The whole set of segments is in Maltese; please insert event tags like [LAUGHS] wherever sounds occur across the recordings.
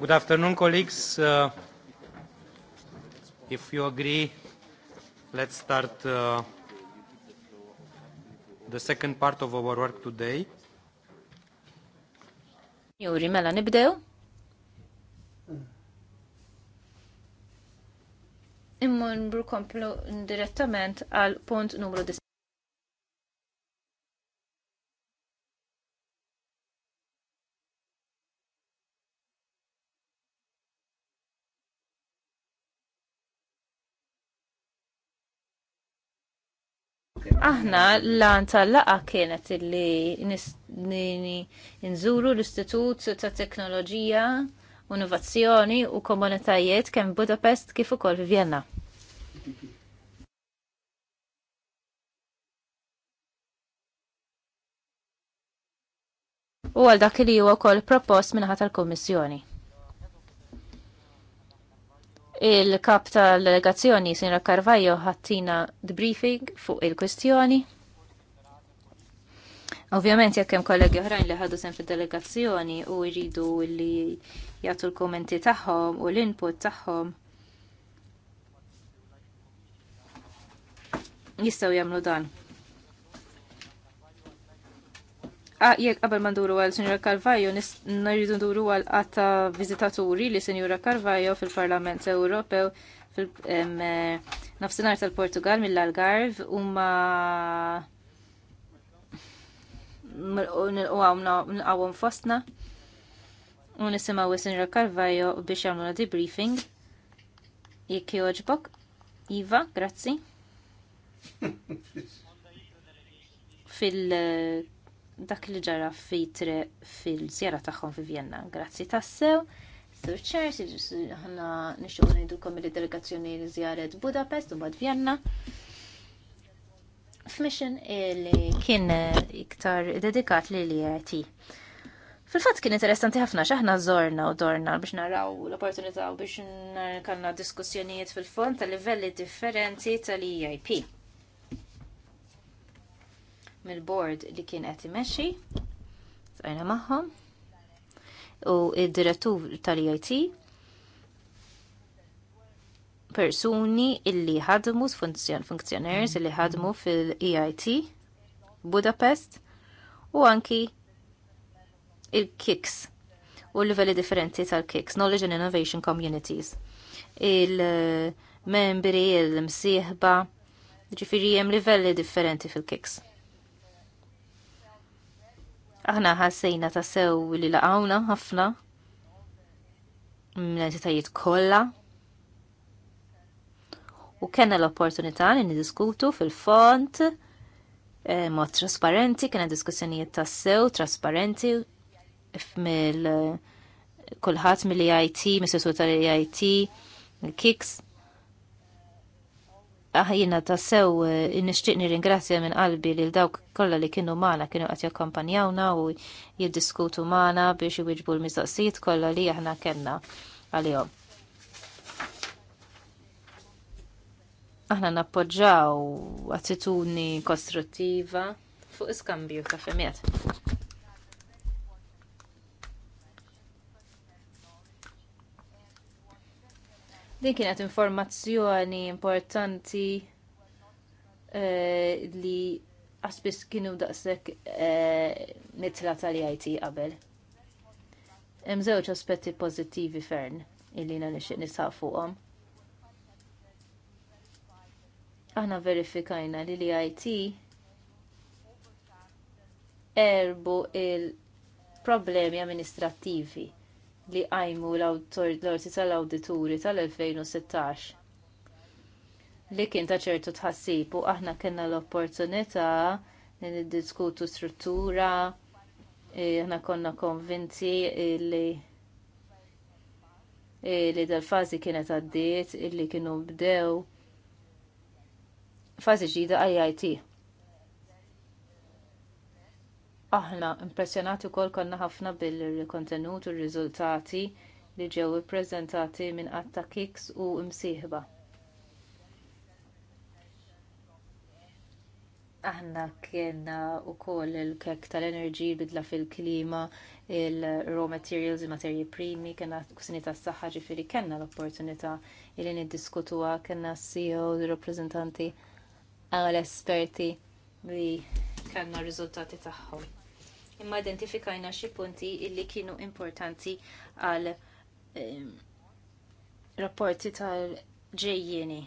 Good afternoon, colleagues. Uh, if you agree, let's start uh, the second part of our work today. Juri, mela nibdew? Immun bur komplu direttament għal punt numru 10. Aħna l-għan tal-laqa kienet li nżuru l-Istitut ta' Teknoloġija, Innovazzjoni u Komunitajiet kemm Budapest kif ukoll Vienna. U għal dak li huwa wkoll propost minħat tal-Kummissjoni. Il-kap tal delegazzjoni Sinra Carvajo, ħattina debriefing fuq il-kwestjoni. Ovvjament, jekk hemm kollegi oħrajn li ħadu sem fid-delegazzjoni u jridu li jagħtu l-kommenti tagħhom u l-input tagħhom. Jistgħu jagħmlu dan. Ah, jekk qabel ma nduru għal Sinjura Carvajo, nirridu nduru għal għatta vizitaturi li Sinjura Carvajo fil-Parlament Ewropew fil-nafsinar eh, tal-Portugal mill-Algarv u ma u għawm fostna u nisimaw Sinjura Carvajo biex jagħmlu debriefing. Jekk joġbok, Iva, grazzi. [LAUGHS] fil- eh, dak li ġara fitre fil sjera tagħhom fi Vienna. Grazzi tassew. Sir Charles, ħana nixtuq ngħidukom il-delegazzjoni li żjaret Budapest u bad Vienna. F'mission li kien iktar dedikat li li Fil-fatt kien interessanti ħafna x'aħna żorna u dorna biex naraw l-opportunità u biex kanna diskussjonijiet fil-fond tal-livelli differenti tal-EIP mill-bord li kien qed imexxi, sajna magħhom, u id-direttur tal-IT persuni illi ħadmu funzjoners illi ħadmu fil-EIT Budapest u anki il-KICS u l livelli differenti tal-KICS, Knowledge and Innovation Communities. Il-membri, il-msieħba, ġifiri jem livelli differenti fil-KICS. Aħna ħassejna ta' sew li laqawna ħafna minn entitajiet kollha u kena l-opportunità li niddiskutu fil-font eh, mod trasparenti, kena diskussjonijiet ta' sew trasparenti mill kulħadd mill it mis-sessu tal-EIT, kiks Aħjina ah, ta' sew eh, nixtieq nirringrazzja minn qalbi lil dawk kollha li kienu magħna kienu qed jakkompanjawna u jiddiskutu magħna biex iwiġbu l-mistoqsijiet kollha li aħna kellna għalihom. Aħna nappoġġaw attitudni kostruttiva fuq iskambju ta' femijiet. Din kienet informazzjoni importanti eh, li għasbis kienu daqsek eh, nitla tal-IT qabel. Hemm żewġ aspetti pożittivi fern illi na nixtieq nisħaq fuqhom. Aħna verifikajna li li IT erbu il-problemi amministrattivi li għajmu l-orti tal-awdituri tal-2016 li kien ta' ċertu tħassib u aħna kena l-opportunità li niddiskutu struttura, e, aħna konna konvinti li li dal-fazi kienet għaddiet, illi kienu bdew fazi ġida IIT. Aħna impressjonati wkoll konna ħafna bil-kontenut u r-riżultati li ġew ippreżentati minn qatta kiks u msieħba. Aħna kienna wkoll il-kek tal-enerġi bidla fil-klima, il-raw materials, il-materji primi, kena kusini tas saħħa ġifiri, kellna l-opportunità li niddiskutuha, e s CEO, il reprezentanti għal esperti li kellna r riżultati tagħhom imma identifikajna xi punti illi kienu importanti għal ehm, rapporti tal-ġejjieni.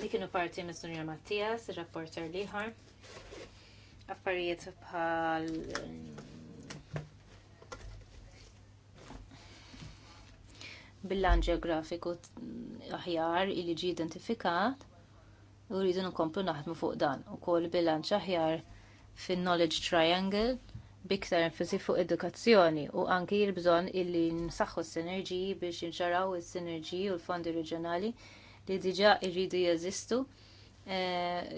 Li kienu parti minn Sunja Mattias, rapporter liħar, affarijiet bħal ehm, bil-lan ġeografiku aħjar li ġi identifikat u rridu nkomplu naħdmu fuq dan u kol bilanċ aħjar fin-knowledge triangle biktar enfasi fuq edukazzjoni u anki l-bżonn illi nsaħħu s-sinerġiji biex jinxaraw is-sinerġiji u l-fondi reġjonali li diġà jridu jeżistu eh,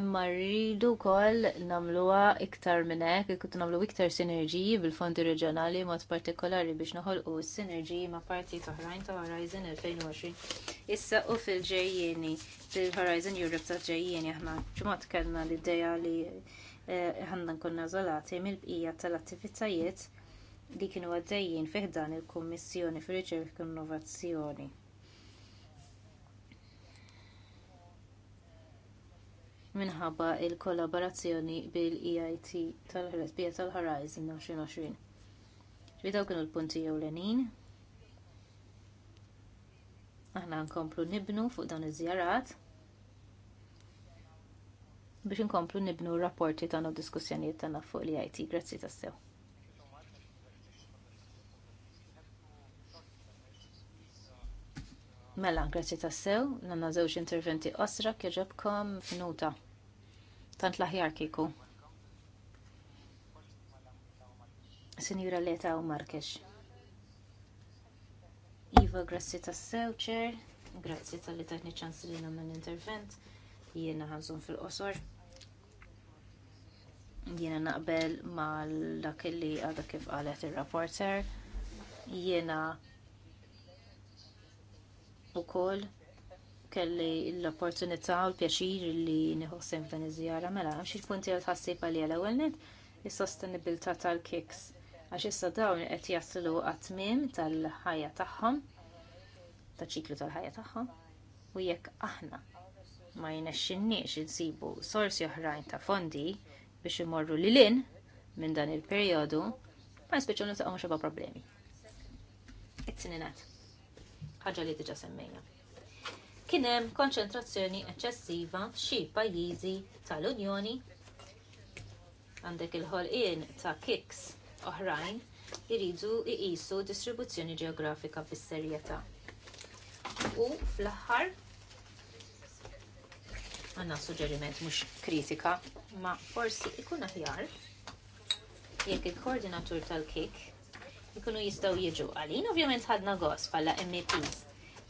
imma rridu wkoll nagħmluha iktar minn hekk ikut nagħmlu iktar sinerġiji bil-fondi reġjonali mod partikolari biex noħolqu s-sinerġiji ma' parti oħrajn ta' Horizon 2020 issa u fil-ġejjieni fil-Horizon Europe ta' ġejjieni aħna ġimgħat kellna l-idea li Eh, ħanna nkunna żolati mill-bqija tal-attivitajiet li kienu għaddejjin fih dan il-Kummissjoni fir riċerka u Innovazzjoni. minħabba l kollaborazzjoni bil-EIT tal-ħresbija tal-Horizon 2020. Ġvi daw kienu l-punti ewlenin. Aħna nkomplu nibnu fuq dan iż-żjarat biex inkomplu nibnu rapporti tagħna u diskussjonijiet ta' fuq li IT. Grazzi tassew. Mela, grazzi ta' sew Nanna zewġ interventi osra kieġabkom f'nuta. Tant laħjar kiku. Sinjura Leta u Markex. Iva, grazzi tas-sew, ċer. Grazzi tal-li taħni ċans li intervent jiena ħanżum fil-qosor. Jiena naqbel mal dak li għadha kif qalet ir-rapporter. Jiena koll kelli l-opportunità u l-pjaċir li nħossem f'dan iż-żjara mela għamx xi punti għal tħassib għalija l-ewwel nett, is-sostenibilità tal-kiks għax issa dawn qed jaslu għat-tmiem tal-ħajja tagħhom taċ-ċiklu tal-ħajja tagħhom u jekk aħna ma jnexxinniex insibu sorsi oħrajn ta' fondi biex imorru li lin minn dan il-periodu, ma nispeċu għamu xeba problemi. it ħagġa Ħaġa li diġa semmejna. Kien hemm konċentrazzjoni eċċessiva xie pajjiżi tal-Unjoni għandek il-ħolqien ta' kiks oħrajn iridu iqisu distribuzzjoni ġeografika bis-serjetà. U fl-aħħar għanna suġġeriment mux kritika, ma forsi ikun aħjar jekk il-koordinatur tal-kik ikunu jistaw jiġu għalin, ovvjament ħadna għos pala MEPs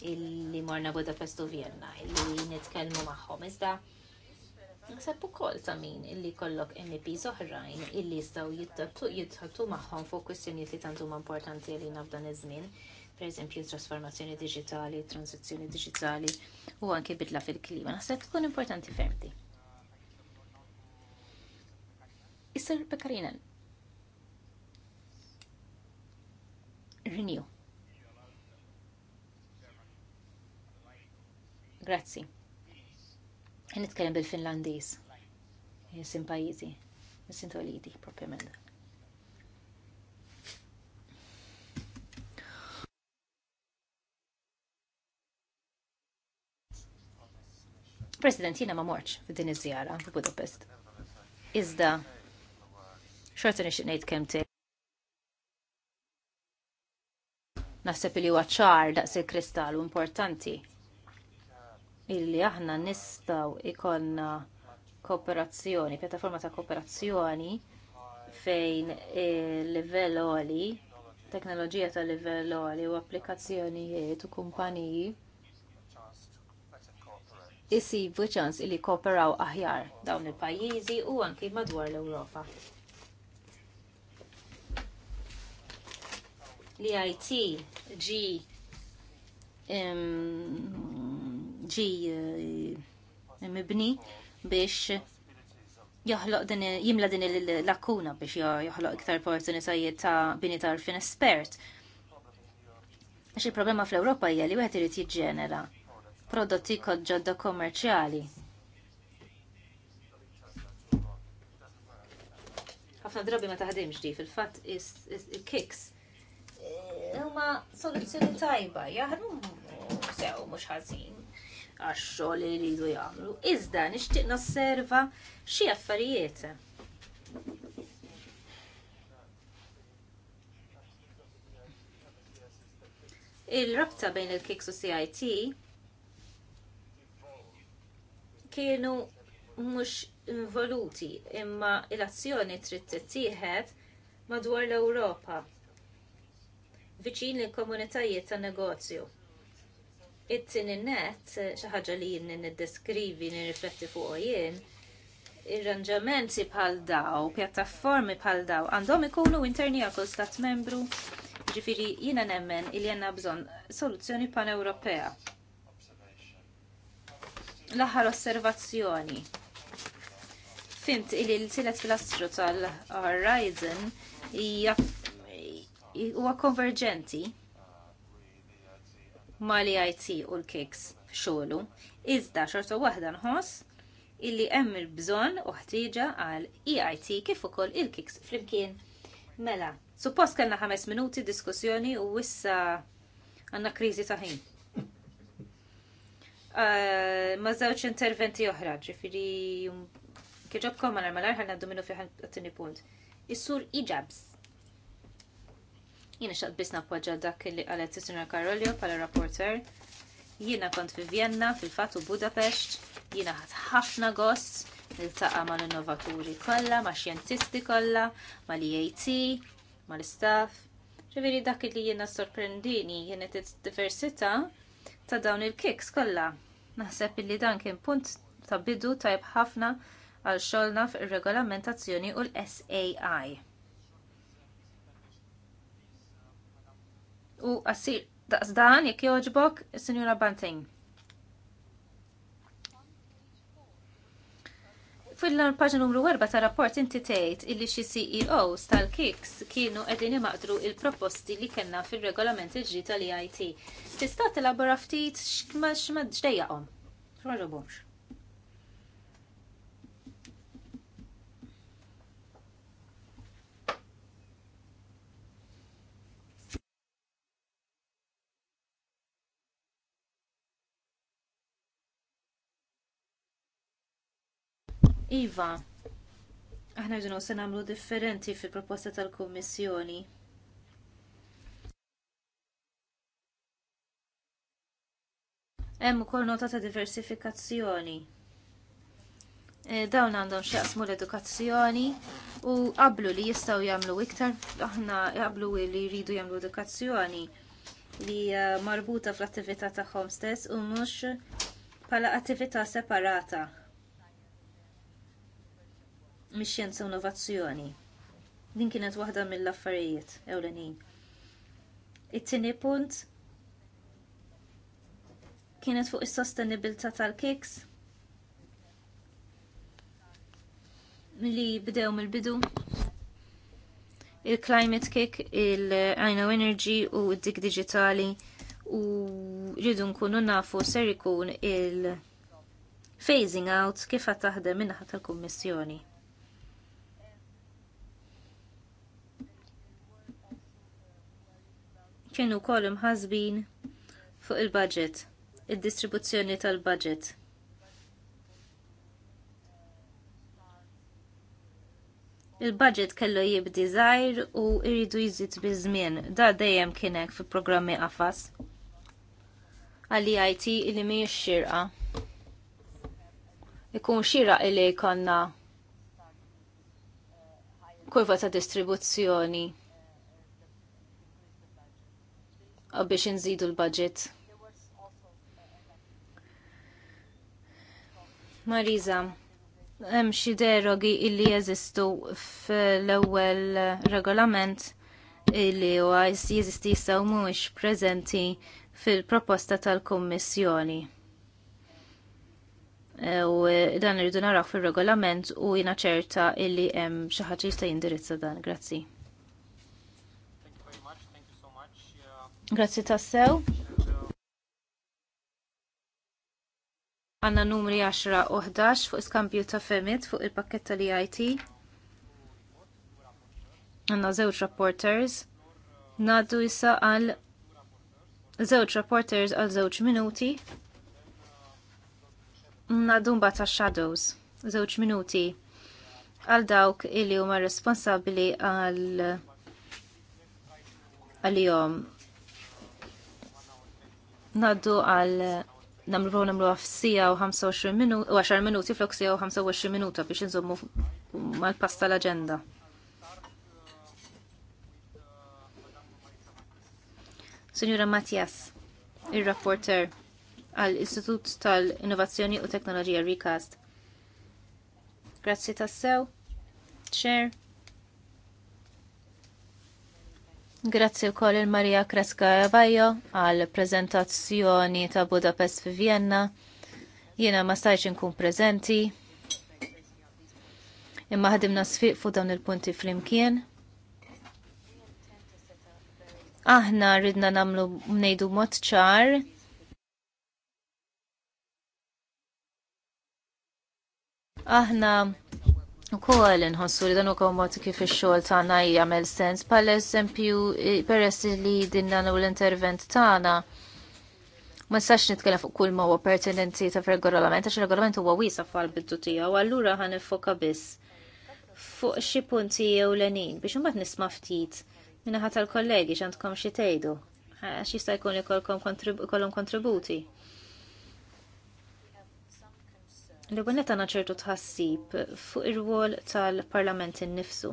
illi morna Budapest u Vienna illi nitkelmu maħħom iżda Nsepp ukoll ta' min illi kollok MEPs oħrajn illi jistgħu jitħattu magħhom fuq kwistjonijiet li tantum importanti għalina f'dan iż-żmien pereżempju trasformazzjoni diġitali, transizzjoni diġitali u anke bidla fil-klima. Naħseb tkun importanti fermti. Isser Pekarinen. Renew. Grazzi. Nitkellem bil-Finlandiż. Jisim pajizi. Jisim toliti, propjament. President, jina ma morċ f'din iż-żjara Budapest. Iżda, xorta nixtieq ngħid kemm te. Naħseb li huwa ċar daqs il-kristall u importanti illi aħna nistgħu ikonna kooperazzjoni, pjattaforma ta' kooperazzjoni fejn il-livell oli, teknoloġija ta' livell oli u applikazzjonijiet u kumpaniji isibu ċans li kooperaw aħjar dawn il-pajjiżi u anki madwar l-Ewropa. Li e IT G G eh, mibni biex joħloq din jimla din il-lakuna biex joħloq iktar opportunitajiet ta' bini tarfin espert. Għax il-problema fl-Ewropa hija li wieħed irid jiġġenera prodotti kod ġodda kommerċjali. ħafna drobi ma taħdimx di fil-fatt il-kiks eh, huma soluzzjoni tajba, jaħdmu sew mhux ħażin għax-xogħol li rridu jagħmlu. Iżda nixtieq nosserva xi affarijiet. Il-rabta bejn il-kiks u CIT kienu mhux involuti imma l-azzjoni trid tittieħed madwar l-Ewropa viċin lill komunitajiet tan negozju. It-tieni net xi ħaġa li jien niddeskrivi nirrifletti fuq jien irranġamenti bħal daw, pjattaformi bħal daw, għandhom ikunu interni għakol stat membru, ġifiri jina nemmen il jenna bżon soluzzjoni pan-Ewropea. L-aħħar osservazzjoni. Fint li l-tilet pilastru tal-Horizon huwa konverġenti ma li IT u l-kiks xogħlu. Iżda xorta waħda nħoss illi hemm il-bżonn u ħtieġa għal EIT kif ukoll il-kiks flimkien. Mela, suppost kellna ħames minuti diskussjoni u issa għandna kriżi ta' ħin. Eh, ma żewġ interventi oħra, ġifiri um, kieġobkom l narmalar ħal d-dominu fiħan t-tini punt. Is-sur iġabs. Jiena xaqt bisna poġġa dak li għalet Sisuna Karolio pala rapporter. Jiena kont fi Vienna, fil fatu Budapest. jina ħat ħafna gost niltaqa ma l-innovaturi kollha, ma xjentisti kollha, ma li IT, ma l-staff. Ġifiri dak li jiena sorprendini, jina t-diversita ta' dawn il-kiks kollha Naħseb illi dan kien punt ta' bidu tajb ħafna għal xogħolna fir regolamentazzjoni u l-SAI. U għassir dan, jekk jogħġbok, Sinjura Banting. Fil-paġna numru 4 ta' rapport inti tgħid illi xi CEOs tal-Kiks kienu qegħdin imaqdru il-proposti li kellna fir-regolament il-ġdid tal-IT. Tista' tilabora ftit x'ma x'ma X'ma ġobhomx. Iva, aħna rridu se nagħmlu differenti fil-proposta tal-Kummissjoni. Hemm ukoll nota ta' diversifikazzjoni. E, dawn għandhom xaqsmu l-edukazzjoni u qablu li jistgħu jagħmlu iktar, aħna qablu li jridu jagħmlu edukazzjoni li marbuta fl-attività tagħhom stess u mhux bħala attività separata mix-xjenza u innovazzjoni. Din kienet waħda mill-affarijiet ewlenin. It-tieni punt kienet fuq is-sostenibilità tal-kiks li bdew mill-bidu il-climate kick, il-Aino Energy u d-dik digitali u rridu nkunu nafu ser ikun il-phasing out kif għat taħdem minnaħat tal-Kummissjoni. kienu kol imħasbin fuq il-budget, id-distribuzzjoni il budget id distribuzzjoni Il-budget kellu jibdi żgħir u jridu jizit bi żmien. Da dejjem kien hekk fi programmi għafas. Għalli IT li mhijiex xirqa. Ikun xirqa li konna kurva ta' distribuzzjoni biex nżidu l-budget. Marisa, hemm xi derogi illi jeżistu fl-ewwel regolament illi huwa jeżisti jistgħu mhuwiex preżenti fil-proposta tal-Kummissjoni e, u dan irridu naraw fil-regolament u jina ċerta illi hemm xi ħaġa jista' jindirizza dan. Grazzi. Grazzi tassew. Għanna numri 10 u 11 fuq iskampju ta' femit fuq il-pakketta li IT. Għanna zewġ rapporters. Naddu jissa għal Żewġ reporters għal żewġ minuti. Nadumba ta' shadows, żewġ minuti. Għal dawk illi huma responsabili għal għal-jom naddu għal namlu għu namlu sija u 25 minuti, u 10 minuti flok sija u 25 minuta biex nżommu mal-pasta l-agenda. Signora Mattias, il-rapporter għal-Istitut tal-Innovazzjoni u Teknoloġija Recast. Grazzi tassew, Chair. Grazzi wkoll il-Marija Kreska Bajo għal prezentazzjoni ta' Budapest fi Vienna. Jiena ma stajx inkun prezenti. Imma ħadimna sfiq fuq dawn il-punti flimkien. Aħna ridna namlu mnejdu mod ċar aħna U koll nħossu li dan ukoll mod kif ix-xogħol tagħna jagħmel sens Pal eżempju peress li dinna l-intervent tagħna. Ma sax nitkellem fuq kull ma pertinenti ta' regolament għax regolament huwa wisa fal biddu tiegħu allura ħan nifoka biss fuq xi punti l-enin, biex imbagħad nisma' ftit minnaħat tal-kollegi x'għandkom xi tgħidu. jista' jkun ikollhom kontributi li għunet għana ċertu tħassib fuq ir wol tal-parlament innifsu.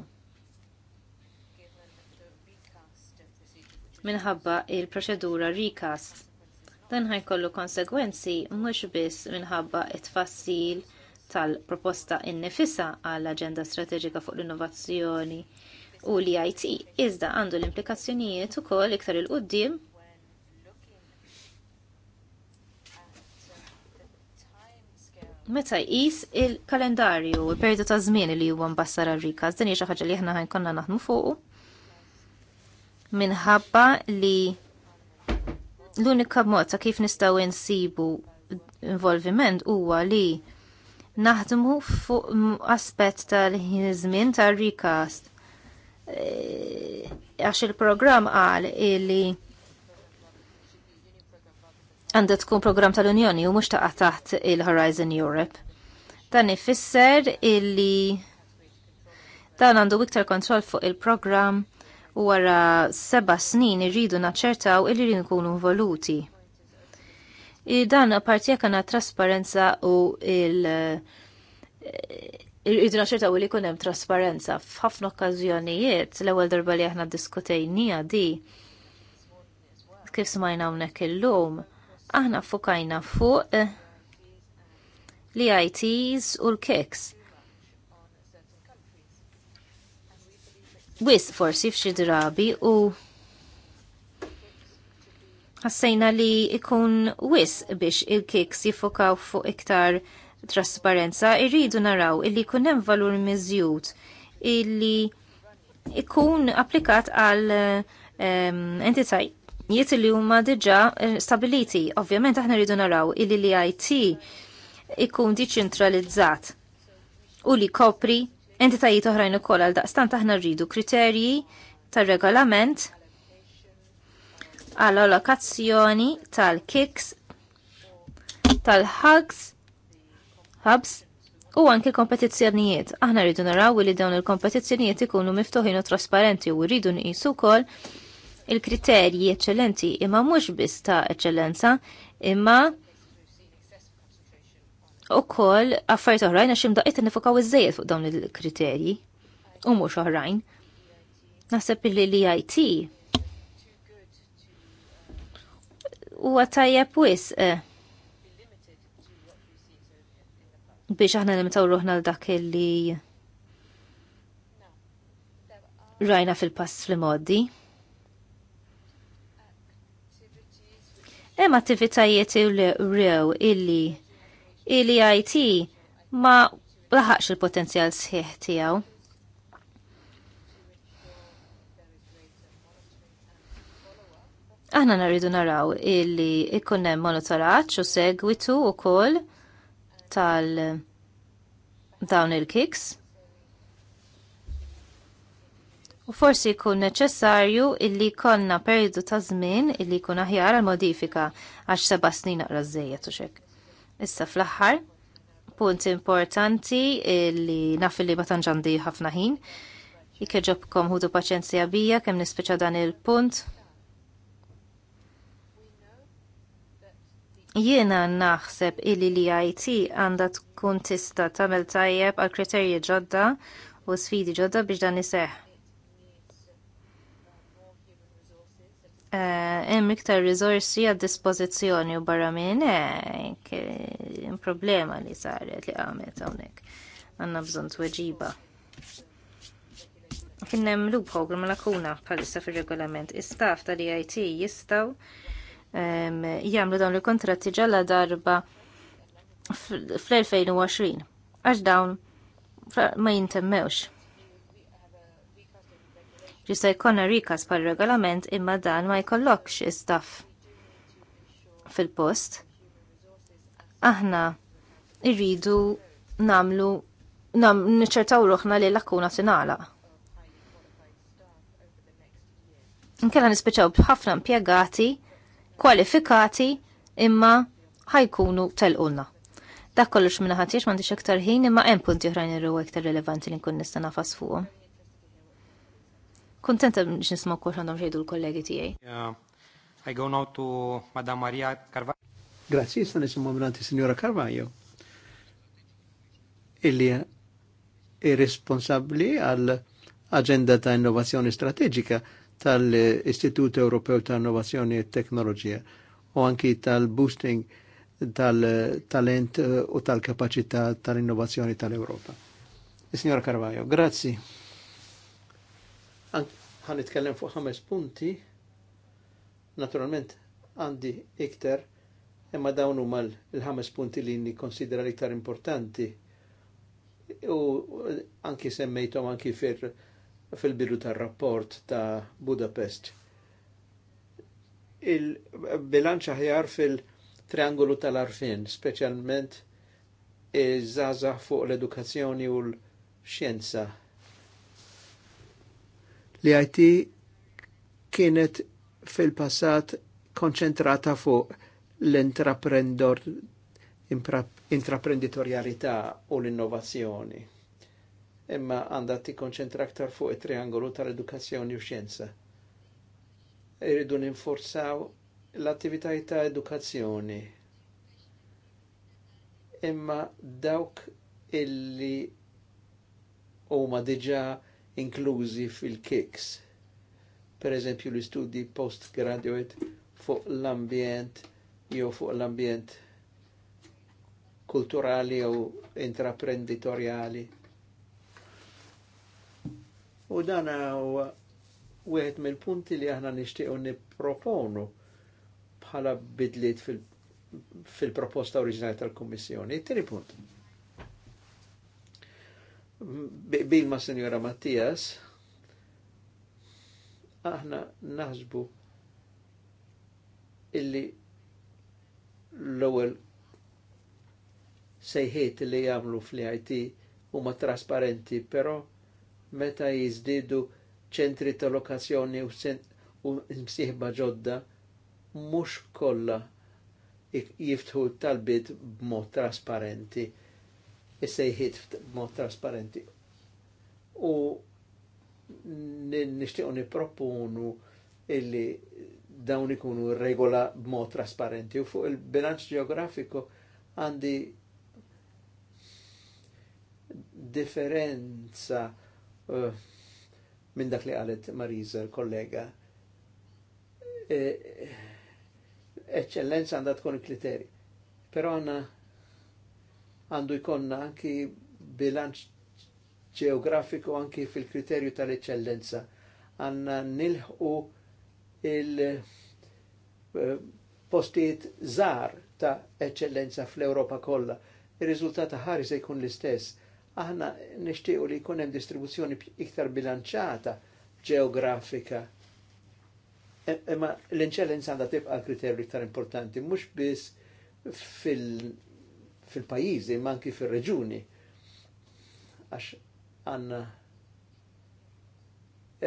Minħabba il-proċedura recast. Dan kollu konsegwenzi mhux biss minħabba it-tfassil tal-proposta innifisa għall-Aġenda Strategika fuq l-Innovazzjoni u l-IT, iżda għandu l-implikazzjonijiet ukoll iktar il-qoddim meta jqis il-kalendarju, il perjodu ta' żmien li huwa mbassar għal-rika, din hija xi ħaġa li aħna ħajkonna naħdmu fuq. Minħabba li l-unika mod ta' kif nistgħu insibu involviment huwa li naħdmu fuq aspett tal-żmien tar-rikast. E, għax il-programm qal li għandet tkun programm tal-Unjoni u mhux taqa' taħt il-Horizon Europe. Dan ifisser illi dan għandu iktar kontroll fuq il-programm u wara seba' snin irridu naċċertaw illi rridu nkunu voluti. I dan parti jekk trasparenza u il- eh, Irridu naċċertaw li jkun hemm trasparenza. F'ħafna okkażjonijiet l-ewwel darba li aħna ddiskutejnija di kif smajna hawnhekk illum aħna fukajna fuq eh, li ITs u l-keks. Wis forsi f'xi drabi u ħassejna li ikun wis biex il-keks jifukaw fuq iktar trasparenza, irridu naraw illi jkun hemm valur miżjud illi ikun applikat għal entitajt eh, entitaj jiet li huma diġà eh, stabiliti. Ovvjament aħna rridu naraw illi li IT ikun diċentralizzat u li kopri entitajiet oħrajn ukoll għal daqstant aħna rridu kriterji tar-regolament għal allokazzjoni tal-kiks tal-hugs hubs u anke kompetizzjonijiet. Aħna rridu naraw li dawn il-kompetizzjonijiet ikunu miftuħin u trasparenti u rridu nqisu wkoll il-kriterji eċċellenti imma mhux biss ta' eċċellenza imma koll affarijiet oħrajn għax imdaqqiet nifokaw iż fuq dawn il-kriterji u mhux oħrajn. Naħseb li l-IT huwa tajjeb wisq eh, biex aħna nimtaw ruħna l-dak li rajna fil-pass fl-moddi. Hemm attivitajiet rew illi illi IT ma laħaqx il-potenzjal sħiħ tiegħu. Aħna narridu naraw illi ikun hemm u segwitu wkoll tal dawn il-kiks. U forsi jkun neċessarju illi konna periodu ta' żmien illi jkun aħjar għal modifika għax seba' snin naqra żejjed u Issa fl-aħħar, punt importanti illi naf illi ma tantx għandi ħafna ħin. Ikeġobkom ħudu paċenzja bija kemm nispiċċa dan il-punt. Jiena naħseb illi li IT għandha tkun tista' tagħmel tajjeb għal kriterji ġodda u sfidi ġodda biex dan iseħħ Eh, hemm iktar riżorsi għad dispożizzjoni u barra minn hekk eh, problema li saret li għamet hawnhekk għandna bżonn tweġiba. Kien hemm loophole ma lakuna bħalissa fir-regolament. Istaff tal-EIT jistgħu ehm, jagħmlu dawn il-kontratti ġalla darba fl-2020 għax dawn ma jintemmewx Ġista jkollna rikas pal regolament imma dan ma jkollokx istaff fil-post. Aħna irridu namlu nam niċċertaw ruħna li l-akkuna tinala. Nkella nispeċaw bħafna impjegati kwalifikati imma ħajkunu telqunna. Dak kollox minna ħatiex m'għandix aktar ħin imma hemm punti oħrajn irru aktar rilevanti li nkun nista' nafas fuqhom. Kontenta biex nisma' kol għandhom xejdu l-kollegi tiegħi. Yeah. I go now to Madame Maria Carvalho. Grazie, sta nisimma mranti Signora Carvalho. Illi è responsabli għal-agenda ta' innovazzjoni strategika tal-Istitut Ewropew ta' Innovazzjoni e Teknoloġija u anki tal-boosting tal-talent u tal-kapacità tal-innovazzjoni tal-Europa. signora Carvajo, grazie ħan nitkellem fuq ħames punti. Naturalment għandi iktar imma dawn huma l-ħames punti li nikkonsidra l-iktar importanti u anki semmejtom anki fir fil-bidu tar-rapport ta' Budapest. Il-bilanċ aħjar fil-triangolu tal-arfin, speċjalment iż-żaza fuq l-edukazzjoni u l-xjenza Li IT kienet fil-passat konċentrata fuq l-intraprendor intraprenditorialità u l-innovazzjoni. Imma għandha tikkonċentra aktar fuq it-triangolu tal-edukazzjoni u xjenza. Iridu ninforzaw l-attivitajiet ta' edukazzjoni. Imma dawk illi huma diġà inklużi fil-kiks. Per eżempju l-istudji postgraduate fuq l-ambjent jew fuq l-ambjent kulturali jew intraprenditoriali. U dan huwa wieħed mill-punti li aħna nixtiequ nipproponu bħala bidliet fil-proposta fil oriġinali tal-Kummissjoni. It-tieni punt bil ma' Senjora Mattias, aħna naħsbu illi l-ewwel sejħiet li jagħmlu fl-IT huma trasparenti, però meta jiżdiedu ċentri ta' lokazzjoni u msieħba ġodda mhux kollha jiftħu talbiet b'mod trasparenti is-sejħiet b'mod trasparenti. U nishtiqu niproponu illi dawn ikunu regola b'mod trasparenti u fuq il-bilanċ geografiku għandi differenza eh, minn dak li għalet Marisa, l-kollega. Eh, eh, eccellenza għandha tkun kriteri Però għanna għandu jkonna anki bilanċ ġeografiku anki fil-kriterju tal eċellenza Għanna nilħu il-postiet eh, zar ta' eċellenza fl-Europa kollha. Il-rizultat ħari se jkun l-istess. Aħna nixtiequ li jkun hemm distribuzzjoni iktar bilanċata ġeografika. E, imma l-inċellenza għandha tibqa' kriterju iktar importanti, mhux biss fil fil-pajizi, manki fil-reġuni. Għax għanna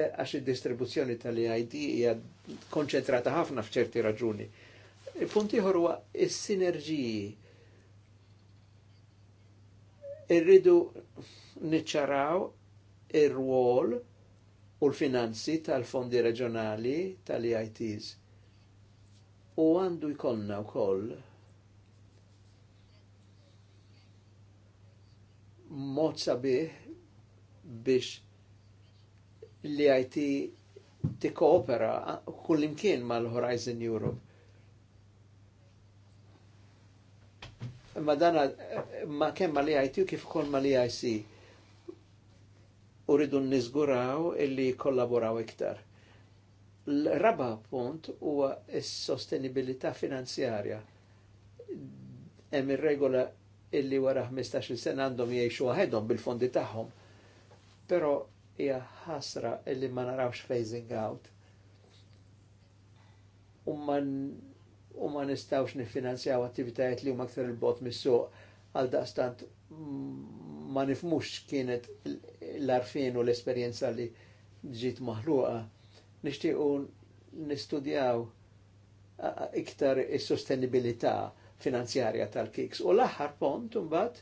eh, għax id-distribuzzjoni tal-ID hija konċentrata ħafna f'ċerti raġuni. Il-punt ieħor huwa s-sinerġiji. Irridu niċċaraw ir-rwol u l-finanzi tal-fondi reġjonali tal-EITs. U għandu jkollna wkoll mod sabiħ biex li IT tikkoopera kullimkien mal-Horizon Europe. Ma dana ma kemm ma li IT u kif kol ma li IC uridu nizguraw illi kollaboraw iktar. L-raba punt huwa s-sostenibilità finanzjarja. Hemm ir-regola illi wara 15 sena għandhom jgħixu għahedhom bil-fondi tagħhom. Però hija ħasra illi ma narawx phasing out. U ma nistawx nifinanzjaw attivitajiet li huma aktar il-bot mis-suq għal daqstant ma nifmux kienet l-arfin u l-esperjenza li ġiet maħluqa. Nixtiequ nistudjaw iktar is-sostenibilità finanzjarja tal-kiks. U l-aħħar pont imbagħad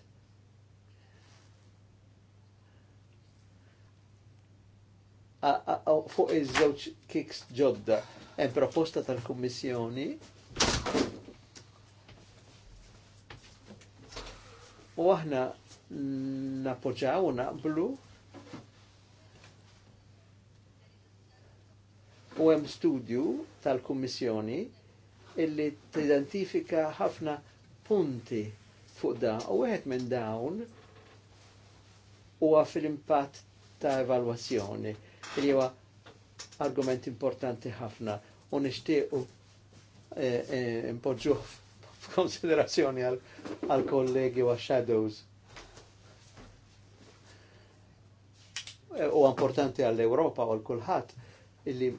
fuq iż-żewġ kiks ġodda hemm proposta tal-Kummissjoni u aħna napoġaw u naqblu u hemm studju tal-Kummissjoni illi t-identifika ħafna punti fuq da u għed minn dawn u fil-impatt ta' evalwazzjoni li huwa argument importanti ħafna u nixtiequ eh, eh, impoġġuh f'konsiderazzjoni għal kollegi u shadows eh, u importanti għall-Europa u għal kulħadd illi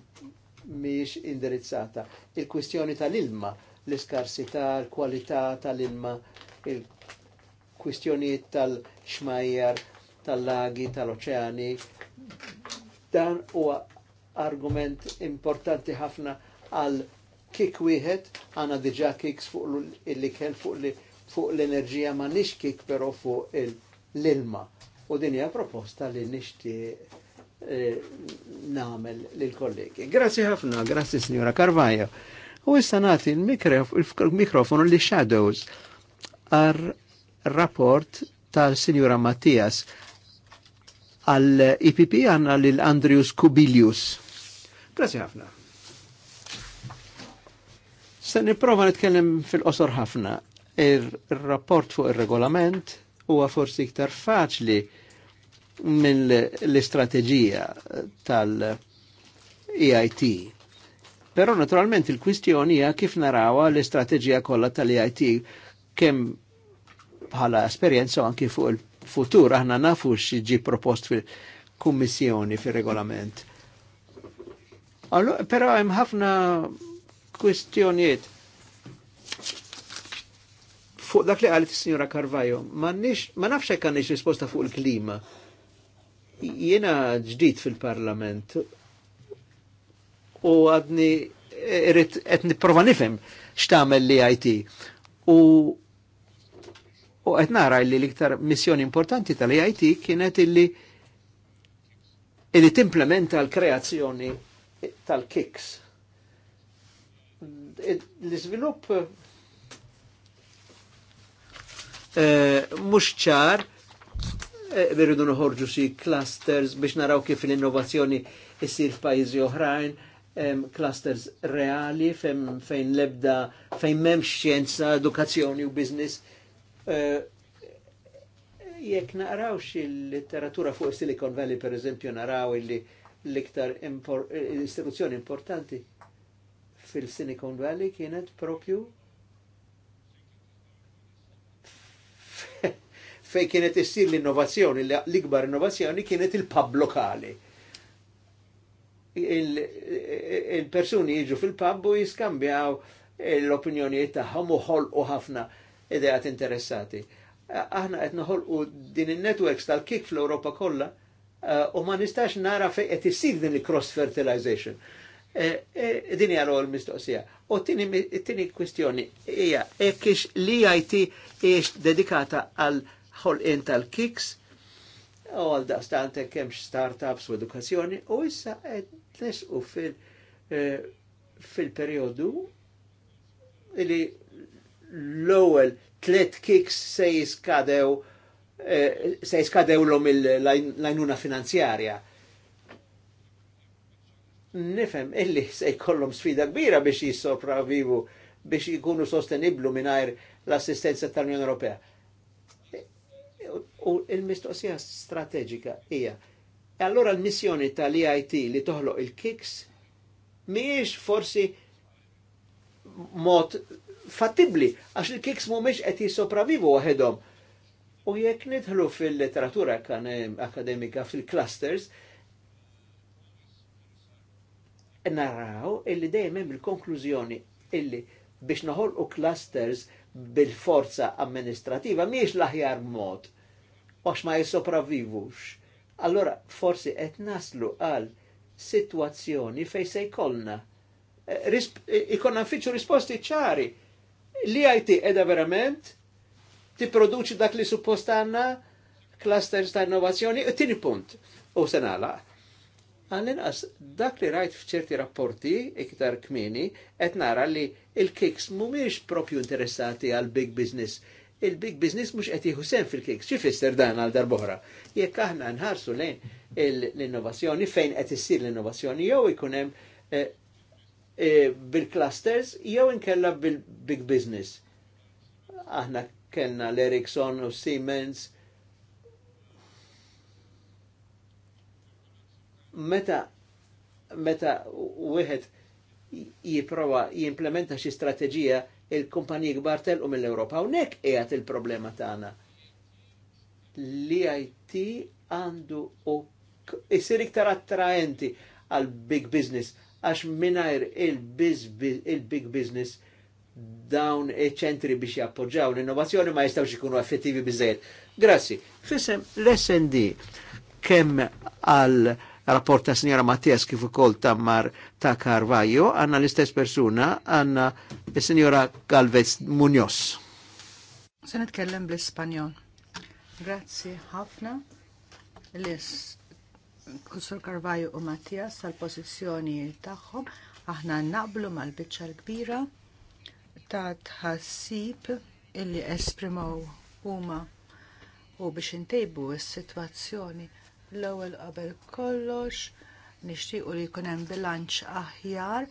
miex indirizzata. Il-kwistjoni tal-ilma, l-iskarsità, l-kwalità tal-ilma, il-kwistjonijiet tal-xmajjar, tal-lagi, tal-oċeani, dan huwa argument importanti ħafna għal kik wieħed għana diġa kiks fuq l-ikel fuq l-enerġija ma nix kik pero fuq l-ilma. U din hija proposta li nixtieq Eh, namel lil kollegi Grazzi ħafna, grazie Signora Carvajo. U issa nagħti il-mikrofonu li shadows ar rapport tal-Signora Mattias għal IPP għanna lil Andrius Kubilius. Grazzi ħafna. Se nipprova nitkellem fil-qosor ħafna. Ir-rapport fuq ir-regolament huwa forsi iktar faċli mill-istrateġija tal-EIT. Però naturalment il-kwistjoni hija kif narawa l-istrateġija kollha tal-EIT kemm bħala esperjenza anki fuq il-futur aħna nafu x'iġi propost fil-kummissjoni fir-regolament. Però hemm ħafna kwistjonijiet fuq dak li qalet is-sinjura Carvajo, ma nafx hekk għandix risposta fuq il-klima. Jena ġdid fil-parlament u għadni irrit qed nipprova nifhem x'tamel li IT. U u qed nara li l-iktar missjoni importanti tal-IT kienet illi illi timplementa l-kreazzjoni tal-kiks. L-iżvilupp eh, mhux ċar irridu eh, e, noħorġu xi clusters biex naraw kif l-innovazzjoni issir f'pajjiżi oħrajn, clusters reali fejn fejn lebda fejn mem xjenza, edukazzjoni u business. E, Jekk naqraw il-litteratura fuq Silicon Valley, per eżempju, naraw illi l-iktar impor eh, istituzzjoni importanti fil-Silicon Valley kienet propju fej kienet issir l-innovazzjoni, l-ikbar innovazzjoni kienet il-pub lokali. Il-persuni il jiġu fil-pub u jiskambjaw l-opinjonijiet tagħhom u ħolqu ħafna ideat interessati. Aħna qed u din in-networks tal-kik fl europa kollha u ma nistax nara fejn qed issir din il-cross fertilization. E, e, Dini għal għol mistoqsija. U t kwistjoni hija hekk l-IT hiex dedikata għal ħolqien tal-kiks, u għal daqstante kemx startups u edukazzjoni, u issa qed nisqu fil- eh, fil-periodu li l-ewwel tliet kiks se jiskadew eh, se jiskadew l-om il-lajnuna finanzjarja nifem illi se jkollhom sfida kbira biex jissopravivu biex jikunu sosteniblu mingħajr l-assistenza tal-Unjoni Ewropea. U il-mistoqsija strateġika hija. E allora l-missjoni tal it li toħloq il-kiks miex forsi mod fattibli għax il-kiks mhumiex qed jissopravivu waħedhom. U jekk nidħlu fil-literatura akademika fil-clusters, naraw illi dejjem hemm il-konklużjoni illi biex noħolqu clusters bil-forza amministrativa miex l-aħjar mod għax ma jisopravivux. Allora forsi qed naslu għal situazzjoni fej se jkollna. Eh, ikonna eh, nfittxu risposti ċari. Li għajti edha verament tipproduċi dak li suppost għanna clusters ta' innovazzjoni, e tini punt. U senala, Għallin inqas dak li rajt fċerti rapporti iktar kmini, et nara li il-kiks mumiex propju interessati għal big business il-big business mux qed sem fil-kiks. Xi dan għal darbohra? Jekk aħna nħarsu lejn l-innovazzjoni, fejn qed issir l-innovazzjoni, jew ikun hemm eh, eh, bil-clusters, jew inkella bil-big business. Aħna kellna l-Ericsson u Siemens. Meta meta wieħed jipprova jimplementa xi strateġija il-kumpaniji kbar telqu mill-Ewropa. Hawnhekk qiegħed il-problema tagħna. L-IT għandu u jisir iktar attraenti għal big business għax minajr il-big business dawn eċentri biex jappoġġaw l-innovazzjoni ma jistawx ikunu effettivi bizzejt. Grazzi. Fisem l-SND kemm għal rapport ta' Sinjora Mattias kif ukoll ta' Mar ta' Carvajo, għanna l-istess persuna, għanna Sinjora Galvez Munoz. Se nitkellem bl-Ispanjol. Grazzi ħafna l-is Kusur Carvajo u Mattias tal-pozizjoni tagħhom aħna naqblu mal-biċċa l-kbira ta' tħassib illi esprimaw huma u biex intejbu s-sitwazzjoni L-ewwel qabel kollox nixtiequ li jkun hemm bilanċ aħjar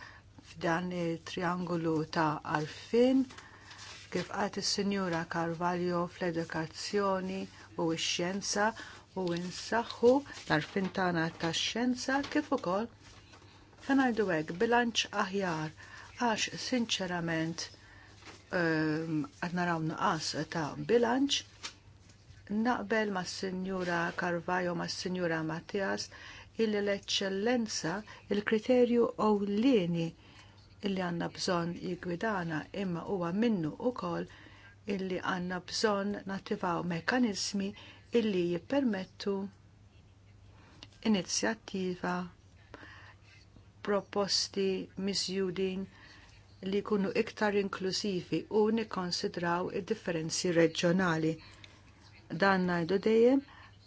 f'dan it-triangolu ta' għarfien kif qalt is-Sinjura Carvalho fl-edukazzjoni u x-xjenza u nsaħħu l-arfin tagħna tax-xjenza kif ukoll se ngħidu hekk bilanċ aħjar għax sinċerament qed ehm, naraw nuqqas ta' bilanċ Naqbel ma' Sinjura Carvajo ma' Sinjura Mattias illi l-eċċellenza il-kriterju ewlieni illi għanna bżon jigwidana imma huwa minnu kol illi għanna bżon nattivaw mekanizmi illi jippermettu inizjattiva proposti misjudin li jkunu iktar inklusivi u nikkonsidraw id-differenzi reġjonali. Dan ngħidu dejjem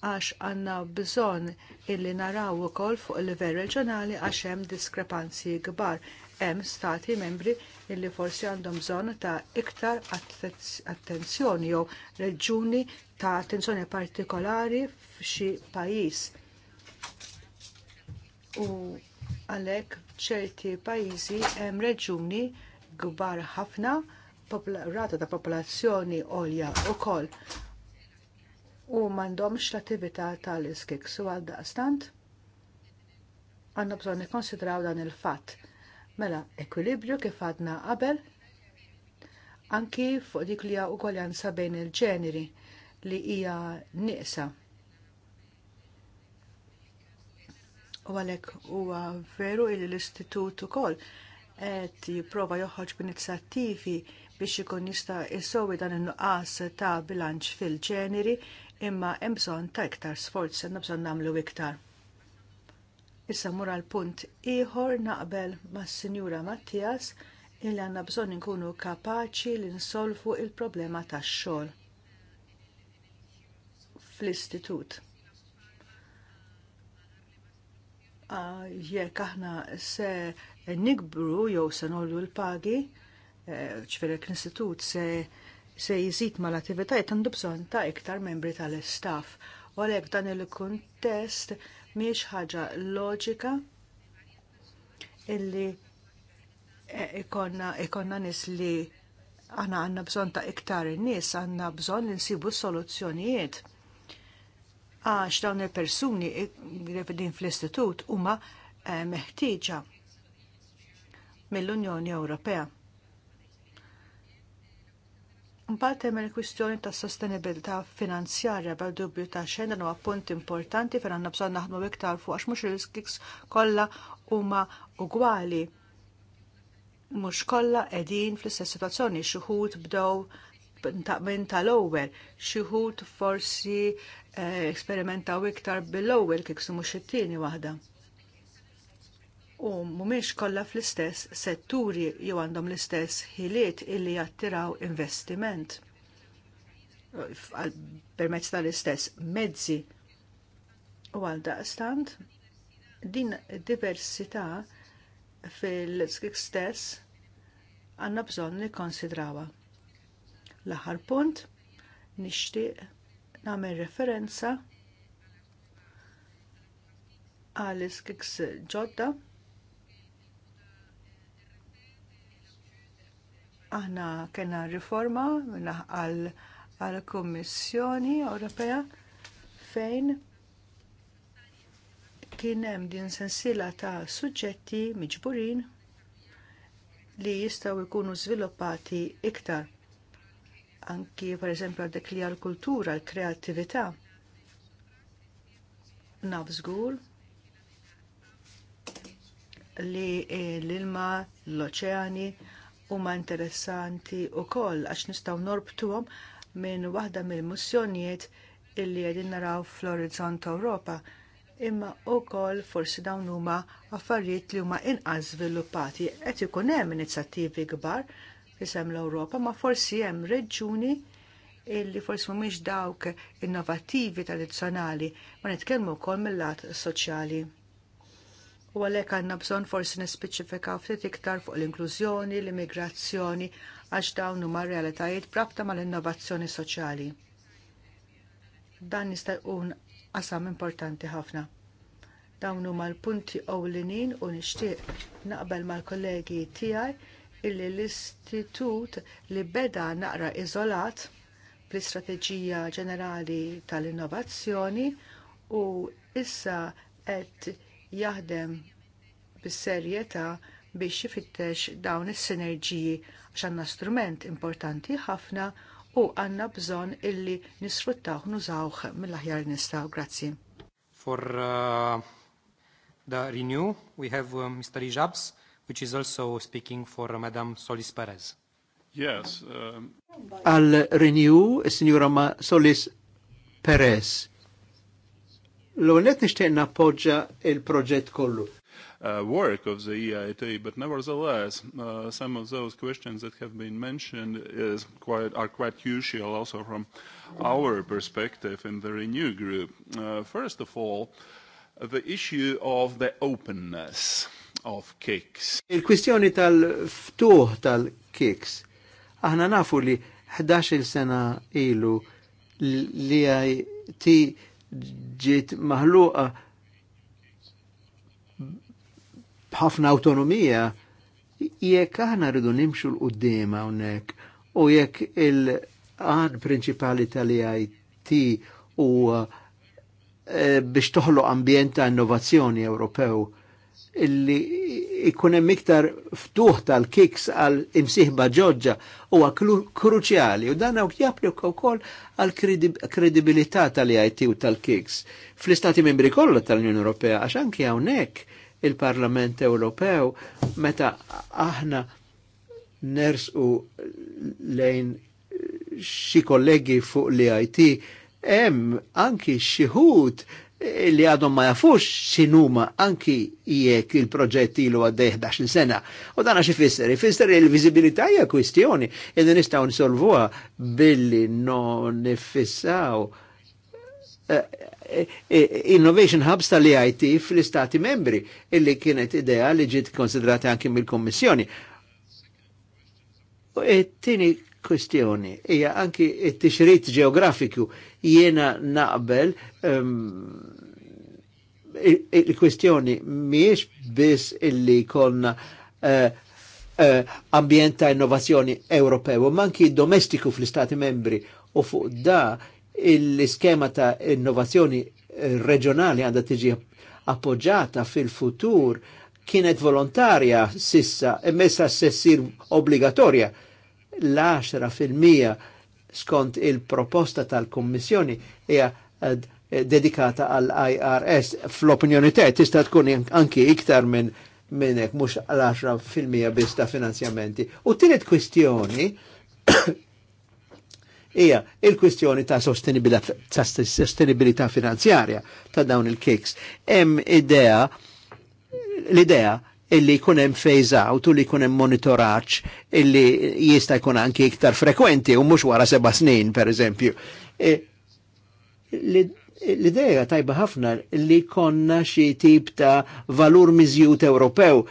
għax għandna bżonn illi naraw ukoll fuq il-livell reġjonali għax hemm diskrepanzi kbar. Hemm stati membri illi forsi għandhom bżonn ta' iktar attenzjoni jew reġuni ta' attenzjoni partikolari f'xi pajjiż. U għalhekk ċerti pajjiżi hemm reġuni kbar ħafna rata ta' popolazzjoni għolja wkoll u m'għandhomx l-attività tal-iskik su għal daqstant għandna bżonn nikkonsidraw dan il-fatt. Mela, ekwilibrju kif għadna qabel anki fuq dik li hija ugwaljanza bejn il-ġeneri li hija nieqsa. U għalhekk huwa veru li l-istitut ukoll qed jipprova joħroġ b'inizjattivi biex ikun jista' jsowi dan in-nuqqas ta' bilanċ fil-ġeneri imma hemm bżonn ta' iktar sforz għandna bżonn nagħmlu iktar. Issa mura l-punt ieħor naqbel mas-Sinjura Mattias illi għandna bżonn inkunu kapaċi li nsolvu l problema tax-xogħol fl-istitut. Jekk aħna se nikbru jew se nollu l-pagi, eh, ċverek l-istitut se se ma mal-attivitajiet għandu bżonn ta' iktar membri tal-istaff. U għalek dan il-kuntest mhijiex ħaġa loġika illi eh, ikonna, nis li għana għanna bżon ta' iktar nis għanna bżon li nsibu soluzzjonijiet. Għax dawn il-persuni din fl-istitut huma eh, meħtieġa mill-Unjoni Ewropea. Mbagħad hemm il-kwistjoni ta' sostenibilità finanzjarja bel dubju ta' xejn dan huwa punt importanti fejn għandna bżonn naħdmu iktar fuq għax mhux il-riskiks kollha huma ugwali. Mhux kollha qegħdin fl-istess sitwazzjoni xi wħud bdew minn tal-ewwel, xi wħud forsi eh, esperimentaw iktar bil-ewwel kif mhux it-tieni waħda u mhumiex kollha fl-istess setturi jew għandhom l-istess ħiliet illi jattiraw investiment permezz tal-istess mezzi u għal daqstant din diversità fil-skik stess għanna bżonn nikkonsidrawha. L-aħħar punt nixtieq nagħmel referenza għal skicks ġodda Aħna kena riforma għal għal Kommissjoni Ewropea fejn kien hemm din sensila ta' suġġetti miġburin li jistgħu jkunu żviluppati iktar. Anki pereżempju għal dik li għall kultura l-kreattività. Naf żgur li l-ilma, l-oċeani, huma interessanti wkoll għax nistgħu norbtuhom minn waħda mill-missjonijiet illi qegħdin naraw fl-orizzont Ewropa, imma wkoll forsi dawn huma affarijiet li huma inqas żviluppati. Qed ikun hemm inizjattivi kbar fisem l-Ewropa, ma forsi hemm reġuni illi forsi mhumiex dawk innovattivi tradizzjonali, ma nitkellmu wkoll mill-lat soċjali U għalhekk għandna bżonn forsi nispeċifikaw ftit iktar fuq l-inklużjoni, l-immigrazzjoni għax dawn huma realitajiet prabta mal-innovazzjoni soċjali. Dan jista' jkun qasam importanti ħafna. Dawn huma l-punti ewlenin u nixtieq naqbel mal-kollegi tiegħi illi l-istitut li beda naqra iżolat bl-istrateġija ġenerali tal-innovazzjoni u issa qed jaħdem bis-serjetà biex jifittex dawn is-sinerġiji għax għandna strument importanti ħafna u għandna bżonn illi nisfruttaw nużawh mill-aħjar nistaw. Grazzi. For uh, the Renew, we have uh, Mr. Ijabs, which is also speaking for uh, Madame Solis Perez. Yes. Għal um, Al Renew, signora Solis Perez. L-għonet nishtiq nappoġġa il-proġett kollu. Uh, work of the EIT, but nevertheless, uh, some of those questions that have been mentioned is quite, are quite crucial also from our perspective in the Renew Group. Uh, first of all, the issue of the openness of kicks. Il-kwistjoni tal-ftuħ tal-kicks. Aħna nafu li 11 sena ilu li ti ġiet maħluqa b'ħafna autonomija jekk aħna rridu nimxu l-qudiem hawnhekk u jekk il-għad prinċipali tal-IT u eh, biex toħloq ambjent ta' innovazzjoni Ewropew illi ikunem miktar ftuħ tal-kiks għal imsiħba ġoġġa huwa kruċjali u dan hawn japplika wkoll għal kredibilità tal-IT u tal-kiks fl-istati membri kollha tal-Unjoni Ewropea għax anki hawnhekk il-Parlament Ewropew meta aħna ners u lejn xi kollegi fuq l-IT hemm anki xi li għadhom ma jafux xinuma anki jek il-proġett ilu għaddej 11 sena. U dan għax fisser, ifisser il-vizibilità hija kwistjoni, id nistaw nsolvuha billi non nifissaw eh, eh, Innovation Hubs tal-IIT fl-Istati membri, illi kienet idea li ġiet konsidrati anki mill-Kommissjoni. Tini kwestjoni. Ija anki t-tixrit ġeografiku jiena naqbel il-kwestjoni miex biss illi konna uh, uh, ambjent ta' innovazzjoni Ewropew, manki domestiku fl-Istati membri u fuq da il iskema ta' innovazzjoni reġjonali għandha tiġi appoġġata fil-futur kienet volontarja sissa, emessa s-sessir obbligatorja l-10% skont il-proposta tal-Kommissjoni hija eh, dedikata għal IRS fl-opinjoni tiegħek tista' tkun anki iktar minn minn hekk mhux l-10% biss ta' finanzjamenti. U tielet kwistjoni [COUGHS] hija il-kwistjoni ta' sostenibilità finanzjarja ta' dawn il-kiks. Hemm idea l-idea illi jkunem phase out u li jkunem monitoraċ illi jista jkun anki iktar frekwenti u mux wara seba snin per eżempju. E, l idea tajba ħafna li konna xi tip ta' valur miżjut Ewropew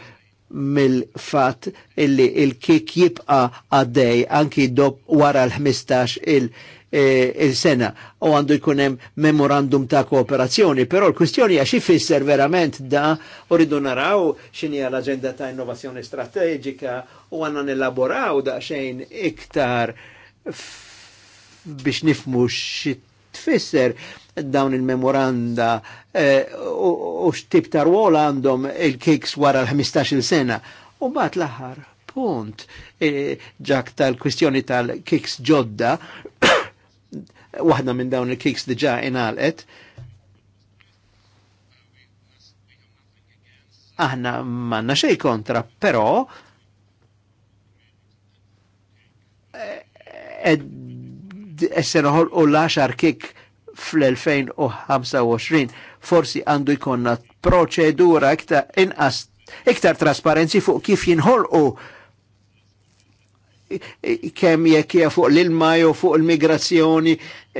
mill-fat illi il-kik jibqa għaddej anki dop wara l-15 il-, -il E, il-sena u għandu jkunem memorandum ta' kooperazzjoni, però l-kwistjoni għax ifisser verament da u rridu naraw xini l-agenda ta' innovazzjoni strategika u għanna nillaboraw da' xejn iktar biex nifmu xit tfisser dawn il-memoranda eh, u xtib ta' rwol għandhom il-kiks wara l-15 sena. U bat l-aħħar punt e, ġak tal-kwistjoni tal-kiks ġodda waħda minn dawn il-kiks diġa inalqet. Aħna manna xej kontra, però eh, eh, essen u l kik fl-2025 forsi għandu jkonna proċedura iktar trasparenzi fuq kif jinħol jinħolqu kemm jekk hija fuq l-ilma jew fuq l migrazzjoni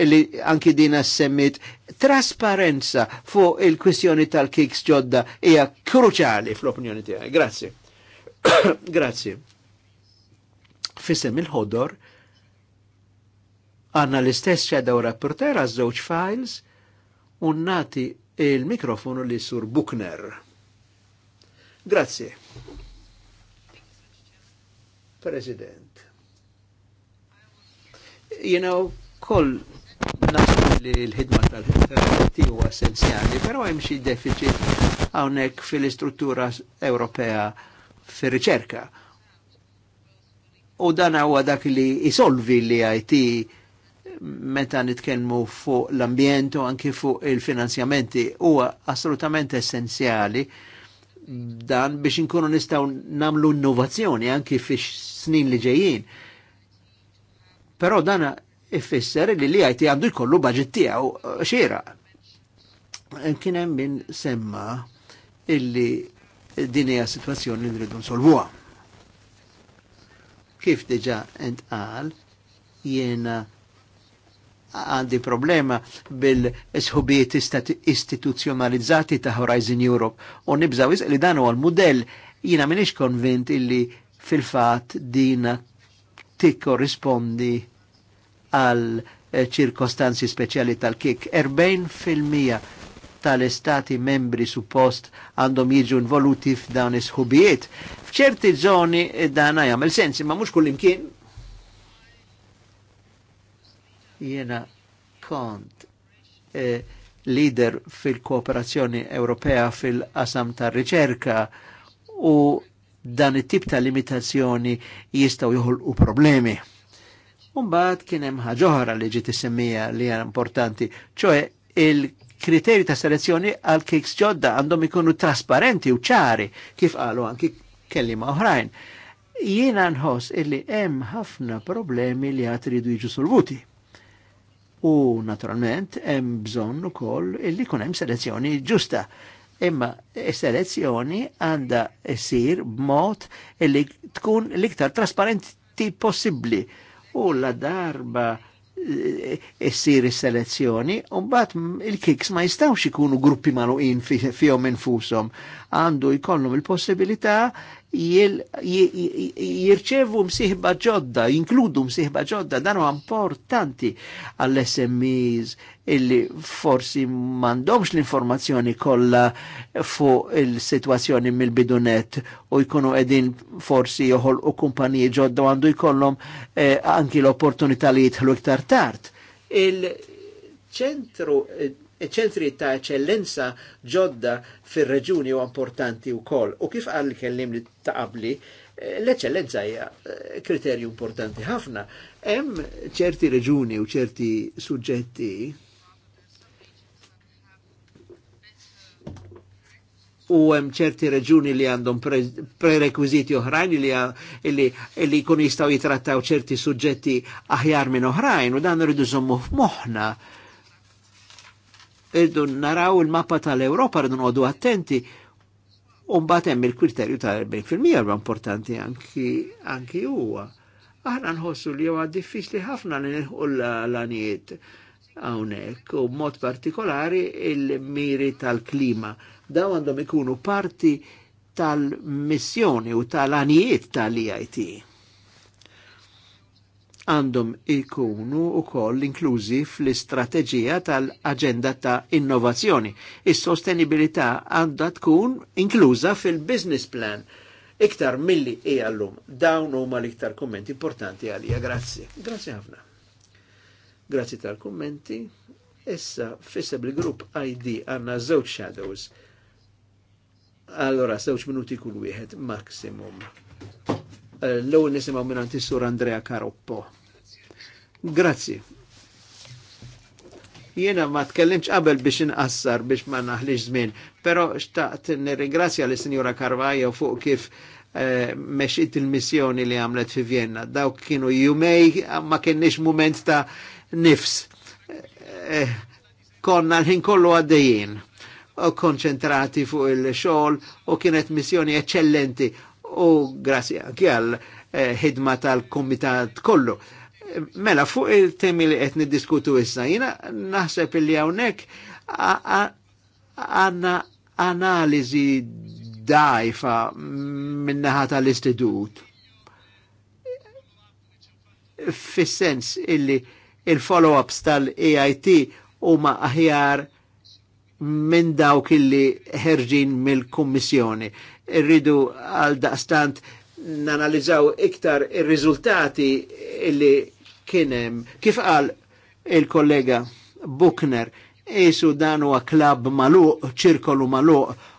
li anki din semmit trasparenza fuq il-kwistjoni tal-kiks ġodda hija kruċali fl-opinjoni tiegħi. Grazzi. [COUGHS] Grazzi. Fisem il-ħodor għanna l-istess ċedaw rapporter għaż żewġ files Un nati il-mikrofonu li sur Buchner. Grazie. President know, koll li l-ħidma tal-ħitti huwa essenzjali, però hemm xi deficit hawnhekk fil-istruttura Ewropea fir-riċerka. U dan huwa dak li isolvi li IT meta nitkellmu fuq l-ambjent u anki fuq il-finanzjamenti huwa assolutament essenzjali dan biex inkunu nistgħu nagħmlu innovazzjoni anki fix snin li ġejjin Però dana ifisser li li għajti għandu jkollu budget tiegħu eh, xira. Eh, kien hemm min semma illi din hija situazzjoni li nridu nsolvuha. Kif diġà entqal jiena għandi problema bil-sħubiet istituzjonalizzati ta' Horizon Europe u nibżaw li dan huwa l-mudell jiena minix konvint illi fil-fat dina tikkorrispondi għal eh, ċirkostanzi speċjali tal-kik. 40% tal estati membri suppost għandhom jiġu involuti f'dawn is-ħubijiet. F'ċerti zoni eh, dan jagħmel sensi, ma mhux kullimkien. Jiena kont eh, leader fil-kooperazzjoni Ewropea fil-qasam ta' riċerka u dan it-tip ta' limitazzjoni jistgħu joħolqu problemi. Umbat kien hemm ħaġa li ġiet isemmija li hija importanti, ċoe il-kriterji ta' selezzjoni għal kiks ġodda għandhom ikunu trasparenti u ċari kif qalu anki kellima oħrajn. Jiena nħoss illi hemm ħafna problemi li għad ridu jiġu solvuti. U naturalment hemm bżonn ukoll illi kun hemm selezzjoni ġusta. Imma selezzjoni għandha jsir b'mod illi tkun l-iktar trasparenti possibbli u la darba essir eh, selezzjoni un bat il-kiks ma jistawx ikunu gruppi maluqin fihom infusom. Għandu jkollhom il-possibilità jirċevu msiħba ġodda, jinkludu msiħba ġodda, dan huwa importanti għall-SMEs illi forsi mandomx l-informazzjoni kollha fuq il-sitwazzjoni mill-bidunet u jkunu edin forsi joħol u kumpaniji ġodda għandu jkollhom eh, anki l-opportunità li jitħlu iktar tard. Il-ċentru eh, ċentri ta' eccellenza ġodda fil reġuni u importanti wkoll. U kif għalli kellim li ta' qabli, eh, l-eccellenza hija eh, kriterju importanti ħafna. Hemm ċerti reġuni u ċerti suġġetti u hemm ċerti reġuni li għandhom prerekwiziti oħrajn li, li jkunu jistgħu jitrattaw ċerti suġġetti aħjar minn oħrajn u dan irridu żommu f'moħħna irdu naraw il-mappa tal-Europa rridu nodu attenti Umbat hemm il-kriterju tal-40% importanti anki huwa. Aħna nħossu li huwa diffiċli ħafna li nħu l-għanijiet hawnhekk u mod partikolari il-miri tal-klima. Daw għandhom ikunu parti tal-missjoni u tal-għanijiet tal-IIT għandhom ikunu u koll inklużi fl-istrateġija tal-agenda ta' innovazzjoni. Is-sostenibilità għandha tkun inkluża fil-business plan iktar milli e għallum. Dawn huma l-iktar kommenti importanti għalija. Grazzi. Grazzi ħafna. Grazzi tal-kommenti. Issa fisseb il-grupp ID għanna zewċ shadows. Allora, zewċ minuti kull wieħed maximum. Eh, l-ewwel nisimgħu minn sur Andrea Karoppo. Grazzi. Jiena ma tkellimx qabel biex inqassar biex ma naħliġ żmien, però xtaqt nirringrazzja l sinjura Karvajo fuq kif eh, mexit il-missjoni li għamlet fi Vienna. Dawk kienu jumej ma kienniex moment ta' nifs. Eh, konna l-ħin kollu għaddejjien konċentrati fuq il-xol u kienet missjoni eccellenti u grazzi anki għal eh, ħidma tal-komitat kollu. Mela, fuq il-temi li qed niddiskutu issa, jina naħseb li hawnhekk għandna analiżi dajfa minnaħa tal-istitut. Fis-sens illi il-follow-ups tal-AIT huma aħjar minn dawk illi ħerġin mill-Kummissjoni. Irridu għal daqstant nanalizzaw iktar ir-riżultati illi kienem, kif qal il-kollega Buchner, isu dan huwa klab malu, ċirkolu malu,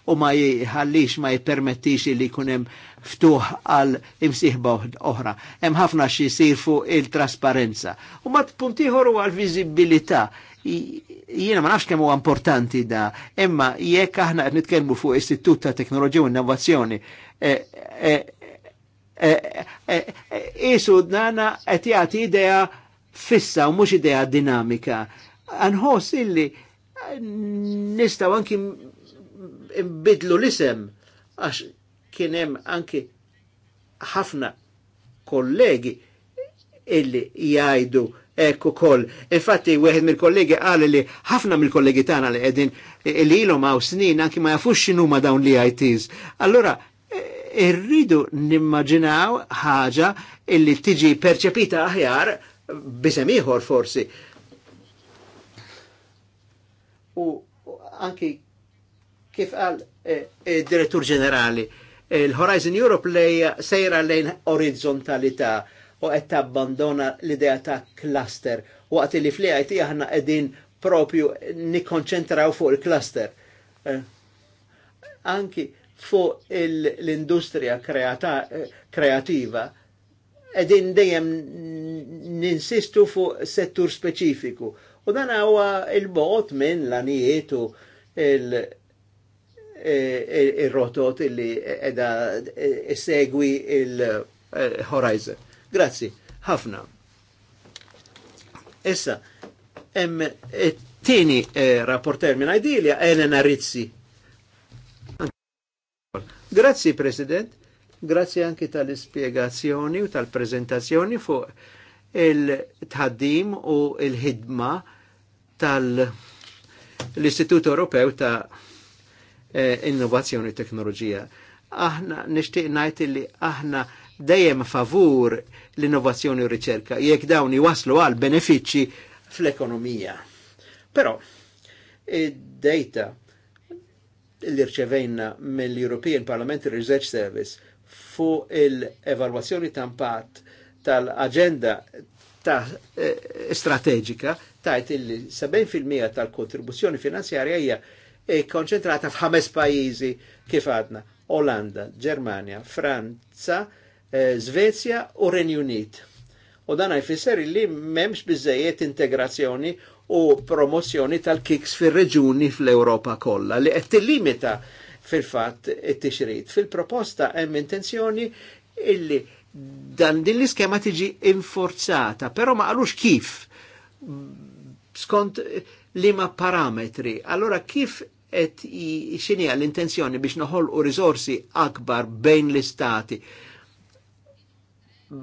u ma jħallix, ma jpermettix li kunem ftuħ għal imsiħba oħra. Hemm ħafna xisir fuq il-trasparenza. U mat puntiħor u għal-vizibilità. Jiena ma nafx kemm huwa importanti da, imma jekk aħna qed nitkellmu fuq istitut ta' teknoloġija u innovazzjoni, eh, eh, Isu nana et jagħti idea fissa u mhux idea dinamika. Anħos illi nistaw anki imbidlu l-isem għax kien hemm anki ħafna kollegi illi jgħidu ekku koll. Infatti, weħed mill-kollegi għal li ħafna mill-kollegi tana li għedin li ilhom hawn snin anki ma jafux x'inhu ma dawn li għajtiz. Allura irridu nimmaġinaw ħaġa illi tiġi perċepita aħjar bisem ieħor forsi. U anki kif qal eh, id-direttur ġenerali, il-Horizon eh, Europe lej sejra lejn orizzontalità u qed tabbandona l-idea ta' cluster waqt li fl-IT aħna qegħdin propju nikkonċentraw fuq il-cluster. Eh, anki fuq l-industrija kreativa edin dejjem ninsistu fuq settur speċifiku. U dan huwa il-bot minn l-anijiet u e- e- il-rotot illi edha segwi il-horizon. Grazzi, ħafna. Issa, hemm e- tieni rapporter minn Idilia, Elena Rizzi. Grazzi, President. grazie anki tal-ispiegazzjoni u tal-prezentazzjoni fuq il-tħaddim u il-ħidma tal-Istitut Ewropew ta' eh, Innovazzjoni u Teknoloġija. Aħna nixtieq ngħid li aħna dejjem favur l-innovazzjoni u riċerka jekk dawn waslu għal benefiċċji fl-ekonomija. Però id-data li rċevejna mill-European Parliamentary Research Service fu l-evaluazzjoni tampat tal-agenda ta' eh, strategika tajt illi 70% tal-kontribuzzjoni finanzjarja hija e konċentrata f'ħames pajjiżi kif għadna Olanda, Germania, Franza, eh, Svezja u Renju Unit. U dan jfisser li memx bizzejiet integrazzjoni u promozzjoni tal-kiks fir-reġuni fl-Ewropa kollha li qed tillimita fil-fatt it-tixrid. Fil-proposta hemm intenzjoni illi dan din l-iskema tiġi inforzata, però ma għalux kif skont li ma parametri. Allora kif et xini l-intenzjoni biex noħol u rizorsi akbar bejn l-istati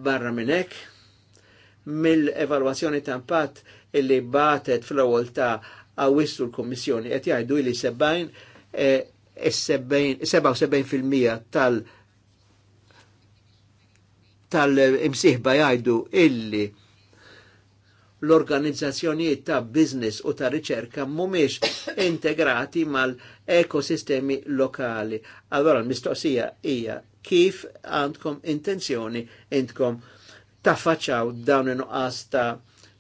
barra minnek mill-evaluazzjoni ta' impatt illi batet fl-ewwel ta' għawissu l-Kommissjoni qed jgħidu li 77% eh, tal- tal-imsiħba jgħidu illi l-organizzazzjonijiet ta' business u ta' riċerka mhumiex integrati mal-ekosistemi lokali. Allora l-mistoqsija hija kif għandkom intenzjoni intkom taffaċċaw dawn in-nuqqas ta'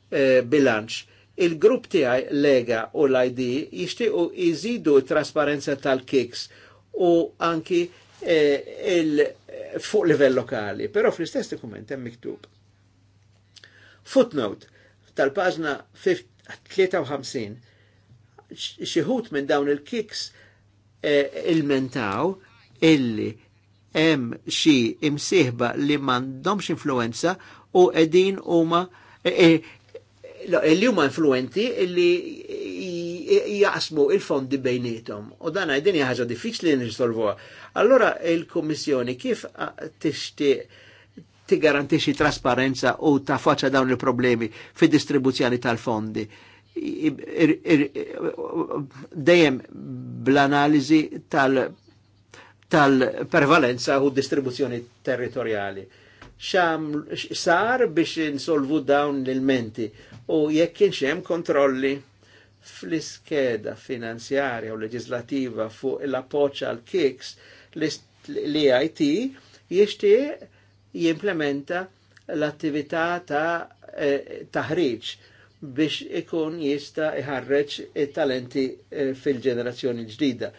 E, bilanċ. Il-grupp tiegħi Lega u l-ID jixtiequ jżidu trasparenza tal-kiks u anki eh, il fuq livell lokali, però fl-istess dokument hemm miktub. Footnote tal-paġna 53 xieħut minn dawn il-kiks eh, il-mentaw illi hemm xi imsieħba li m'għandhomx influenza u qegħdin huma e, e, li huma influenti li jaqsmu il-fondi bejnietom. U dan għajdin ħaġa diffiċli nirsolvuha. Allora il-Kommissjoni kif tixtieq tigarantixi trasparenza u ta' faċa dawn il-problemi fi distribuzzjoni tal-fondi. Dejjem bl-analizi tal-prevalenza u distribuzzjoni territoriali. Xam sar biex insolvu dawn l-elementi u jekk kienx hemm kontrolli fl-iskeda finanzjarja u leġislativa fuq l-appoċ għal kiks l-IT jixtieq jimplementa l-attività ta' eh, taħriġ biex ikun jista il talenti eh, fil-ġenerazzjoni ġdida.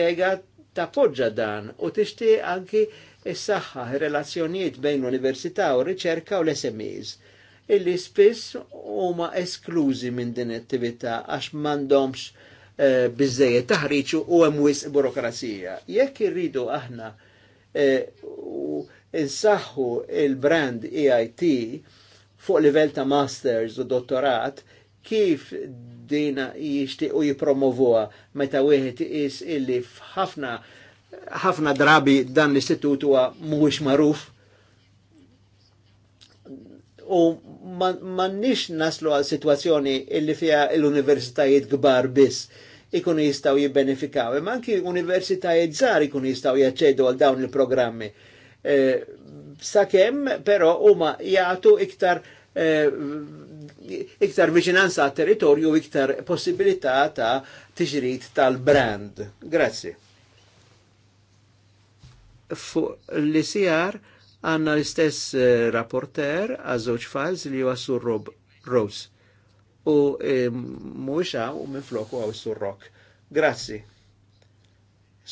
Lega ta' poġġa dan u tixtieq anki s-saħħa relazzjonijiet bejn l-Università u r-riċerka u l-SMEs illi spiss huma esklużi minn din attività għax m'għandhomx eh, biżejjed taħriġ u hemm wisq burokrazija. Jekk irridu aħna eh, insaħħu il-brand EIT fuq livell ta' masters u dottorat, kif dina jishtiq u jipromovuha meta wieħed is illi f'ħafna ħafna drabi dan l-istitut huwa mhuwiex magħruf u nix naslu għal situazzjoni illi fija l-universitajiet gbar biss ikun jistaw jibbenefikaw, Ma anki universitajiet Zar ikun jistaw jaċċedu għal dawn il-programmi. E, Sakemm però huma jgħatu iktar eh, iktar viċinanza għal territorju iktar possibilità ta' tiġrid tal-brand. Grazie. Fu l-ICR, Għanna l-istess eh, rapporter għaż-żewġ files li huwa sur Rob Rose. U eh, muxa u minn floku għaw sur Rock. Grazzi.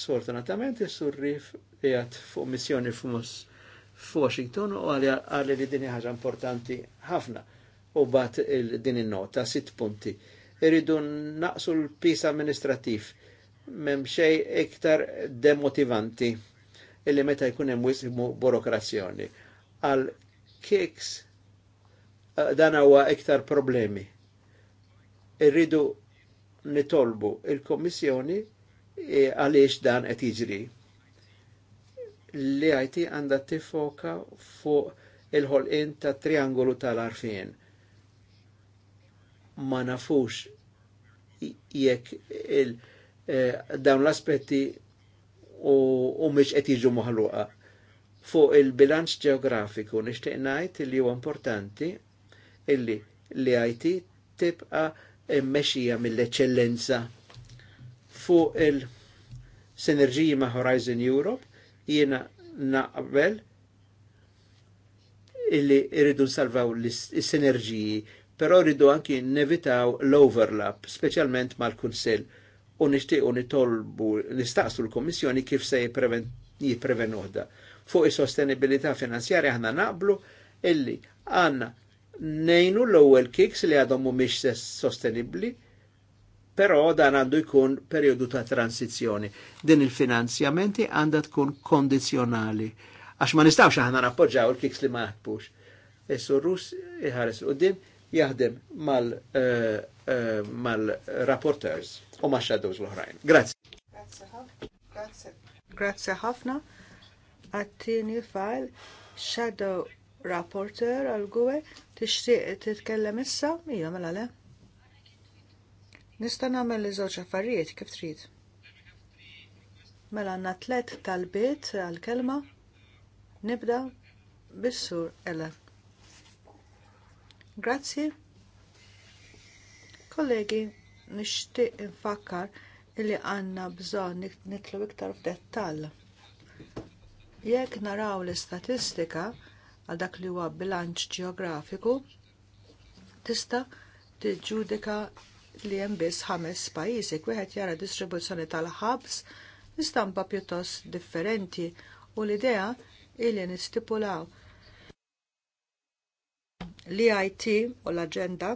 Sfortunatament is-sur Rif fu fuq missjoni f'Washington u għalli li dini ħaġa importanti ħafna u bat din dini nota sitt punti. Irridu naqsu l-pis amministrativ, memxej xej iktar demotivanti illi meta jkun hemm wismu burokrazzjoni. Għal kiks eh, dan huwa iktar problemi. Irridu nitolbu il-Kommissjoni eh, għaliex dan qed jiġri. Li IT għandha tifoka fuq il-ħolqien ta' triangolu tal-arfien. Ma nafux jekk eh, dawn l-aspetti u mhix qed jiġu maħluqa. Fuq il-bilanċ ġeografiku nixtieq ngħid li huwa importanti illi li IT tibqa' mmexxija mill-eċellenza fuq il-sinerġiji ma' Horizon Europe jiena naqbel illi irridu nsalvaw l-sinerġiji, però rridu anki nevitaw l-overlap, speċjalment mal-Kunsill u u nitolbu nistaqsu l-Kommissjoni kif se jiprevenuħda. Fuq is-sostenibilità finanzjarja aħna naqblu illi għanna nejnu l-ewwel kiks li għadhom mhumiex sostenibbli, però dan għandu jkun perjodu ta' transizjoni. Din il-finanzjamenti għandha tkun kondizjonali għax ma nistawx aħna nappoġġaw il-kiks li ma Issu Rus iħares u din jaħdem mal-rapporters uh, uh, mal eh, eh, u ma' shadows l-oħrajn. Grazie. Grazie ħafna. Għattini file shadow rapporter għal-gwe t titkellem issa? Ija mela għale Nista' nagħmel li zoċa farijiet kif trid. Mela għandna tlet tal-bit għal-kelma. Nibda Bissur sur Grazzi. Kollegi, nixtieq infakkar illi għandna bżonn nitlu iktar f'dettall. Jekk naraw l-istatistika għal dak li huwa bilanċ ġeografiku, tista' tiġġudika li hemm biss ħames pajjiżi wieħed jara distribuzzjoni tal-ħabs istampa pjuttost differenti u l-idea illi nistipulaw l-IT e u l-agenda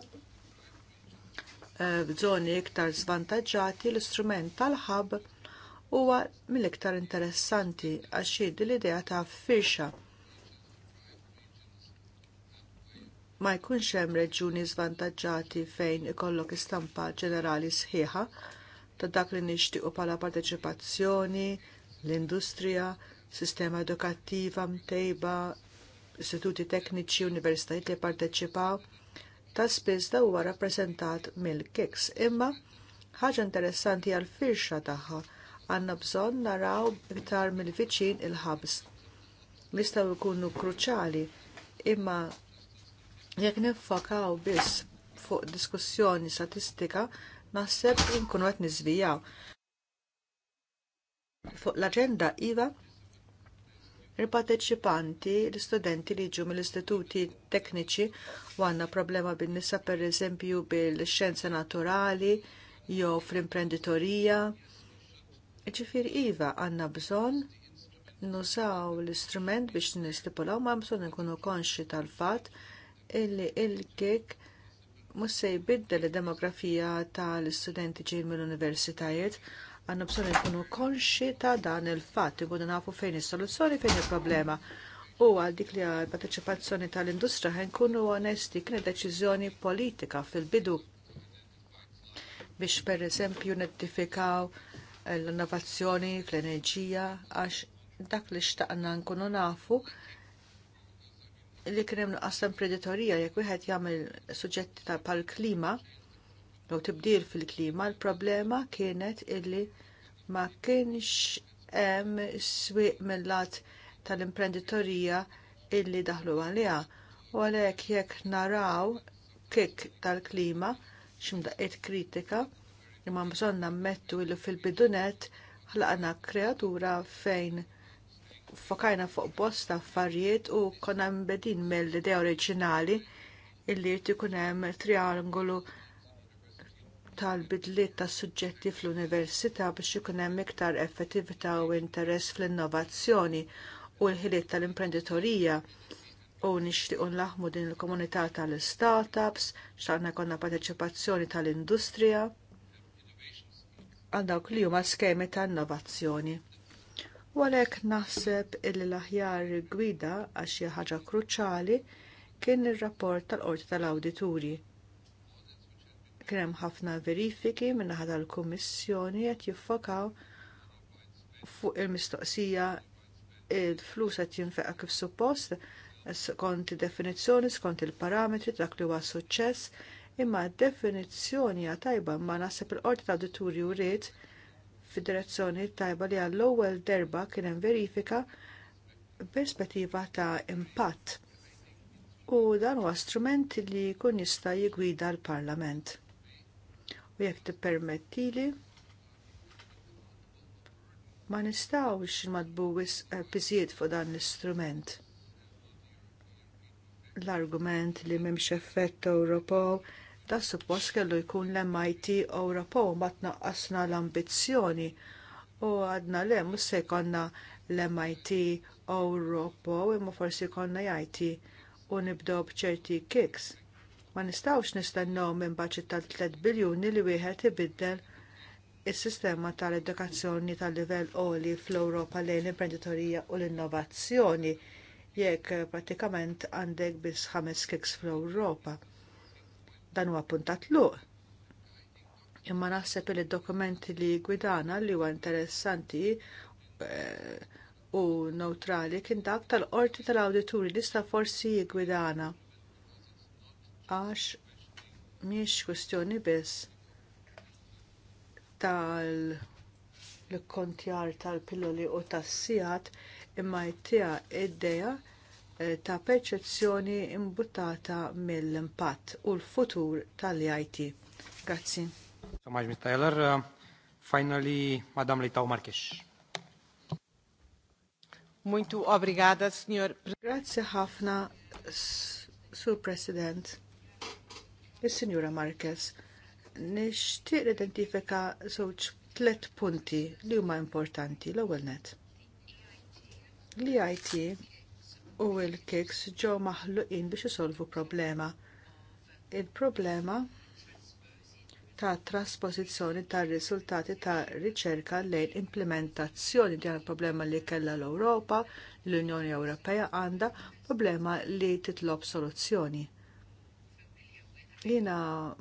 f'żoni eh, iktar svantaġġati l-istrument tal-ħab huwa mill-iktar interessanti għax l-idea ta' firxa ma jkunx hemm reġuni żvantaġġati fejn ikollok istampa ġenerali sħiħa ta' dak li nixtiequ bħala parteċipazzjoni, l-industrija, sistema edukattiva mtejba, istituti tekniċi universitajiet li parteċipaw ta' spiss da huwa rappreżentat mill-kiks. Imma ħaġa interessanti għal firxa tagħha għandna bżonn naraw iktar mill-viċin il-ħabs. Mistaw jkunu kruċali imma jekk niffokaw biss fuq diskussjoni statistika naħseb nkunu qed niżvijaw. Fuq l-aġenda iva il-parteċipanti, l-istudenti li ġu mill-istituti tekniċi u għanna problema bin-nisa per eżempju bil-xenza naturali jew fl-imprenditorija. Ġifir Iva għanna bżon nusaw l-istrument biex nistipulaw ma bżon nkunu konxi tal-fat illi il-kik musse se jbiddel id-demografija tal-istudenti ġej mill-universitajiet Għanna bżon nkunu konxi ta' dan il-fatt, ikunu nafu fejn is-soluzzjoni, fejn il-problema. U għal dik li għal partecipazzjoni tal-industra kunu onesti kienet deċiżjoni politika fil-bidu biex per eżempju nettifikaw l-innovazzjoni, fl enerġija għax dak li xtaqna nkunu nafu li kien hemm nuqqas imprenditorija jekk wieħed jagħmel suġġetti tal klima jew tibdil fil-klima, il-problema kienet illi ma kienx hemm swieq mill-lat tal-imprenditorija illi daħlu għaliha. U għalhekk jekk naraw kik tal-klima x'imdaqqiet kritika imma bżonn nammettu illi fil-bidunet ħlaqna kreatura fejn fokajna fuq bosta affarijiet u konna mbedin mill-idea oriġinali illi jrid ikun hemm triangolu tal-bidliet tas suġġetti fl-università biex ikun hemm iktar effettività u interess fl-innovazzjoni u l-ħiliet tal-imprenditorija u nixtiequ nlaħmu din il-komunità tal-startups, x'aħna konna parteċipazzjoni tal-industrija għal dawk li huma skemi ta' innovazzjoni. U għalhekk naħseb illi l-aħjar gwida għax xi ħaġa kruċjali kien ir-rapport tal-Qorti tal-Awdituri kien hemm ħafna verifiki min-naħa tal-Kummissjoni qed jiffokaw fuq il-mistoqsija il-flus qed jinfeqa kif suppost skont definizzjoni skont il-parametri dak li huwa suċċess imma d-definizzjoni hija tajba ma naħseb il-qorti ta' dituri u fid-direzzjoni tajba li għall-ewwel derba kien hemm verifika perspettiva ta' impatt u dan huwa strument li jkun jista' jigwida l-Parlament u jekk tippermettili ma nistawx madbu wis eh, piżiet fuq dan l-istrument. L-argument li m'hemmx effett Ewropew da suppos kellu jkun l-MIT Ewropew ma tnaqqasna l-ambizzjoni u għadna l u se jkollna l-MIT Ewropew imma forsi jkollna jajti u nibdew bċerti kiks Ma nistawx nistennew minn baċit tal-3 biljuni li wieħed ibiddel is-sistema tal-edukazzjoni tal-livell oli fl-Ewropa lejn l-imprenditorija u l-innovazzjoni jekk eh, prattikament għandek biss ħames kiks fl-Ewropa. Dan huwa puntat luq. Imma naħseb li dokumenti li gwidana li huwa interessanti eh, u neutrali kien dak tal-qorti tal awditur li sta forsi jigwidana għax miex kwestjoni biss tal l-kontjar tal-pilloli u tas sijat imma jtija id-deja eh, ta' perċezzjoni imbuttata mill-impatt u l-futur tal-IT. Grazzi. Samaj Taylor, uh, finally, Madam Litaw Markesh. Muntu obrigada, Signor. Grazie ħafna, Sur President. Is-Sinjura Marquez. Nixtieq identifika żewġ tliet punti li huma importanti l-ewwel net. L-IT u l-kiks ġew maħluqin biex isolvu problema. Il-problema ta' trasposizzjoni tar riżultati ta' riċerka lejn implementazzjoni di għal problema li kellha l-Ewropa, l-Unjoni Ewropea għandha problema li titlob soluzzjoni. Jina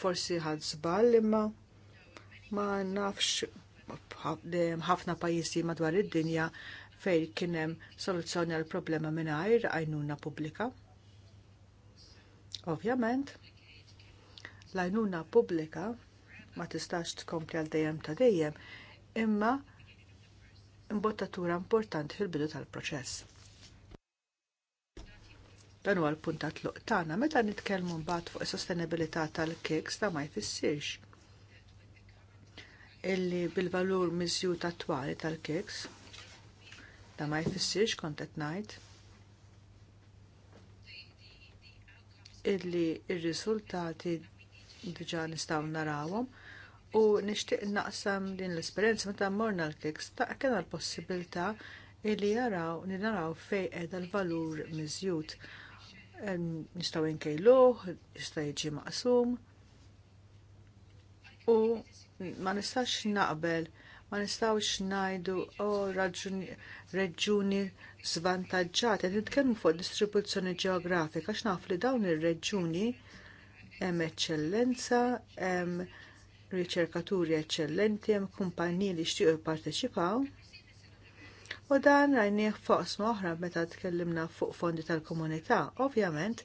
forsi ħad żball imma ma nafx ħafna pajjiżi madwar id-dinja fejn kien hemm soluzzjoni għal problema mingħajr għajnuna pubblika. Ovvjament, l-għajnuna pubblika ma tistax tkompli għal dejjem ta' dejjem, imma imbottatura importanti fil-bidu tal-proċess. Dan huwa l-puntat l tagħna meta nitkellmu mbagħad fuq is-sostenibilità tal-keks ta' ma jfissirx illi bil-valur miżjut attwali tal-keks ta ma jfissirx kont qed ngħid illi ir-riżultati diġà nistgħu narawhom u nixtieq naqsam din l-esperjenza meta mmorna l-keks ta' kena l-possibilità illi jaraw li naraw fejn qiegħda l-valur miżjud nistaw inkejluh, jista' jiġi maqsum. U ma nistax naqbel, ma nistawx najdu o oh, reġuni zvantagġati, nitkellmu fuq distribuzzjoni ġeografika, għax naf li dawn ir-reġuni hemm eċċellenza, hemm riċerkaturi eċċellenti, hemm kumpaniji li xtiequ jipparteċipaw u dan rajnieh fuq oħra meta tkellimna fuq fondi tal-komunità. Ovvjament,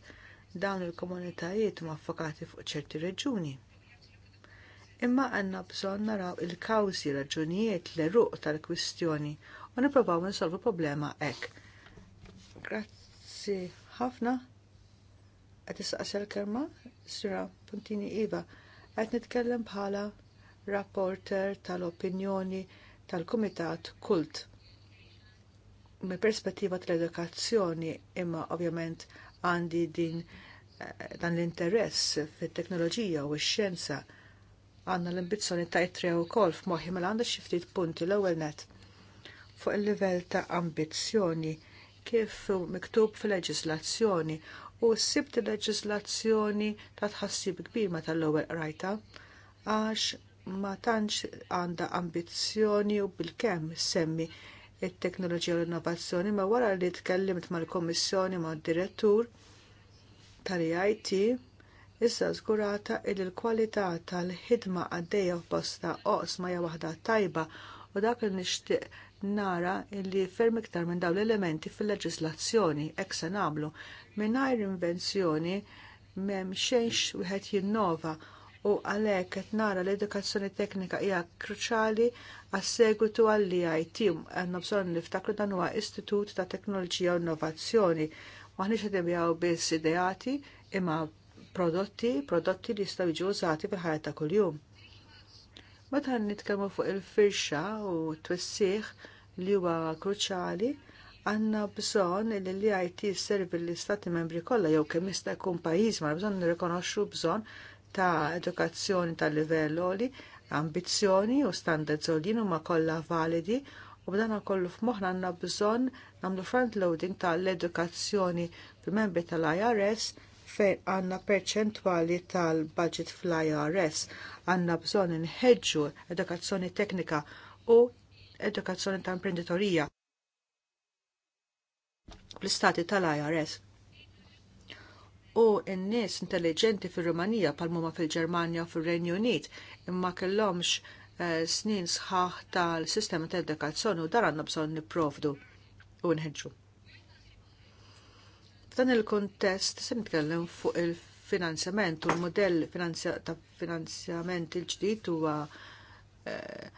dawn il-komunitajiet huma affokati fuq ċerti reġuni. Imma għandna bżonn naraw il-kawżi raġunijiet l ruq tal-kwistjoni u nipprovaw insolvu problema hekk. Grazzi ħafna għet istaqsel kelma, sira puntini Iva, għet nitkellem bħala rapporter tal-opinjoni tal-Kumitat Kult mill perspettiva tal-edukazzjoni imma ovvjament għandi din eh, dan l-interess fit-teknoloġija u x-xjenza għandna l-ambizzjoni ta' jitrew ukoll f'moħħi mela għandha xi ftit punti l-ewwel net fuq il-livell ta' ambizzjoni kif miktub fil-leġislazzjoni u s-sibt leġislazzjoni ta' tħassib kbir ma tal-ewwel qrajta għax ma tantx għandha ambizzjoni u bilkemm semmi it-teknoloġija u l-innovazzjoni, ma wara li tkellimt mal-Kommissjoni ma' direttur tal-IT, issa żgurata il l-kwalità tal-ħidma għaddejja f'bosta oqsma hija waħda tajba u dak li nixtieq nara li ferm iktar minn dawn l-elementi fil-leġislazzjoni hekk se nagħmlu mingħajr invenzjoni m'hemm xejn wieħed jinnova u għalhekk qed nara l-edukazzjoni teknika hija kruċjali għas-segwitu għall-IT għandna bżonn niftakru dan huwa Istitut ta' Teknoloġija u Innovazzjoni. Maħniex qed nibjaw biss ideati imma prodotti, prodotti li jistgħu jiġu użati fil-ħajja ta' kuljum. Meta nitkellmu fuq il-firxa u t-twissieħ li huwa kruċjali, għanna bżon li l-IT servi l-istati membri kollha jew kemm jista' jkun pajjiż ma bżonn nirrikonoxxu bżonn ta' edukazzjoni tal livell oli, ambizzjoni u standards olin huma kollha validi u b'dan kollu f'moħħna għandna bżonn nagħmlu front loading tal-edukazzjoni fil-membri tal-IRS fejn għandna perċentwali tal-budget fl-IRS. Għandna bżonn inħeġġu edukazzjoni teknika u edukazzjoni tal imprenditorija fl-istati tal-IRS u n-nies intelligenti fir-Rumanija pal-muma fil-Ġermanja u fir-Renju Unit imma kellhomx eh, snin sħaħ tal-sistema ta' edukazzjoni u daranna bżon bżonn nipprovdu u nħeġġu. F'dan il-kontest se nitkellem fuq il-finanzjament u l-modell ta' finanzjament il-ġdid huwa uh, Eh,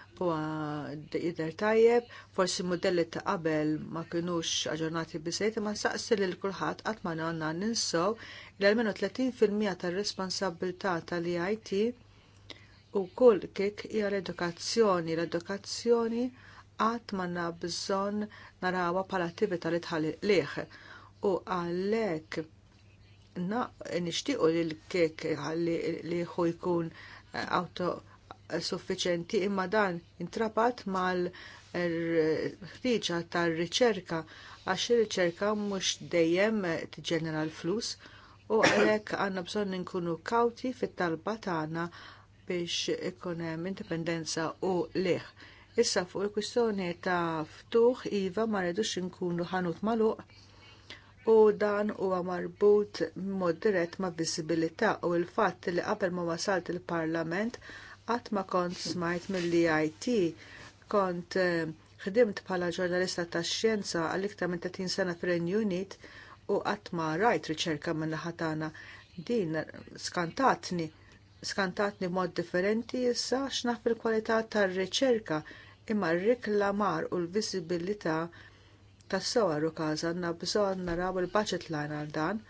jidher tajjeb, forsi modelli ta' qabel ma kinux aġġornati biżejt ma saqsi lil kulħadd qatt ma għandna ninsew li almenu 30% tar-responsabilità tal-IT u kull kik hija l-edukazzjoni, l-edukazzjoni qatt manna bżonn narawha bħala attività li tħalli liħ. U għalhekk nixtiequ lil kik li jkun eh, auto suffiċenti imma dan intrapat mal ħriġa tar riċerka għax ir-riċerka mhux dejjem tiġġenera l-flus u għalhekk għandna bżonn inkunu kawti fit-talba tagħna biex ikun hemm indipendenza u liħ. Issa fuq il-kwistjoni ta' ftuħ iva ma rridux inkunu ħanut magħluq u dan huwa marbut mod dirett ma' viżibilità u l-fatt li qabel ma wasalt il-Parlament qatt ma kont smajt mill-IT kont eh, ħdimt bħala ġurnalista tax xjenza għal iktar minn 30 sena fil Unit u qatt ma rajt riċerka minn naħa tagħna. Din skantatni, skantatni mod differenti issa x'naf il-kwalità tar-riċerka imma r-riklamar u l-visibilità tas-sewar u każa bżon bżonn naraw il-budget line għal dan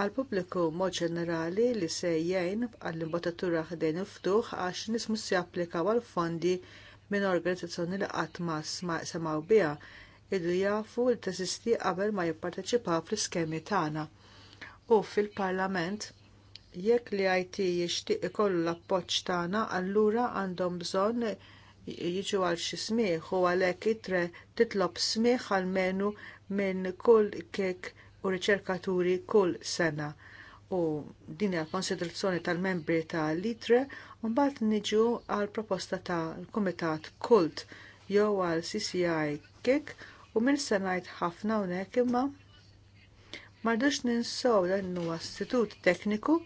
għal pubbliku mod ġenerali li se jgħin għall-imbotatura ħdejn il-ftuħ għax nismu se applikaw għal fondi minn organizzazzjoni li qatt ma semaw biha idu jafu li teżisti qabel ma jipparteċipaw fl-iskemi tagħna. U fil-Parlament jekk li IT jixtieq ikollu l-appoġġ tagħna allura għandhom bżonn jiġu għal xi smieħ u għalhekk itre titlob smigħ menu minn kull kek u riċerkaturi kull sena u din hija konsiderazzjoni tal-membri ta' litre u mbagħad niġu għal proposta tal-Kumitat Kult jew għal CCI Kik u minn se ngħid ħafna hawnhekk imma m'għadux ninsew l huwa istitut tekniku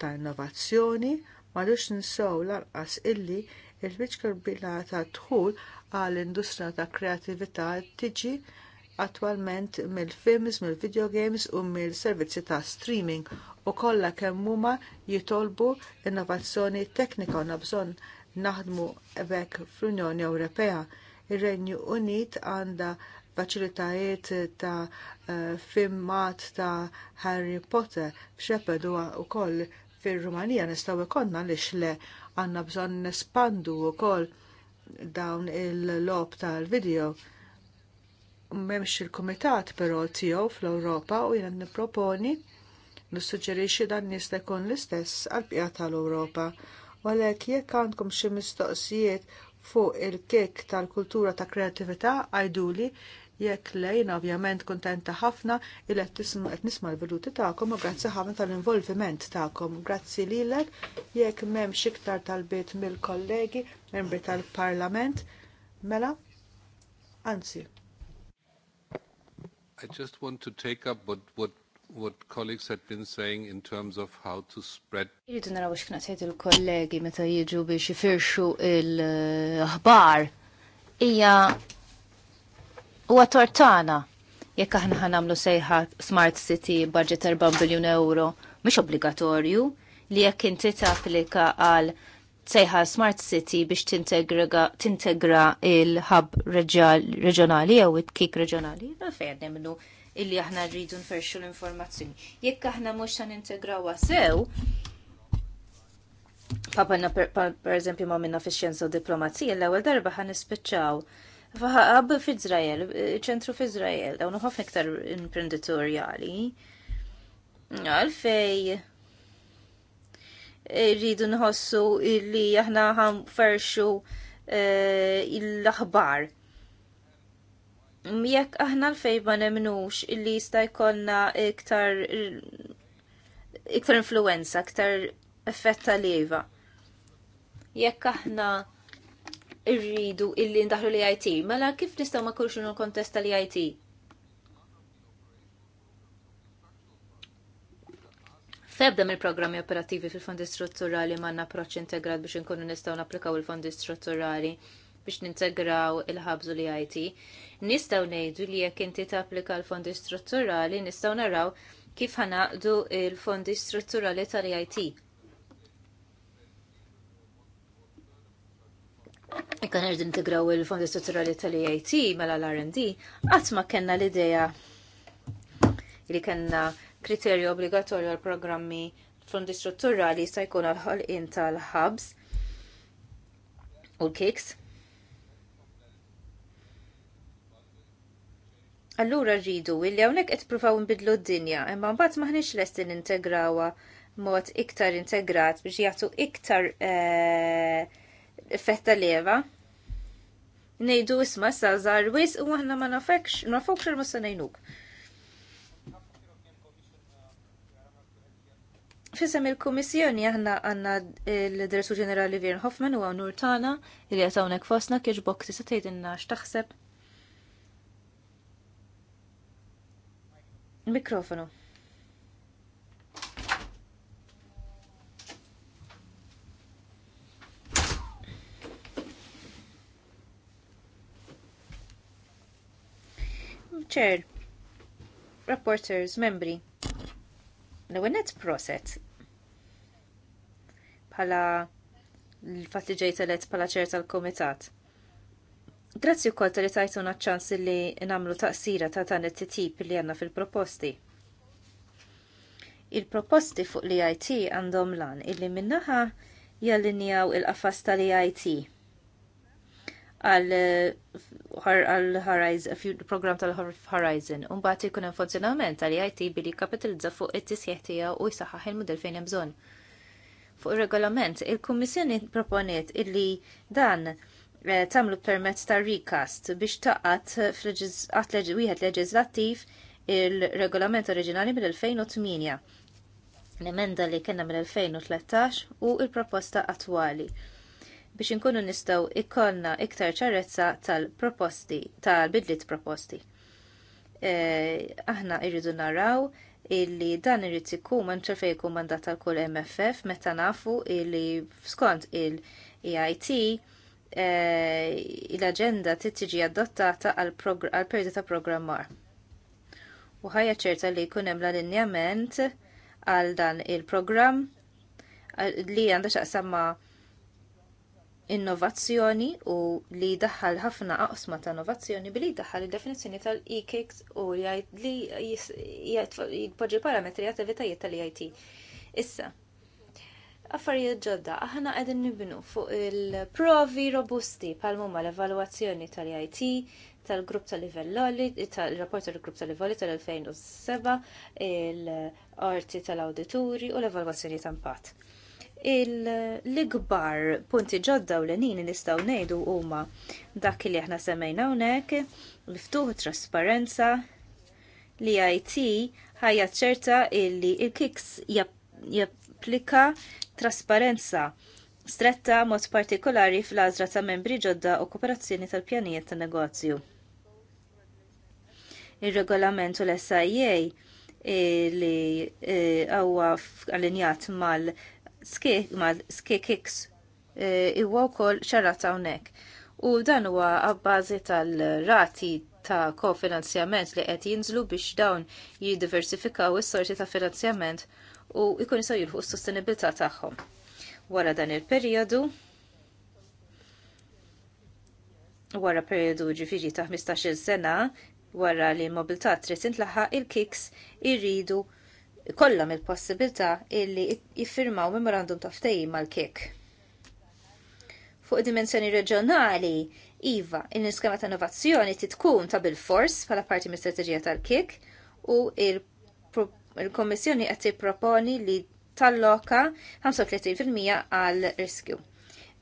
ta' innovazzjoni, m'għadux l lanqas illi il-biċkar bila ta' dħul għall industrija ta' kreatività tiġi attwalment mill-films, mill-videogames u mill-servizzi ta' streaming u kollha kemm huma jitolbu innovazzjoni teknika u bżonn naħdmu hekk fl-Unjoni Ewropea. Ir-Renju Unit għandha faċilitajiet ta' eh, filmat ta' Harry Potter b'xeped u koll fir-Rumanija nistgħu ikollna li-xle għandna bżonn nespandu wkoll dawn il-lob tal-video memx il-komitat però tiegħu fl-Ewropa u jena nipproponi nissuġġerixxi dan nista jkun l-istess għal bqija tal-Ewropa. U għalhekk jekk għandkom xi mistoqsijiet fuq il-kek tal-kultura ta' kreativita, għajduli jekk lejn ovvjament kuntenta ħafna il qed nisma' l veluti tagħkom u grazzi ħafna tal-involviment tagħkom. Grazzi lilek jekk m'hemmx iktar tal-bit mill-kollegi membri tal-Parlament mela anzi I just want to take up what, what what colleagues had been saying in terms of how to spread. Jridu naraw kna qed il-kollegi meta jiġu biex jifirxu l ħbar hija huwa tortana jekk aħna għamlu sejħa Smart City budget 4 biljun euro mhix obbligatorju li jekk inti tapplika għal sejħa Smart City biex tintegra il-hub reġjonali jew it-kik reġjonali, fejn nemmnu illi aħna rridu nferxu l-informazzjoni. Jekk aħna mhux ta' nintegrawa sew, Papanna per eżempju ma minna fi xjenza u diplomazija l-ewwel darba ħan nispiċċaw. Faħab fi Izrael, ċentru fi Izrael, dawn ħafna iktar imprenditorjali. Għalfej rridu nħossu li aħna ħanferxu eh, l-aħbar. Jekk aħna l-fej ma nemnux illi jista' jkollna iktar iktar influenza, iktar effett tal-leva. Jekk aħna rridu illi ndaħlu li it mela kif nistgħu ma kulxu kontest tal-IT? Febda mill-programmi operativi fil-fondi strutturali manna approċ integrat biex nkunu nistgħu napplikaw il-fondi strutturali biex nintegraw il-ħabżu li IT. Nistgħu ngħidu li jekk inti tapplika l-fondi strutturali nistgħu naraw kif ħanaqdu il-fondi strutturali tal-IT. Ikka nerdu integraw il-fondi strutturali tal-IT mela l-R&D, għatma kena l-ideja li kena kriterju obbligatorju għal programmi fondi strutturali jista' jkun għal ħolqien tal-hubs u l-kiks. Allura rridu illi hawnhekk qed pruvaw nbidlu d-dinja, imma mbagħad maħniex lesti nintegrawha mod iktar integrat biex jagħtu iktar eh, fetta leva. ngħidu isma' sa żar u aħna ma nafekx, nafokx ma se ngħinuk. Fisem il-Komissjoni aħna għanna l dressu Ġenerali Viren Hoffman u għanur tana li għatawnek fosna kiex bokti satejt inna xtaħseb. Mikrofonu. Chair, Rapporters, Membri, when għennet processed, bħala l-fatti ġej telet bħala ċerta tal-komitat. Grazzi wkoll tal-li tajtuna ċans li namlu taqsira ta' dan it-titip li għanna fil-proposti. Il-proposti fuq li IT għandhom lan illi minnaħa jallinjaw il-qafas tal-IT għal-program tal-Horizon. Unbat ikun funzjonament tal-IT billi kapitalizza fuq it tisjeħtija tiegħu u jsaħħaħ il-model fejn hemm bżonn fuq ir-regolament, il-Kummissjoni proponiet illi dan eh, tamlu permezz ta' recast biex taqat fl-għat wieħed leġislattiv il-regolament oriġinali mill-2008, l-emenda li kena mill-2013 u il-proposta attwali biex inkunu nistaw jkollna iktar ċarezza tal-proposti, tal-bidlit proposti. Eh, aħna irridu naraw illi dan irid ikun hemm ċerfej jkun mandat tal kull MFF meta nafu illi skont il-EIT eh, l-aġenda trid tiġi adottata għal periodu ta' programmar. U ħajja ċerta li jkun hemm l-allinjament għal dan il-programm li għandha x'aqsam ma' innovazzjoni u li daħħal ħafna aqsma ta' innovazzjoni billi daħħal il-definizzjoni tal-e-kicks u li jitpoġġi parametri attivitajiet tal-IT. Issa, affarijiet ġodda, aħna qegħdin nibnu fuq il-provi robusti pal-mumma l-evaluazzjoni tal-IT tal-grupp tal-livell l-evalwazzjoni tal-IT, tal-grupp tal-livelloli, tal-rapport tal-grupp tal-livelloli tal-2007, il-arti tal-awdituri u l evaluazzjoni ta' impatt il ikbar punti ġodda u l-enin nistaw nejdu huma dak li aħna semmejna hawnhekk, miftuħ trasparenza li IT ħajja ċerta illi il-kiks japplika trasparenza stretta mod partikolari fl-għażra ta' membri ġodda u kooperazzjoni tal-pjanijiet ta' negozju. Ir-regolament u l-SIA eh, li għawa eh, għal-injat mal skikiks e, iwa wkoll xarata hawnhekk. U dan huwa abbażi tal-rati ta' kofinanzjament li qed jinżlu biex dawn jiddiversifikaw is-sorti ta' finanzjament u jkun jisaw jilħu s-sostenibilità tagħhom. Wara dan il-perjodu, wara perjodu ġifiri ta' 15-il sena, wara li l-mobilità trid tintlaħħaq il-kiks irridu il kollha il-possibilità illi jiffirmaw memorandum ta' ftehim mal-kik. Fuq dimensjoni reġjonali, iva, in-niskema ta' innovazzjoni titkun ta' bil-fors bħala parti mis-strateġija tal-kik u il-Kommissjoni qed tipproponi li talloka 35% għal riskju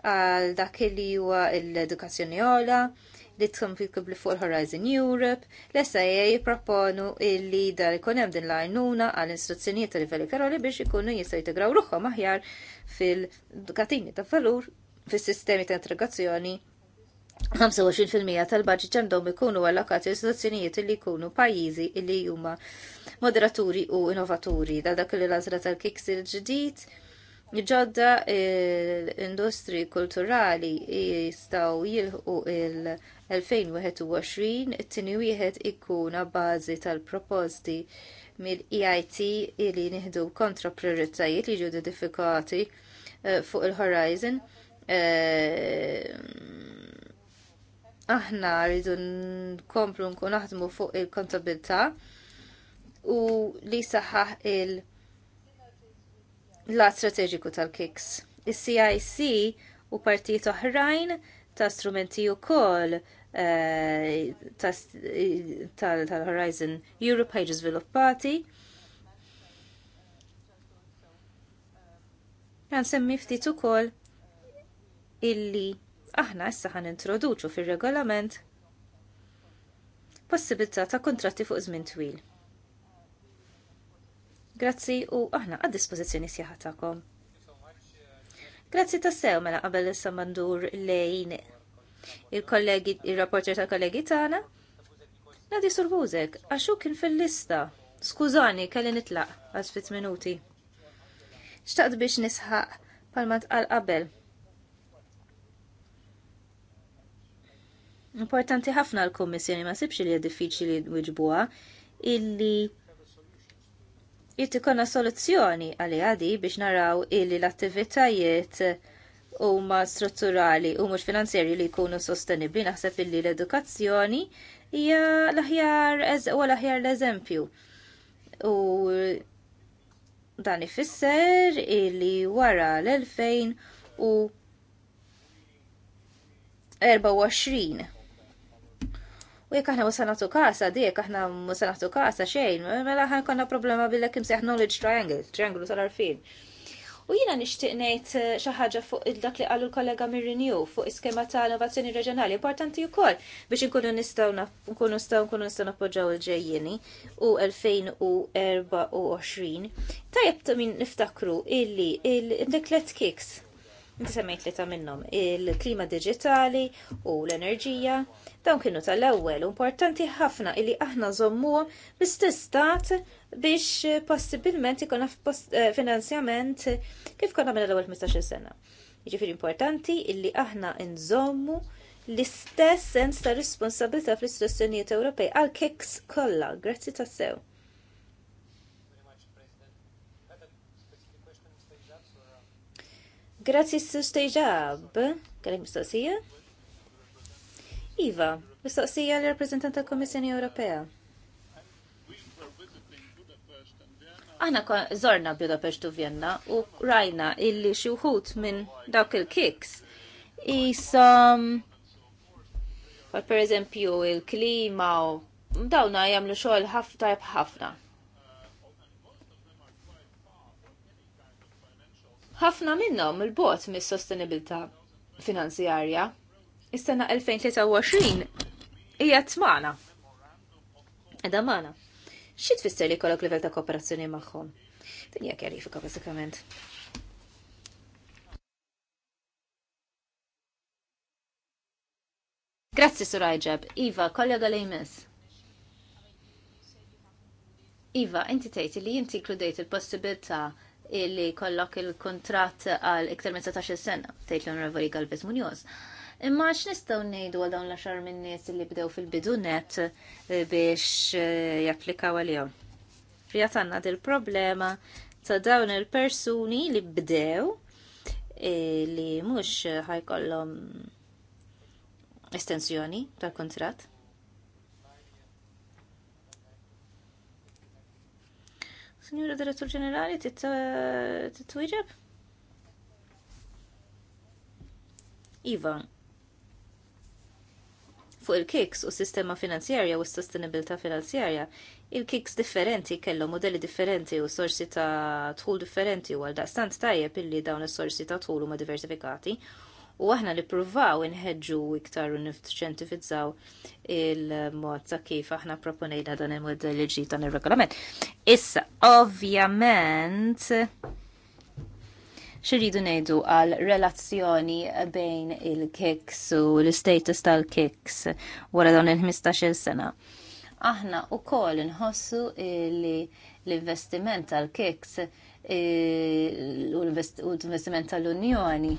għal dak li huwa l-edukazzjoni ola, li tkompli fuq horizon Europe, l-SIA jipproponu illi dar ikun hemm din l-għajnuna għal istruzzjonijiet ta' livelli karoli biex ikunu jistgħu jitegraw ruħhom aħjar fil-katini ta' valur fis-sistemi ta' integrazzjoni 25% tal-budget għandhom ikunu allokati l-istruzzjonijiet li jkunu pajjiżi li huma moderaturi u innovaturi da dak li l-għażla tal-kiks il-ġdid ġodda l-industri kulturali jistaw jilħu il-2021 it-tini wieħed ikkuna bażi tal-proposti mill-EIT li nieħdu kontra prioritajiet li ġu diffikati eh, fuq il-Horizon. Eh, aħna rridu nkomplu nkun naħdmu fuq il-kontabilta u li saħħaħ il-, -il la strateġiku tal-kiks. Is-CIC u partijiet oħrajn ta' strumenti wkoll eh, tal-Horizon Europe ħajġu żviluppati. Għan semmi ftit ukoll illi aħna issa ħan introduċu fir-regolament possibilità ta' kontratti fuq żmien twil. Grazzi u aħna għad dispożizzjoni sjaħa tagħkom. Grazzi tassew mela qabel issa mandur lejn il-kollegi il-rapporter tal-kollegi tagħna. Nadi Surbużek, għaxu kien fil-lista. Skużani, kelli nitlaq għal fit minuti. Xtaqt biex nisħaq palmat għal qabel. Importanti ħafna l-Kommissjoni ma sibx li hija diffiċli wiġbuha illi jitt ikonna soluzzjoni għalli għadi biex naraw illi l-attivitajiet huma strutturali u mhux finanzjeri li jkunu sostenibbli naħseb illi l-edukazzjoni hija l-aħjar u l-aħjar l-eżempju. U dan ifisser illi wara l-2000 u 24 U jek aħna musa naħtu kasa, dik aħna musa naħtu kasa xejn, mela ħan konna problema billek seħ knowledge triangle, triangle tal-arfin. U jina nishtiq ngħid eh, xi ħaġa fuq dak li qalu l-kollega Mirinju fuq iskema ta' innovazzjoni reġjonali importanti wkoll biex nkunu nistaw nkunu nistgħu nkunu nistaw nappoġġaw il-ġejjieni u 2024. Tajjeb min niftakru illi il-deklet kicks Inti semmejt li ta' minnom il-klima digitali u l-enerġija. Dawn kienu tal-ewwel importanti ħafna illi aħna żommuhom bl-istess stat biex possibilment ikun eh, finanzjament kif konna minn l-ewwel 15-il sena. Jiġifieri importanti illi aħna nżommu l-istess sens ta' responsabilità fl-istituzzjonijiet Ewropej għal keks kollha, grazzi tas sew Grazzi s-sustejġab. Għalek mistoqsija? Iva, mistoqsija l-reprezentant tal-Komissjoni Ewropea. Aħna zorna Budapest u Vienna u rajna illi xi wħud minn dawk il-kiks Isom per eżempju il-klima u dawna jagħmlu xogħol ħafna ħafna. ħafna minnhom il-bot mis-sostenibilità finanzjarja. Is-sena 2023 hija tmana. Edha mana. Xi tfisser li kollok livell ta' kooperazzjoni magħhom? Din hija kjarifika bażikament. Grazzi, Surajġab. Iva, kollega lejmes. Iva, inti tgħid li inti kludejt il-possibilità illi kollok il-kontrat għal iktar minn 16 sena, tgħid l għal-Bez Munjoz. Imma x'nistgħu ngħidu għal dawn l-għaxar minn nies li bdew fil-bidunet eh, biex eh, japplikaw għalihom. Rijat għanna dil-problema ta' dawn il-persuni li bdew eh, li mhux ħajkollhom estensjoni tal-kontrat. Signora Direttur Ġenerali, titwieġeb? Iva, fuq il-kiks u s-sistema finanzjarja u s-sostenibilità finanzjarja, il-kiks differenti kellhom modelli differenti u sorsi ta' tħul differenti u għal daqstant tajjeb illi dawn is-sorsi ta' tħul huma diversifikati u aħna li provaw inħedġu iktar u niftċentifizzaw il-mod ta' kif aħna proponejna dan il-modell li ġi dan il-regolament. Issa, ovvjament, xirridu nejdu għal relazzjoni bejn il-kiks u l-status tal-kiks wara dawn il-15 sena. Aħna u koll nħossu li l-investiment tal-kiks eh, u l-investiment tal-Unjoni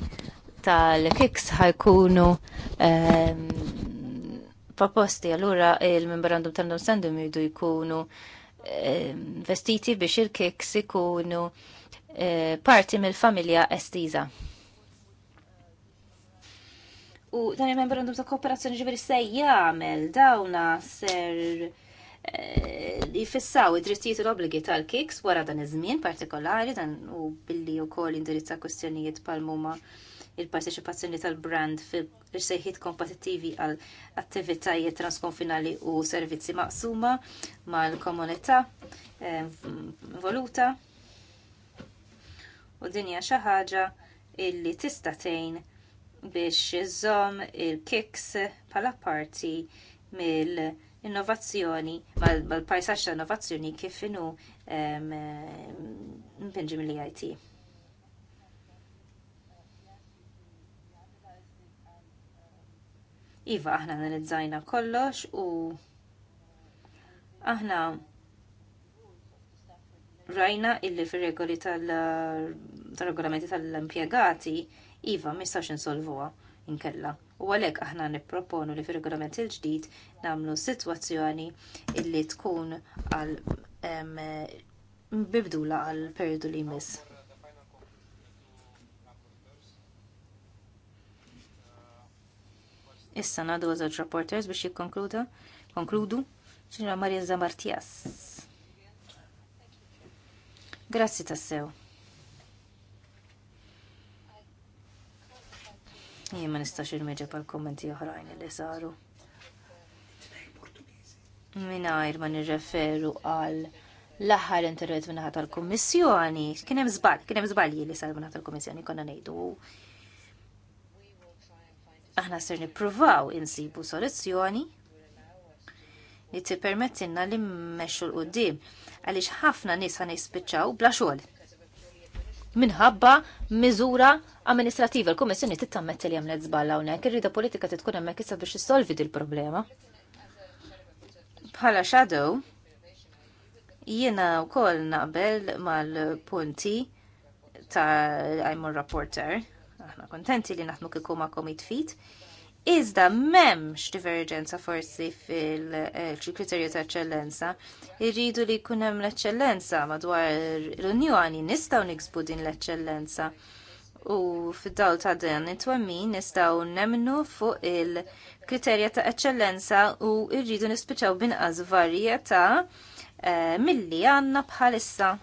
tal-kiks ħajkunu ehm, proposti allura il-memorandum tal-understanding jridu jkunu ehm, vestiti biex il-kiks ikunu eh, parti mill-familja estiza. U dan il-memorandum ta' kooperazzjoni ġibri se jagħmel dawna ser eh, jifissaw id-drittijiet u l-obligi tal-kiks wara dan iż-żmien partikolari dan u billi wkoll indirizza kwestjonijiet pal-muma il-parteċipazzjoni tal-brand fil-sejħiet kompetittivi għal attivitajiet transkonfinali u servizzi maqsuma mal-komunità eh, voluta. U dinja xi ħaġa illi tista' tgħin biex iżżomm il-kiks bħala parti mill-innovazzjoni, mal-pajsaġġ ta' innovazzjoni kif inhu mpinġi mill-IT. Iva, aħna nirizzajna kollox u aħna rajna illi fir regoli tal-regolamenti tal-impiegati Iva, mistax insolvuha inkella. U għalek aħna nipproponu li fir regolament il-ġdid namlu situazzjoni illi tkun għal bibdula għal periodu li jmiss. Issa nadu għazot rapporters biex jikkonkluda. Konkludu. Sinra Marja Zamartijas. Grazzi tassew. Jien ma nistax il-meġa pal-kommenti oħrajn li saru. Minajr ma nirreferu għal l-aħħar intervent minnaħat tal-Kommissjoni, kien hemm żball, kien hemm żbalji li sar minnaħat tal-Kommissjoni konna ngħidu aħna ser nippruvaw insibu soluzzjoni li tippermettilna li mmexxu l qudiem għaliex ħafna nies ħan jispiċċaw bla xogħol. Minħabba miżura amministrativa l-Kummissjoni tittammet li hemm żballa hawnhekk, irrida rida politika titkun hemmhekk issa biex issolvi dil problema Bħala shadow, jiena wkoll naqbel mal-punti ta' I'm a reporter aħna kontenti li naħdmu kieku ma' komit fit. Iżda memx diverġenza forsi fil-kriterju ta' eccellenza, irridu li kunem l-eccellenza madwar l-unjoni nistaw niksbu din l-eccellenza. U fid-dawl ta' dan it-twemmi nistaw nemnu fuq il-kriterja ta' eccellenza u irridu nispiċaw binqas varjetà eh, milli għanna bħalissa.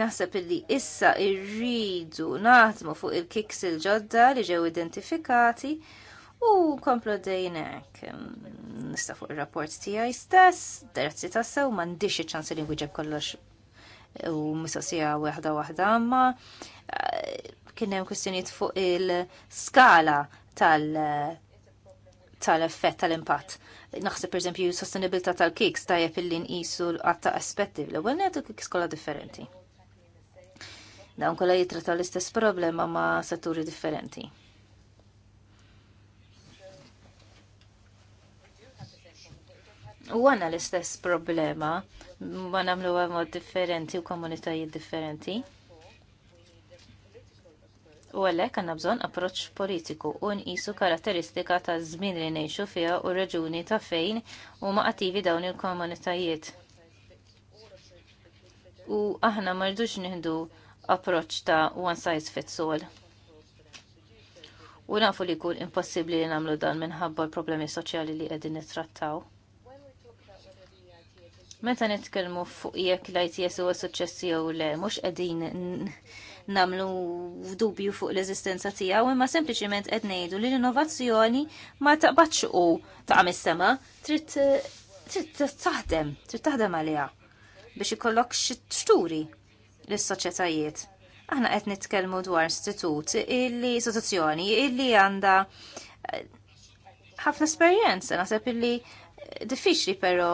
naħseb illi issa irridu naħdmu fuq il-kiks il-ġodda li ġew identifikati u komplu dejnek. Nista fuq il-rapport tijaj stess, tassa u mandiċi ċansi li wieġeb kollox u mistoqsija waħda waħda, ma eh, kien hemm kwistjonijiet fuq il-skala tal- tal-effett tal-impatt. Naħseb per eżempju sostenibilità tal-kiks tajjeb illi nqisu għatta aspetti l għennet u kiks kolla differenti. Dawn kollha jitrata l-istess problema ma' setturi differenti. U għanna l-istess problema, ma namlu mod differenti u komunitajiet differenti. U għallek għanna bżon approċ politiku u nqisu karatteristika ta' żmien li nejxu fiha u reġuni ta' fejn u ma' attivi dawn il-komunitajiet. U aħna marduġ nħindu approċ ta' one size fits all. U nafu li jkun impossibbli li nagħmlu dan minħabba l-problemi soċjali li qegħdin nittrattaw. Meta nitkellmu fuq jekk l-ITS huwa suċċess jew le, mhux qegħdin namlu dubju fuq l-eżistenza tiegħu imma sempliċiment qed ngħidu li l-innovazzjoni ma taqbadx u ta' mis-sema trid taħdem, trid taħdem għaliha biex ikollok xi lis-soċjetajiet. Aħna qed nitkellmu dwar istitut illi istituzzjoni illi għandha eh, ħafna esperjenza naħseb illi eh, diffiċli però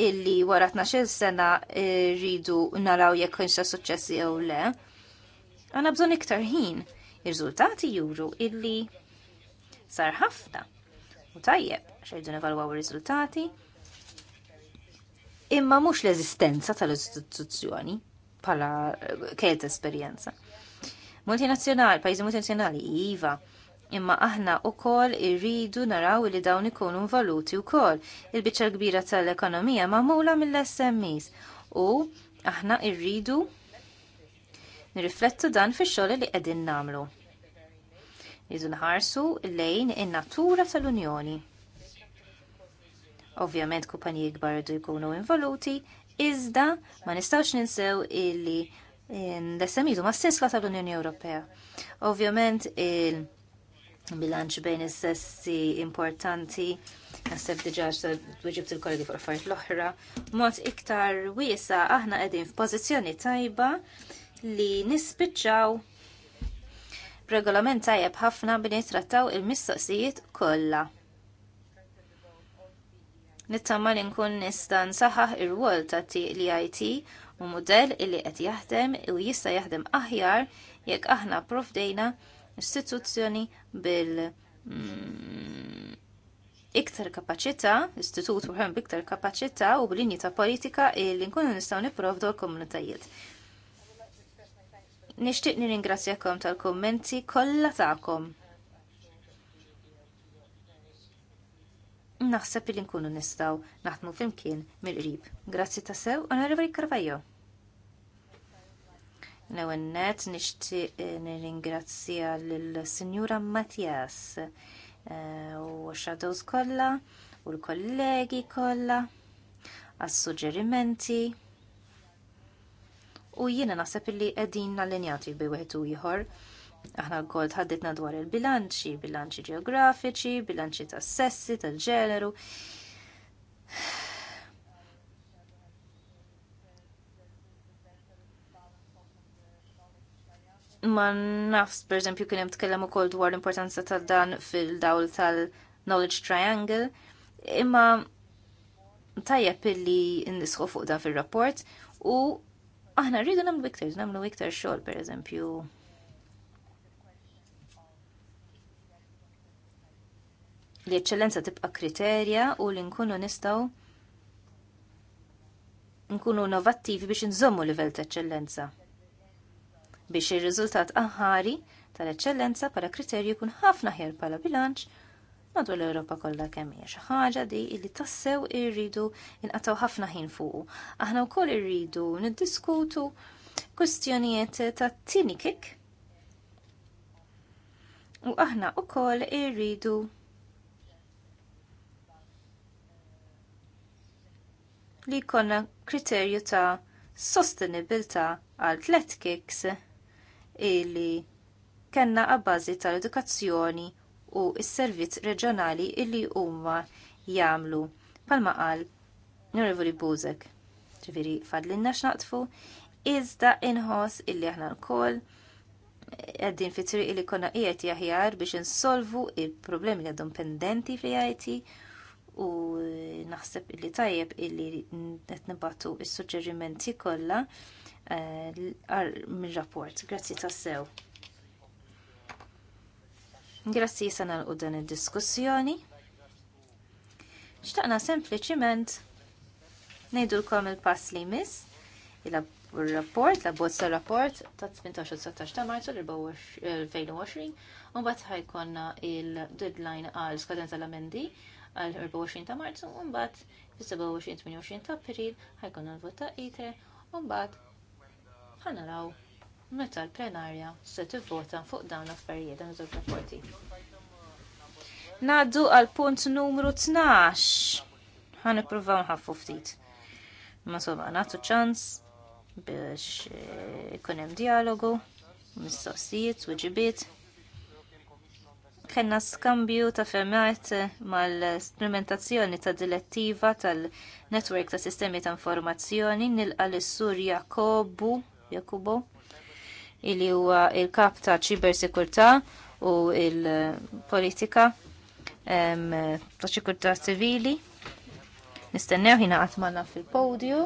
illi wara 12 sena eh, rridu naraw jekk kienx suċċessi jew le. Għandna bżonn iktar ħin. Ir-riżultati juru illi sar ħafna u tajjeb xejdu nevalwaw ir-riżultati imma mhux l-eżistenza tal-istituzzjoni bħala eh, kienet esperjenza. Multinazzjonali, pajjiżi multinazzjonali, iva, imma aħna u kol irridu naraw li dawn ikunu valuti u kol. Il-bicċa kbira tal-ekonomija mamula mill-SMEs u aħna irridu nirriflettu dan fi xogħol li qegħdin namlu. Idu nħarsu lejn in-natura tal-Unjoni. Ovvjament kumpanji kbar jdu jkunu involuti, iżda ma nistawx ninsew illi l-SMI ma s-sensla tal-Unjoni Ewropea. Ovvjament il- bilanċ bejn is-sessi importanti, naħseb diġà dwiġib il-kollegi fuq affarijiet l-oħra, mod iktar wiesa aħna qegħdin f'pożizzjoni tajba li nispiċċaw regolament tajjeb ħafna bini trattaw il-mistoqsijiet kollha. Nittama li nkun nista' nsaħħaħ ir-rwol ta' TLIT u mudell li qed jaħdem u jista' jaħdem aħjar jekk aħna profdejna istituzzjoni bil mm, iktar kapaċità, istitut uħem biktar kapaċità u b'linji ta' politika li nkunu nistgħu nipprovdu l-komunitajiet. Nixtieq ringrazzjakom tal-kommenti kollha tagħkom. naħseb li nkunu nistaw naħdmu flimkien mill-qrib. Grazzi ta' sew, onorevoli Carvajo. L-ewwel nishti nir eh, nirringrazzja lill-Sinjura Mattias eh, u shadows kollha u l-kollegi kollha għas-suġġerimenti u jiena naħseb li qegħdin għallinjati bi wieħed u ieħor Aħna kol tħadditna dwar il-bilanċi, bilanċi ġeografiċi, bilanċi tas sessi, tal-ġeneru. Ma nafs, per eżempju, kien hemm tkellem ukoll dwar l-importanza ta' dan fil-dawl tal-knowledge triangle, imma tajjeb illi nisħu fuq dan fil-rapport u aħna rridu nagħmlu iktar, nagħmlu iktar xogħol, per eżempju, li eċċellenza tibqa' kriterja u li nkunu nistgħu nkunu innovattivi biex nżommu livell ta' eċċellenza. Biex ir-riżultat aħari tal-eċċellenza bħala kriterju jkun ħafna ħjar bħala bilanċ madwar l-Ewropa kollha kemm hija xi ħaġa di li tassew irridu inqataw ħafna ħin fuqu. Aħna wkoll irridu niddiskutu kwistjonijiet ta' tini kik u aħna wkoll irridu li jkollna kriterju ta' sostenibilità għal tlet kiks illi kellna għabbażi tal-edukazzjoni u s-servizz reġjonali illi huma jagħmlu palma qal Nurevoli Buzek. Ġifieri fadlinna x'naqtfu iżda inħoss illi aħna wkoll qegħdin fi triq li konna qiegħed jaħjar biex insolvu il-problemi li għadhom pendenti fl-IT u naħseb illi tajjeb illi qed nibatu s-suġġerimenti kollha eh, mir-rapport. Grazzi tassew. Grazzi jisa nagħlqu dan id-diskussjoni. Xtaqna sempliċiment ngħidulkom il-pass li miss il-rapport, la bozza rapport ta' 18-19 ta' marzu l-2020 eh, un bat ħajkonna il-deadline għal skadenza l-amendi għal 24 ta' marzu, u mbagħad 27 28 ta' april ħajkun l vota ta' itre, u mbagħad ħanaraw meta l-plenarja se tivvota fuq dawn l-affarijiet dan iż rapporti. Naddu għal punt numru 12. Ħan ippruvaw nħaffu ftit. Ma soba nagħtu ċans biex ikun hemm dialogu, mistoqsijiet, weġibiet kena skambju ta' fermat mal-splementazzjoni ta' direttiva tal-Network ta' Sistemi ta' Informazzjoni nilqa l-Sur Jakobu Jakubo illi huwa il-kap ta' ċibersikurtà u il-politika ta' ċikurtà civili. Nistennew ħina għatmanna fil-podju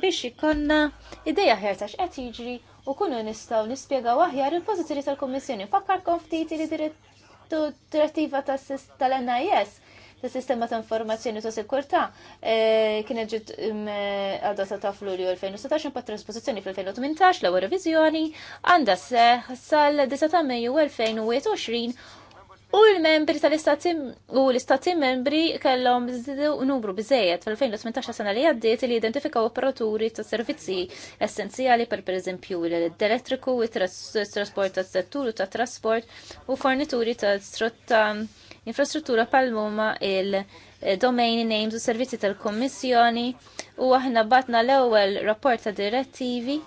biex ikonna ideja ħertax qed jiġri u kunu nistaw nispiega għahjar il-pozizjoni tal komissjoni Fakkarkom ftit li għattu direttiva tal-NIS ta' sistema ta' informazzjoni ta' sekurta e, kienet ġit għadda mm, e, ta' f'Lulju 2016 pa' trasposizjoni fl-2018 l-ewwel reviżjoni għandha seħ sal-9 ta' Mejju 2021 U l-membri tal-istati u l-istati membri kellhom numru biżejjed fil-2018 sena li għaddiet li identifikaw operaturi ta' servizzi essenzjali per pereżempju l-elettriku, trasport tas settur u ta' trasport u fornituri ta' infrastruttura pal-muma il- domain names u servizzi tal-Kommissjoni u aħna batna l-ewwel rapport ta' direttivi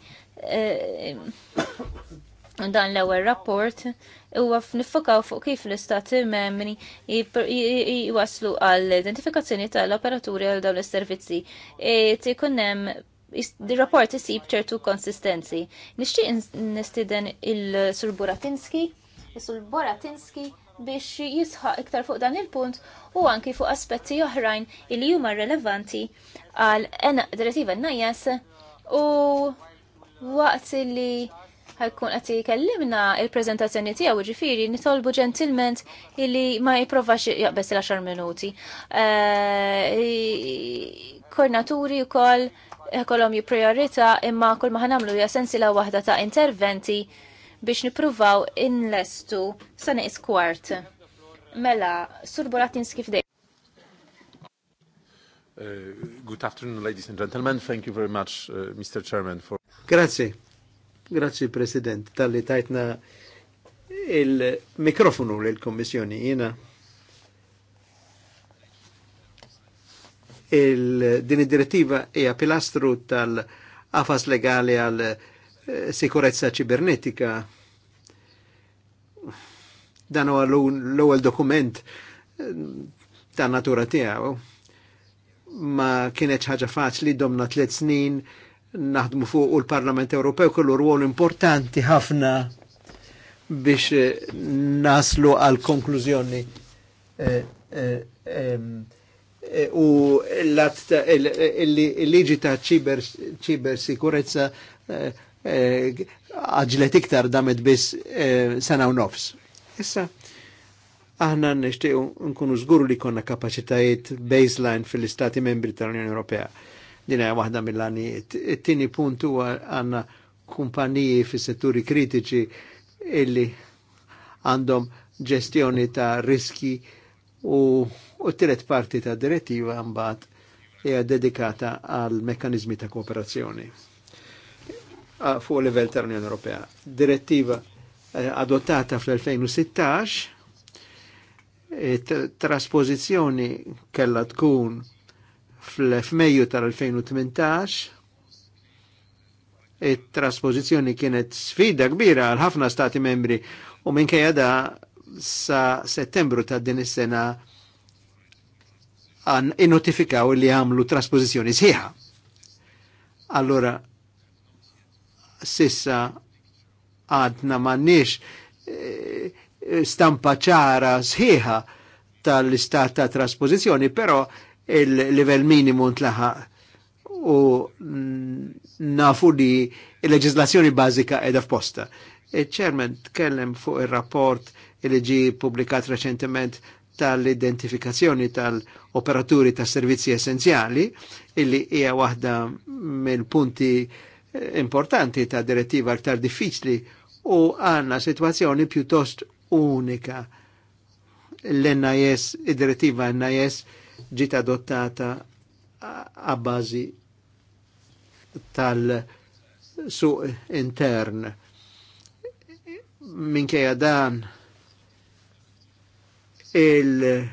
dan l-ewwel rapport huwa nifokaw fuq kif l-istati membri jwaslu għall identifikazzjoni tal-operaturi għal dawn is-servizzi. Tikun hemm rapport isib ċertu konsistenzi. Nixtieq nistieden il-Sur Buratinski, is-Sur Boratinski biex jisħaq iktar fuq dan il-punt u anki fuq aspetti oħrajn li huma relevanti għal direttiva n-najjas u waqt li ħajkun qed jkellimna il prezentazzjoni tiegħu ġifieri nitolbu ġentilment illi ma jipprovax jaqbess il-10 minuti. Eh, Kornaturi wkoll kolom jippriorità imma kol ma jasensi la sensila waħda ta' interventi biex nippruvaw inlestu sa neqis kwart. Mela, Sur Boratinski f'dej. Uh, good afternoon, ladies and gentlemen. Thank you very much, uh, eh, Mr. Chairman, for... Grazie. Grazzi President, tal-li tajtna il-mikrofonu l-Kommissjoni. jina. il-din id-direttiva hija pilastru tal-afas legali għal eh, sikurezza ċibernetika. Dan huwa l-ewwel dokument eh, ta' natura tiegħu ma kienet ħaġa faċli domna tliet snin naħdmu fuq u l-Parlament Ewropew kellu rwol importanti ħafna biex eh, naslu għal konklużjoni eh, eh, u l-liġi ta' ċiber sikurezza għagġlet iktar damet biss sena u nofs. Issa, aħna nishtiqu nkunu zguru li konna kapacitajiet baseline fil-istati membri tal-Unjoni Ewropea Dina waħda mill-għani. Tini puntu għanna kumpaniji fi setturi kritiċi illi għandhom ġestjoni ta' riski u, u tiret parti ta' direttiva mbagħad hija dedikata għal mekkanizmi ta' kooperazzjoni fuq livell tal-Unjoni Ewropea. Direttiva eh, adottata fl-2016 eh, trasposizjoni kella tkun fl-Mejju tal-2018 it-trasposizjoni kienet sfida kbira għal ħafna stati membri u minkejja da sa settembru ta' din is-sena għan notifikaw li għamlu trasposizjoni sħiħa. Allora, sissa għadna mannix eh, stampa ċara sħiħa tal-istat ta' trasposizjoni, pero il-level minimum tlaħaq u nafu di il-leġizlazzjoni bazika edha f'posta. Il-ċermen tkellem fuq il-rapport il ġi publikat reċentement tal-identifikazzjoni tal-operaturi ta' servizzi essenzjali, illi hija waħda mill-punti eh, importanti ta' direttiva aktar diffiċli u għanna situazzjoni pjuttost unika. L-NIS, id-direttiva NIS, ġiet adottata għabbażi tal-suq intern. Minkejja dan il-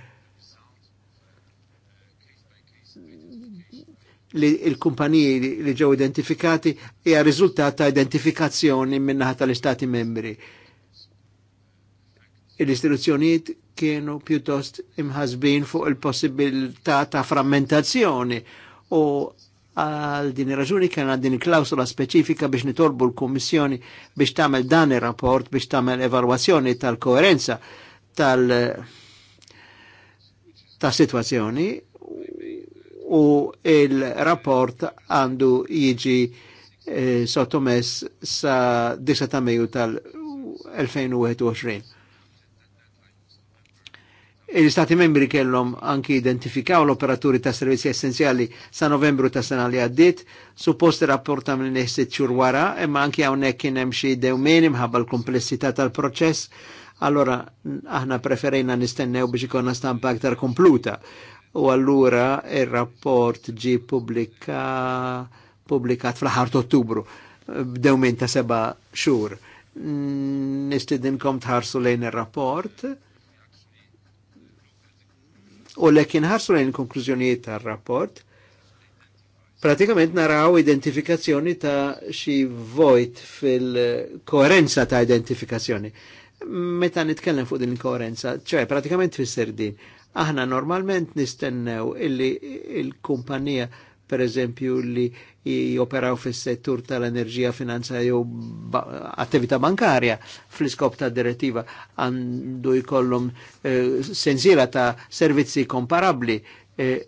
il-kumpaniji li, ġew identifikati hija riżultat ta' identifikazzjoni minnaħa tal-Istati membri. Il-istituzzjonijiet kienu pjuttost imħazbin fuq il-possibilità ta' frammentazzjoni u għal din raġuni kien din klawsola speċifika biex nitolbu l-Kummissjoni biex tagħmel dan ir-rapport biex tagħmel evalwazzjoni tal-koerenza tal- ta' situazzjoni u il-rapport għandu jiġi e, sottomess sa' 10 ta' Mejju tal-2021 Il-Stati membri kellhom anki identifikaw l-operaturi ta' servizzi essenzjali sa' novembru ta' sena li għaddit, supposti rapporta minn nesitt xur wara, imma anki hawnhekk kien hemm xi dewmien imħabba l-komplessità tal-proċess, allora aħna preferejna nistennew biex ikonna stampa aktar kompluta. U allura il rapport ġi publika, publikat fl ħart ottubru b'dewmien ta' seba' xur. Nistidinkom tħarsu lejn il rapport U lek inħarsu lejn konklużjonijiet tar-rapport, pratikament naraw identifikazzjoni ta' xi vojt fil-koerenza ta' identifikazzjoni. Meta nitkellem fuq din il-koerenza, ċe pratikament fisser din. Aħna normalment nistennew illi il-kumpanija il kumpanija per eżempju li joperaw fis-settur tal-enerġija finanza jew attività bankarja fl-iskop ta' direttiva għandu jkollhom eh, sensiela ta' servizzi komparabli eh,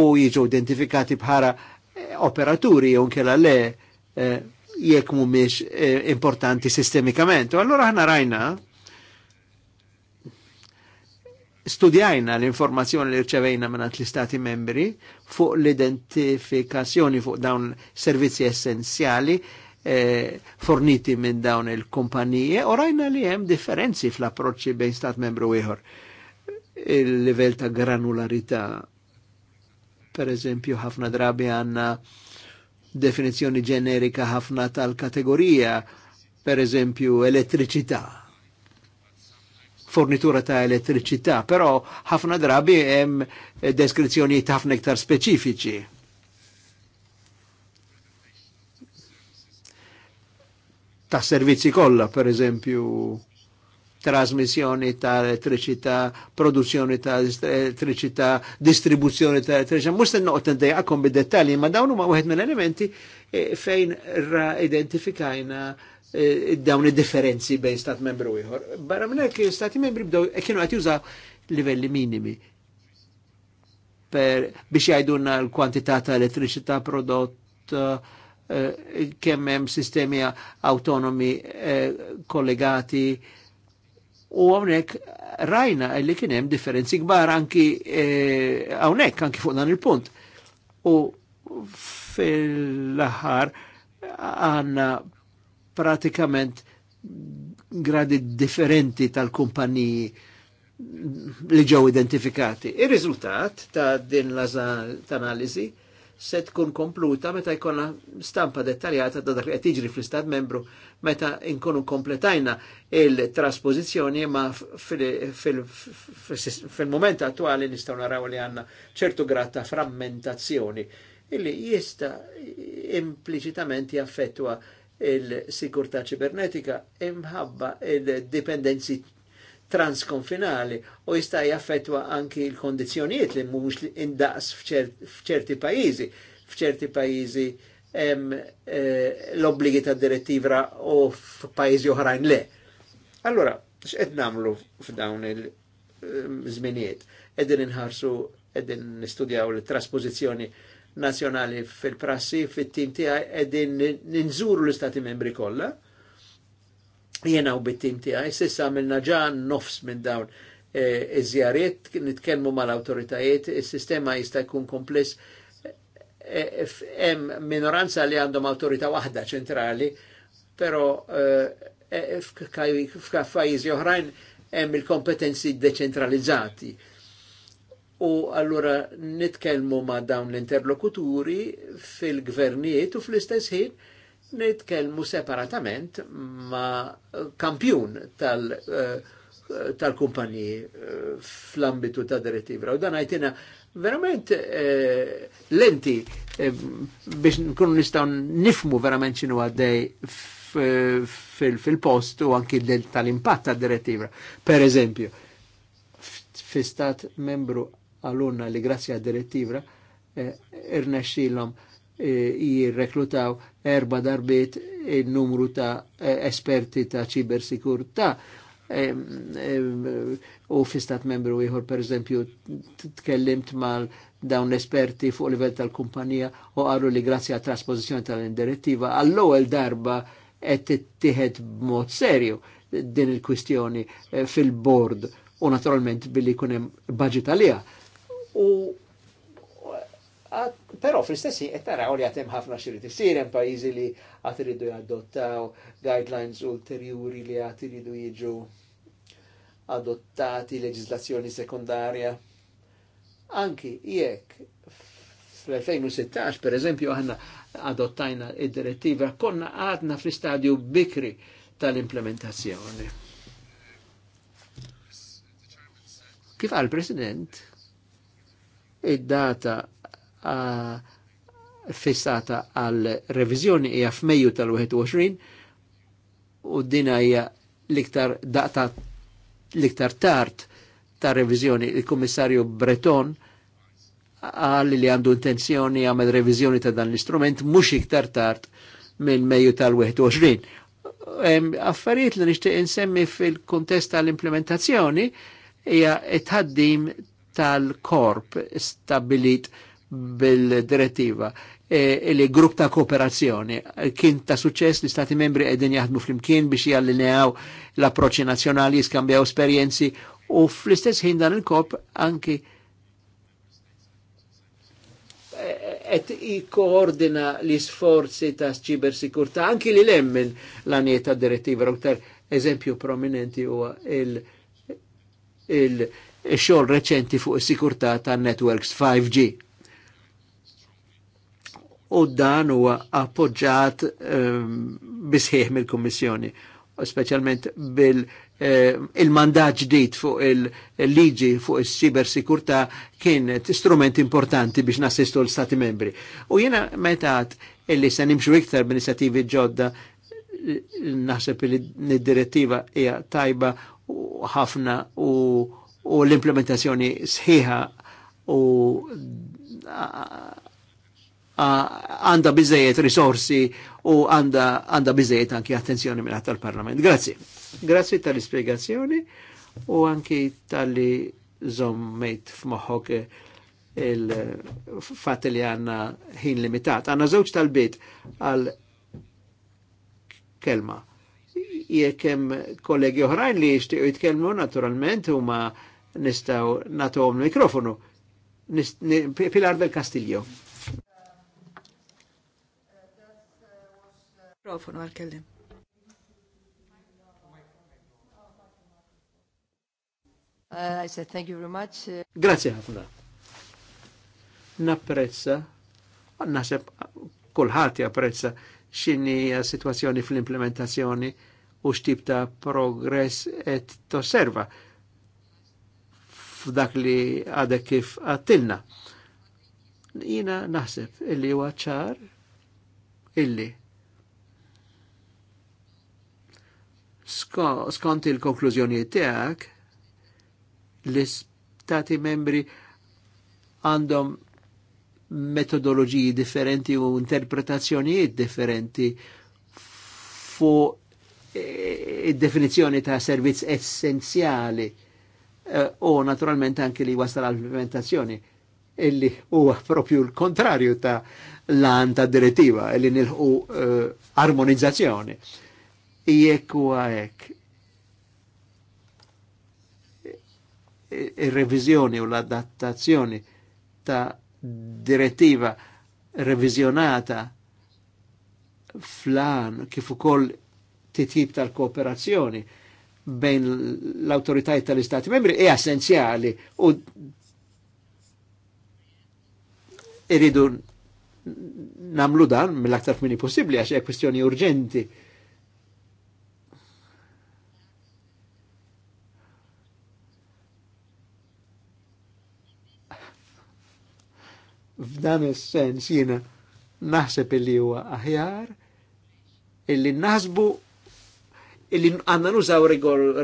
u jiġu identifikati bħala eh, operaturi jew kella le eh, jekk mhumiex eh, importanti sistemikament. U allura aħna rajna studjajna l-informazzjoni li rċevejna minn l-istati membri fuq l-identifikazzjoni fuq dawn servizzi essenzjali eh, forniti minn dawn il-kumpanije u rajna li hemm differenzi fl-approċċi bejn stat membru ieħor. Il-livell ta' granularità per eżempju ħafna drabi għanna definizjoni ġenerika ħafna tal-kategorija, per eżempju elettriċità fornitura ta' elettriċità, però ħafna drabi hemm deskrizzjoni ħafna iktar speċifiċi. ta' servizzi kollha, per eżempju, trasmissjoni ta' elettricità, produzzjoni ta' elettricità, distribuzzjoni ta' elettricità. Mux t-noqt n bid-detalji, ma dawnu ma' wieħed mill-elementi eh, fejn ra' identifikajna Eh, dawn il differenzi bejn stat membru ieħor. Barra minn hekk stati membri bdew e kienu qed jużaw livelli minimi per biex jgħidulna l-kwantità ta' elettriċità prodott eh, kemm hemm sistemi autonomi kollegati eh, u hawnhekk rajna li kien hemm differenzi kbar anki hawnhekk anki fuq dan il-punt. U fil-aħħar għanna pratikament gradi differenti tal-kumpaniji li ġew identifikati. Ir-riżultat ta' din l-analiżi se tkun kompluta meta jkollna stampa dettaljata ta' dak li qed jiġri fl-istat membru meta nkunu kompletajna il-trasposizzjoni ma fil-moment attuali nistgħu naraw li għandna ċertu grad ta' frammentazzjoni illi jista' impliċitament jaffettwa il sikurta ċibernetika imħabba il-dipendenzi transkonfinali u jista' jaffettwa anki l-kondizzjonijiet li mhux indaqs f'ċerti pajjiżi. F'ċerti pajjiżi hemm eh, l-obbligi ta' direttiva u f'pajjiżi oħrajn le. Allora, x'qed nagħmlu f'dawn il-żminijiet? Eh, qegħdin inħarsu, qegħdin nistudjaw l-trasposizzjoni nazjonali fil-prassi, fit-tim tiegħi qegħdin ninżuru l-istati membri kollha. Jiena u bit-tim tiegħi s'issa għamilna ġa nofs minn dawn iż-żjariet, nitkellmu mal-awtoritajiet, is-sistema jista' jkun kompless hemm minoranza li għandhom awtorità waħda ċentrali, però f'kajjiżi oħrajn hemm il-kompetenzi deċentralizzati U allura nitkelmu ma' dawn l-interlokuturi fil-gvernijiet u fl-istess ħin nitkelmu separatament ma' kampjun tal- eh, tal-kumpanji eh, fl-ambitu ta' Direttivra. U dan għajtina verament eh, lenti eh, biex nkunu nistaw nifmu verament xinu għaddej fil-post u anki tal-impatt ta' direttivra Per eżempju, fi stat membru għalunna li grazzi għad direttiva eh, irnexxilhom eh, jirreklutaw erba darbiet il-numru ta' eh, esperti ta' ċibersikurta u fistat membru ieħor per eżempju tkellimt mal dawn esperti fuq livell tal-kumpanija u għarru li grazzi għal trasposizjoni tal-indirettiva għall-ewwel darba qed tittieħed b'mod serju din il-kwistjoni fil-bord u naturalment billi kunem hemm budget għalija U Però fl-istessi qed taraw li hemm ħafna xirrid isir hemm pajjiżi li qatt iridu jadottaw guidelines ulterjuri li qatt iridu jiġu adottati leġislazzjoni sekundarja. Anki jekk fl-2016 per eżempju aħna adottajna id-direttiva konna għadna fl-istadju bikri tal-implementazzjoni. Kif għal-President? Id-data fissata għal revizjoni hija f'Mejju tal-21 u din hija l-iktar data l-iktar tard ta' revizjoni. Il-Kummissarju Breton għal li għandu intenzjoni għamel revizjoni ta' dan l-istrument mhux iktar tard minn Mejju tal-21. Affarijiet li nixtieq insemmi fil-kontest tal-implementazzjoni hija ħaddim tal-korp stabilit bil-direttiva e, li il-grupp ta' kooperazzjoni kien ta' suċess li stati membri edin jaħdmu fl-imkien biex jallineaw l-approċċi nazjonali, jiskambjaw esperienzi u fl-istess ħin dan il-kop anki e, et koordina l isforzi ta' ċiber sikurta anki li lemmen l-anieta direttiva. Roktar eżempju prominenti huwa il- il- xogħol reċenti fuq is-sikurtà tan-networks 5G. U dan huwa appoġġat ehm, bisħieħ mill-Kummissjoni, speċjalment bil ehm, il-mandat ġdid fuq il-liġi fuq il is sikurta kien strument importanti biex nassistu l-Stati membri. U jena metat illi se nimxu iktar b'inizjattivi ġodda naħseb li d-direttiva hija tajba u ħafna u u l-implementazzjoni sħiħa u għanda bizzejiet risorsi u għanda bizzejiet anki attenzjoni minn tal-Parlament. Grazzi. Grazzi tal-ispiegazzjoni u anki tal-li zommejt f'moħħok il-fat li għanna ħin limitat. Għanna zewċ tal-bit għal kelma. Jekem kollegi oħrajn li jishtiqu jitkelmu naturalment u ma' nistaw natom mikrofonu. Pilar del Castillo. Mikrofonu għal-kellim. Uh, I said thank you very much. Grazie ħafna. Napprezza, naħseb kullħat apprezza xini situazzjoni fl-implementazzjoni u xtib ta' progress qed tosserva f'dak li għadek kif għattilna. Jina naħseb illi huwa ċar illi skont il-konklużjoni tiegħek l-istati membri għandhom metodoloġiji differenti u interpretazzjonijiet differenti fuq eh, id-definizjoni ta' servizz essenzjali Eh, u naturalment anki li wasal l implementazzjoni illi huwa propju l-kontrarju ta' lan ta' direttiva illi nilħu uh, armonizzazzjoni. Jekk u hekk. Eh, Il-revizjoni u l-adattazzjoni ta' direttiva revizjonata flan kif ukoll titjib tal-kooperazzjoni Uh, bejn l-autoritajiet tal-Istati membri hija e essenzjali u iridu namlu dan mill-aktar f'mini possibbli għax hija kwestjoni urġenti. F'dan is-sens jiena naħseb illi huwa aħjar illi naħsbu illi għanna nużaw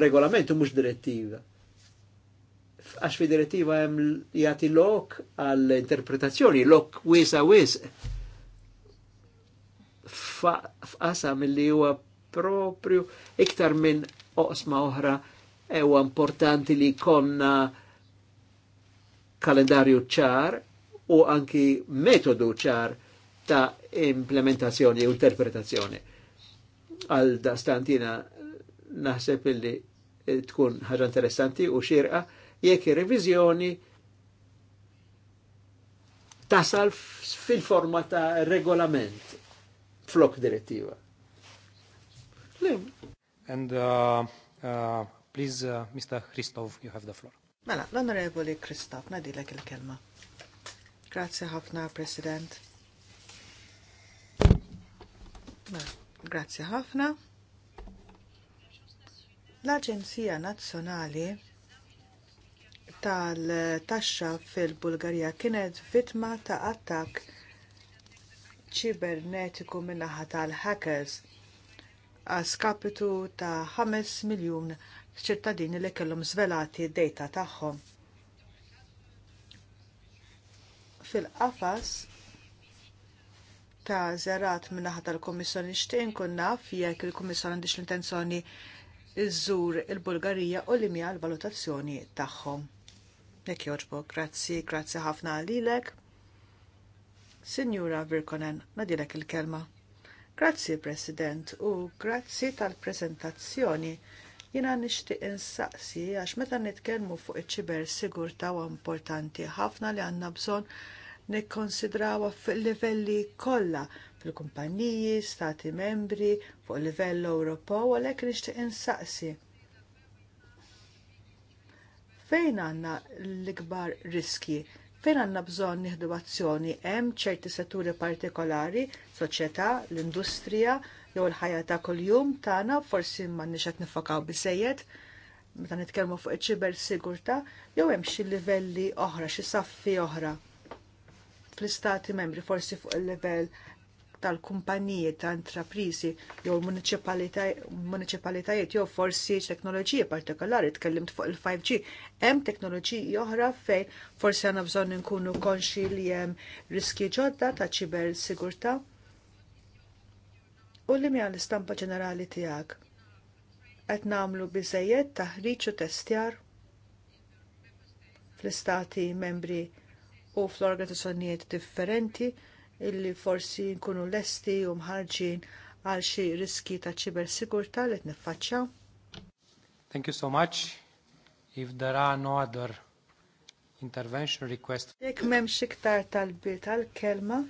regolamentu mux direttiva. Għax fi direttiva jem jati lok għall-interpretazzjoni, lok wisa wis. F'qasam illi huwa propju iktar minn oqsma oħra ewa importanti li konna kalendarju ċar u anki metodu ċar ta' implementazzjoni u interpretazzjoni għal da stantina naħseb illi tkun ħaġa interessanti u xirqa jekk revizjoni tasal fil-forma ta' regolament flok direttiva. And uh, uh, please, uh, Mr. Christov, you have the floor. Mela, l-Onorevoli Kristof, nadilek il-kelma. Grazie ħafna, President. Mela, Grazzi ħafna. L-Aġenzija Nazzjonali tal-taxxa fil-Bulgarija kienet vittma ta' attakk ċibernetiku min-naħa tal-hackers għaskapitu ta' 5 miljun ċittadini li kellhom żvelati d dejta tagħhom. Fil-qafas ta' zerat minnaħat tal-Komissjoni xtejn kun naf jekk il-Komissjoni għandix l-intenzjoni iżżur il-Bulgarija u li mija l-valutazzjoni tagħhom. Jekk joġbo, grazzi, grazzi ħafna għalilek. Signora Virkonen, nadilek il-kelma. Grazzi, President, u grazzi tal-prezentazzjoni. Jina nixtieq insaqsi għax meta nitkellmu fuq iċ-ċiber sigurta u importanti ħafna li għandna bżonn nikkonsidrawha fuq livelli kollha fil-kumpaniji, stati membri, fuq livell Ewropew għalhekk nixtieq insaqsi. Fejn għandna l-ikbar riskji? Fejn għandna bżonn nieħdu azzjoni hemm ċerti setturi partikolari, soċjetà, l-industrija, jew il-ħajja ta' kuljum tagħna forsi m'għandniex qed nifokaw biżejjed meta nitkellmu fuq iċ ċibersigurtà jew hemm xi livelli oħra, xi saffi oħra fl-istati membri, forsi fuq il-level tal-kumpaniji, ta' intraprizi, jew municipalitajiet, jew forsi teknoloġiji partikolari, tkellimt fuq il-5G, hemm teknoloġiji oħra fejn forsi għandna bżonn inkunu konxi li hemm riski ġodda ta' ċiber sigurtà. U li mija l-istampa ġenerali tiegħek. Qed nagħmlu biżejjed taħriġ u testjar fl-istati membri u fl-organizzazzjonijiet differenti illi forsi nkunu lesti u mħarġin għal xi riski ta' ċibersigurtà li tniffaċċjaw. Thank you so much. If there are no other intervention request. Jekk m'hemmx xiktar tal-bit tal-kelma,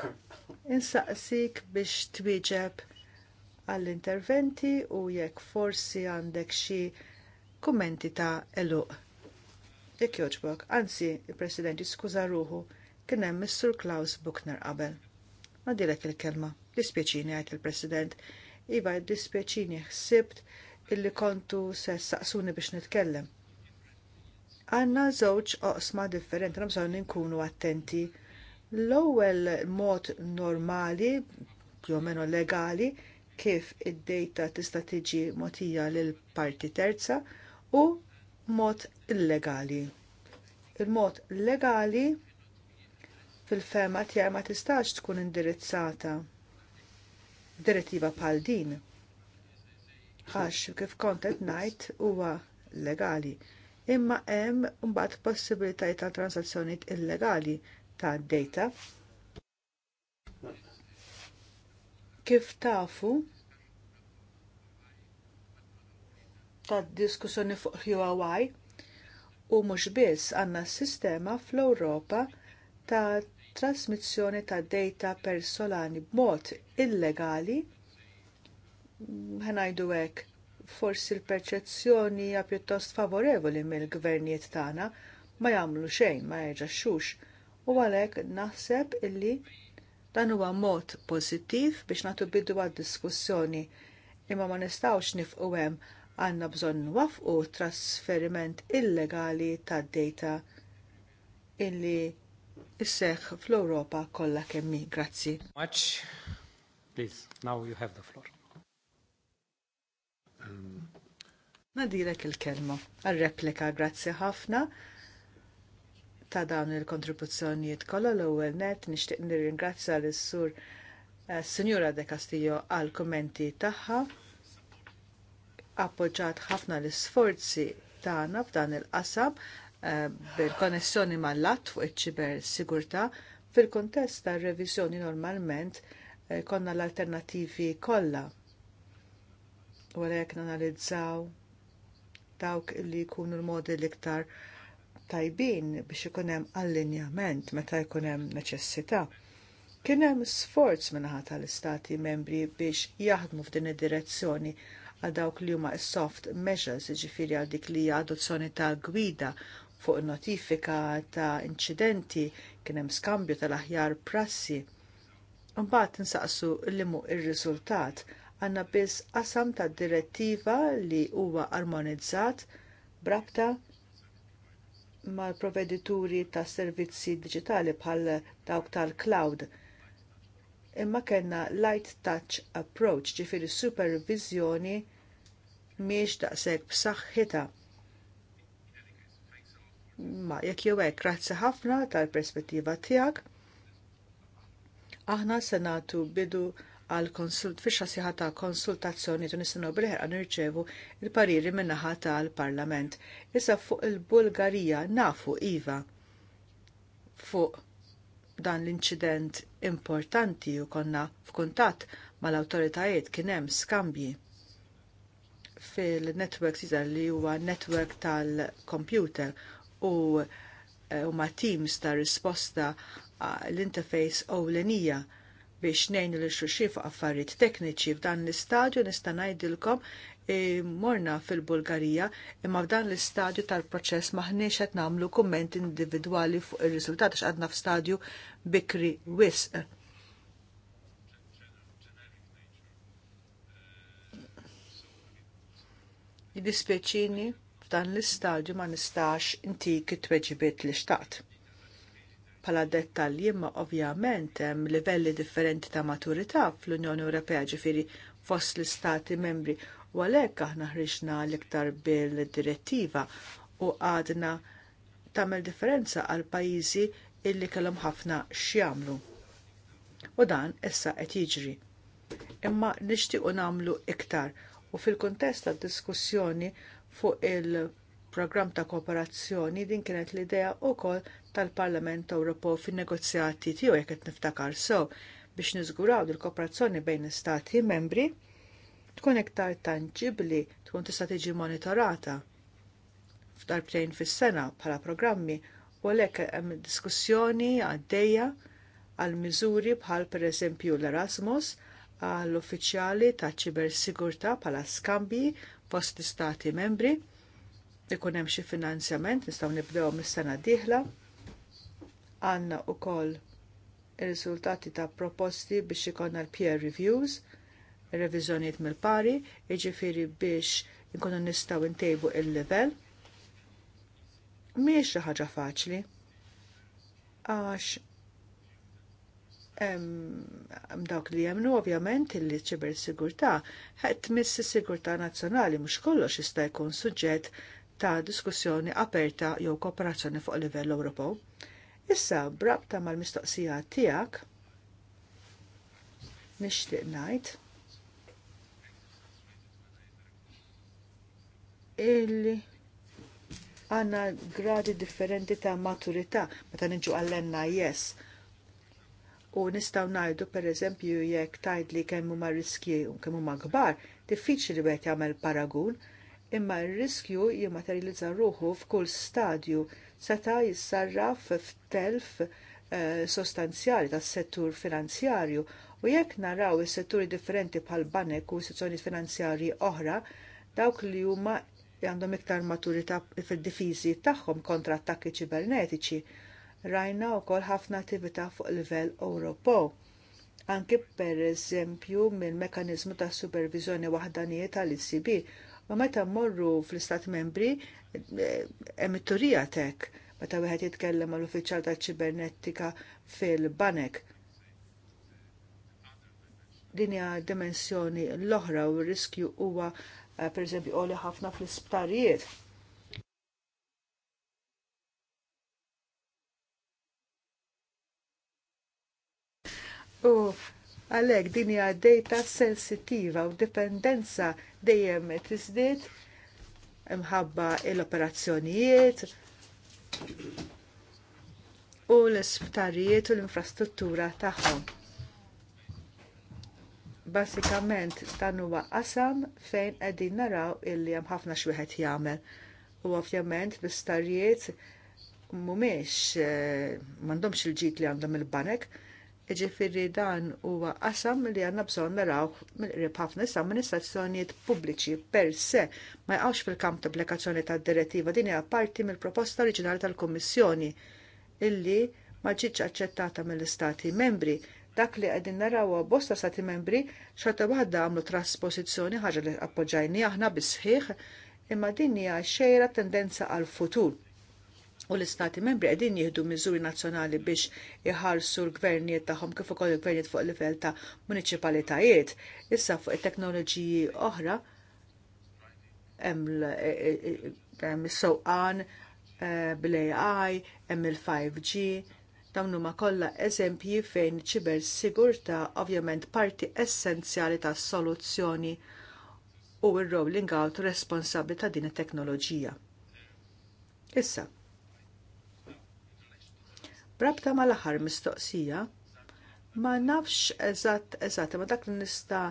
[COUGHS] insaqsik biex twieġeb għall-interventi u jekk forsi għandek xi kummenti ta' eluq jekk joġbok, anzi, il-President skuża ruħu kien hemm Mr. Klaus Buchner qabel. Ma dilek il-kelma, dispjaċini għajt il-President, iva dispjaċini ħsibt illi kontu se saqsuni biex nitkellem. Għanna żewġ oqsma differenti, bżonn nkunu attenti. L-ewwel mod normali, più o meno legali, kif id-data tista' tiġi mogħtija lil parti terza u mod illegali. Il-mod legali fil-fema tiegħek ma tistax tkun indirizzata direttiva bħal din. Għax kif kontet ngħid huwa legali. Imma hemm mbagħad possibilitajiet ta' transazzjonijiet illegali ta' data. Kif tafu, tad diskussjoni fuq Huawei u mhux biss għandna sistema fl-Ewropa ta' trasmissjoni ta' data personali b'mod illegali ħanajdu hekk forsi l-perċezzjoni hija pjuttost favorevoli mill-gvernijiet tagħna ma jagħmlu xejn ma jerġaxxux u għalhekk naħseb illi dan huwa mod pożittiv biex nagħtu bidu għad-diskussjoni imma ma nistgħux nifqu hemm għandna bżonn wafqu trasferiment illegali tad dejta illi isseħ fl-Europa kollha kemmi. Grazzi. Much. Please, now you have the floor. Um... Nadilek il-kelma. Għal-replika, grazzi ħafna ta' dawn il-kontribuzzjonijiet kollha l-ewwel net nixtieq nirringrazzja lis sur eh, Sinjura De Castillo għal kummenti tagħha appoġġat ħafna l-isforzi tagħna f'dan il-qasam eh, bil-konnessjoni mal-att fuq iċ-ċiber sigurtà fil-kontest tar reviżjoni normalment eh, konna l-alternattivi kollha. U jekk nanalizzaw dawk li jkunu l-modi l-iktar tajbin biex ikun hemm allinjament meta jkun hemm neċessità. Kien hemm sforz minħata tal istati membri biex jaħdmu f'din id-direzzjoni għal dawk li huma soft measures, jiġifieri għal dik li adozzjoni ta' gwida fuq notifika ta' inċidenti kien hemm skambju tal-aħjar prassi. Mbagħad insaqsu li mu ir-riżultat għandna biss qasam tad direttiva li huwa armonizzat brabta mal-provedituri ta' servizzi diġitali bħal dawk tal-cloud imma kellna light touch approach ġifiri supervizjoni miex daqshekk b'saħħitha. Ma jekk jew hekk grazzi ħafna tal-perspettiva tiegħek. Aħna se nagħtu bidu għal konsult fix siħa ta' konsultazzjoni tu nisinu bil-ħerqa nirċevu il-pariri min-naħa tal-Parlament. Issa fuq il-Bulgarija nafu iva fuq dan l-inċident importanti u konna f'kuntatt mal-awtoritajiet kien hemm skambji fil-network li huwa network tal-computer u eh, huma teams ta' risposta l-interface ewlenija biex ngħinu li xulxin fuq affarijiet tekniċi f'dan l-istadju nista' ngħidilkom E, morna fil-Bulgarija imma f'dan l-istadju tal-proċess maħniex qed nagħmlu kumment individwali fuq ir-riżultat għax għadna f'stadju bikri wisq. Jidispjaċini f'dan l-istadju ma nistax intik kit weġibiet li xtaqt. Pala dettalji imma ovvjament hemm livelli differenti ta' maturità fl-Unjoni Ewropea ġifieri fost l-istati membri U għalhekk aħna ħriġna l-iktar bil-direttiva u għadna tagħmel differenza għal pajjiżi illi kellhom ħafna x'jamlu. U dan issa qed jiġri. Imma nixtiequ nagħmlu iktar u fil-kuntest tad-diskussjoni fuq il-programm ta' kooperazzjoni din kienet l-idea wkoll tal-Parlament Ewropew fin-negozjati tiegħu jekk qed niftakar sew so, biex niżguraw il-kooperazzjoni bejn istati membri tkun iktar tanġibli tkun tista' tiġi monitorata f'darbtejn fis-sena bħala programmi u għalhekk hemm diskussjoni għaddejja għal miżuri bħal pereżempju l-Erasmus għall uffiċjali ta' ċibersigurtà bħala skambji fost istati membri ikun hemm xi finanzjament nistgħu nibdew mis-sena d-dieħla. Għandna wkoll ir-riżultati ta' proposti biex ikollna l-peer reviews revizjoniet mill-pari, iġifiri biex nkunu nistaw intejbu il-level. Miex xi ħaġa faċli. Għax mdawk dawk li jemnu ovvjament illi ċiber sigurtà ħet miss sigurtà nazzjonali mhux kollox jista' jkun suġġett ta' diskussjoni aperta jew kooperazzjoni fuq livell Ewropew. Issa brabta mal-mistoqsija tiegħek nixtieq ngħid illi għanna gradi differenti ta' maturità meta niġu għallenna yes. U nistaw najdu per eżempju jekk tajt li kemm huma riskji u kemm huma kbar, diffiċli bejt jagħmel paragun, imma r-riskju jimmaterializza ruħu f'kull stadju seta' jissarraf f'telf eh, sostanzjali tas-settur finanzjarju u jekk naraw is-setturi differenti bħal banek u sezzjoni finanzjarji oħra, dawk li huma li għandhom iktar maturità fil-difiżi tagħhom kontra attakki ċibernetiċi. Rajna wkoll ħafna attività fuq livell Ewropew. Anki pereżempju mill mekkaniżmu ta' supervizjoni waħdanijiet tal-ICB u meta mmorru fl-Istat membri eh, emitturija tek meta wieħed jitkellem mal uffiċjal ta' ċibernetika fil-banek dinja dimensjoni l-oħra u r riskju huwa Eh, eżempju, oli ħafna fl-isptarijiet. U għalek din hija sensitiva u dipendenza dejjem tiżdied imħabba l-operazzjonijiet u l-isptarijiet u l-infrastruttura tagħhom. Basikament dan huwa qasam fejn qegħdin naraw illi hemm ħafna xwieħed jagħmel. U ovvjament l-istarijiet mhumiex eh, m'għandhomx il-ġid li għandhom il-banek, iġifieri dan huwa qasam li għandna bżonn naraw mill-qrib ħafna issa amministrazzjonijiet pubbliċi per se ma jqgħux fil-kamp ta' applikazzjoni tad-direttiva din hija parti mill-proposta oriġinali tal-Kummissjoni illi ma ġietx aċċettata mill-Istati membri dak li qegħdin narawha bosta stati membri xorta waħda għamlu trasposizjoni ħaġa li appoġġajni aħna bisħiħ imma din hija xejra tendenza għal futur. U l-istati membri qegħdin jieħdu miżuri nazzjonali biex iħarsu l-gvernijiet tagħhom kif ukoll il-gvernijiet fuq livell ta' municipalitajiet. Issa fuq it-teknoloġiji oħra hemm e- e- e- is-sewqan eh, bil-AI, hemm il-5G, Dawn huma kollha eżempji fejn ċiber sigurta ovvjament parti essenzjali tas soluzzjoni u r-rolling out responsabbli ta' din it-teknoloġija. Issa. Brabta mal-aħħar mistoqsija, ma nafx eżatt eżatt, ma dak li nista'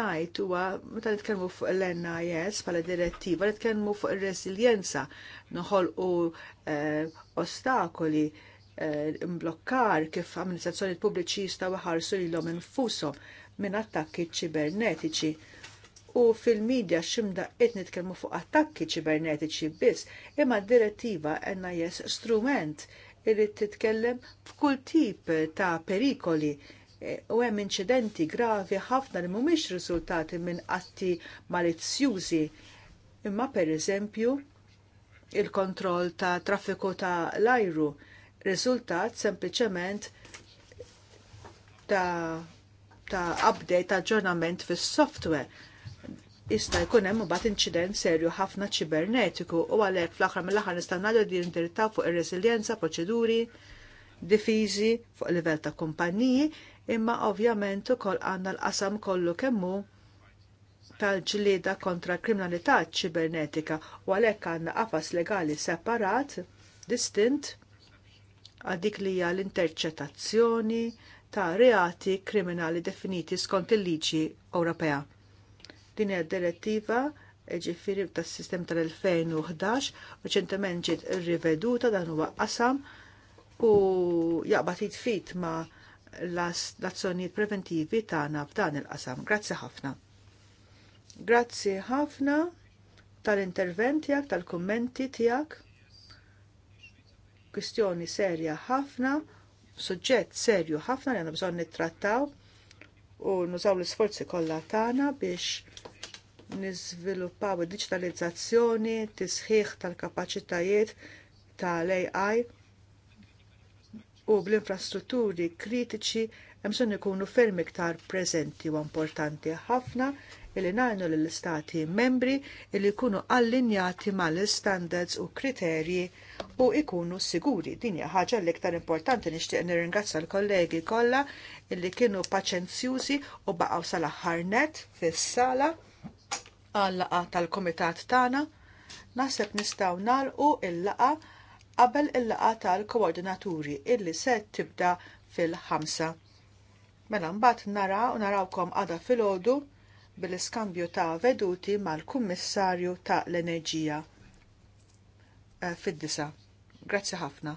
najt huwa meta nitkellmu fuq l-NIS bħala direttiva nitkellmu fuq ir-resiljenza noħolqu eh, ostakoli Eh, imblokkar kif amministrazzjoni pubbliċi jistgħu ħarsu lilhom infushom minn attakki ċibernetiċi. U fil-medja ximda qed nitkellmu fuq attakki ċibernetiċi biss, imma d-direttiva jess strument irrid titkellem f'kull tip ta' perikoli eh, u hemm inċidenti gravi ħafna li mhumiex riżultati minn atti malizzjużi imma pereżempju il-kontroll ta' traffiku ta' l-ajru riżultat sempliċement ta' ta' update ta' aġġornament fis-software. Ista' jkun hemm imbagħad inċident serju ħafna ċibernetiku u għalhekk fl-aħħar mill-aħħar nista' ngħidu li ndirtaw fuq ir-reżiljenza, proċeduri, difiżi fuq livell ta' kumpaniji, imma ovvjament ukoll għandna l-qasam kollu kemm hu tal-ġlieda kontra kriminalità ċibernetika u għalhekk għandna qafas legali separat, distint, għadik dik li hija l-interċetazzjoni ta' reati kriminali definiti skont il-liġi Ewropea. Din hija direttiva ġifiri tas sistem tal-2011 reċentement ġiet riveduta dan huwa qasam u jaqbad fit ma' l-azzjonijiet preventivi tagħna f'dan il-qasam. Grazzi ħafna. Grazzi ħafna tal-intervent tiegħek, tal-kummenti tiegħek kwistjoni serja ħafna, suġġett serju ħafna li għandna bżonn nittrattaw u nużaw l-isforzi kollha tagħna biex niżviluppaw id-diġitalizzazzjoni, tisħiħ tal-kapaċitajiet tal-AI u bl-infrastrutturi kritiċi hemm bżonn ikunu ferm iktar preżenti u importanti ħafna illi najnu l-istati membri illi jkunu allinjati mal-standards u kriterji u ikunu siguri. Din hija ħaġa l-iktar importanti nixtieq nirringrazza l-kollegi kollha illi kienu paċenzjużi u baqgħu sal-aħħar net fis-sala għallaqa tal-komitat tagħna. Naħseb nistgħu nagħlqu il-laqa qabel il-laqa tal-koordinaturi illi se tibda fil-ħamsa. Mela mbagħad nara u narawkom għada fil-ħodu bil-iskambju ta' veduti mal-Kummissarju ta' l-Enerġija eh, fid-disa. Grazzi ħafna.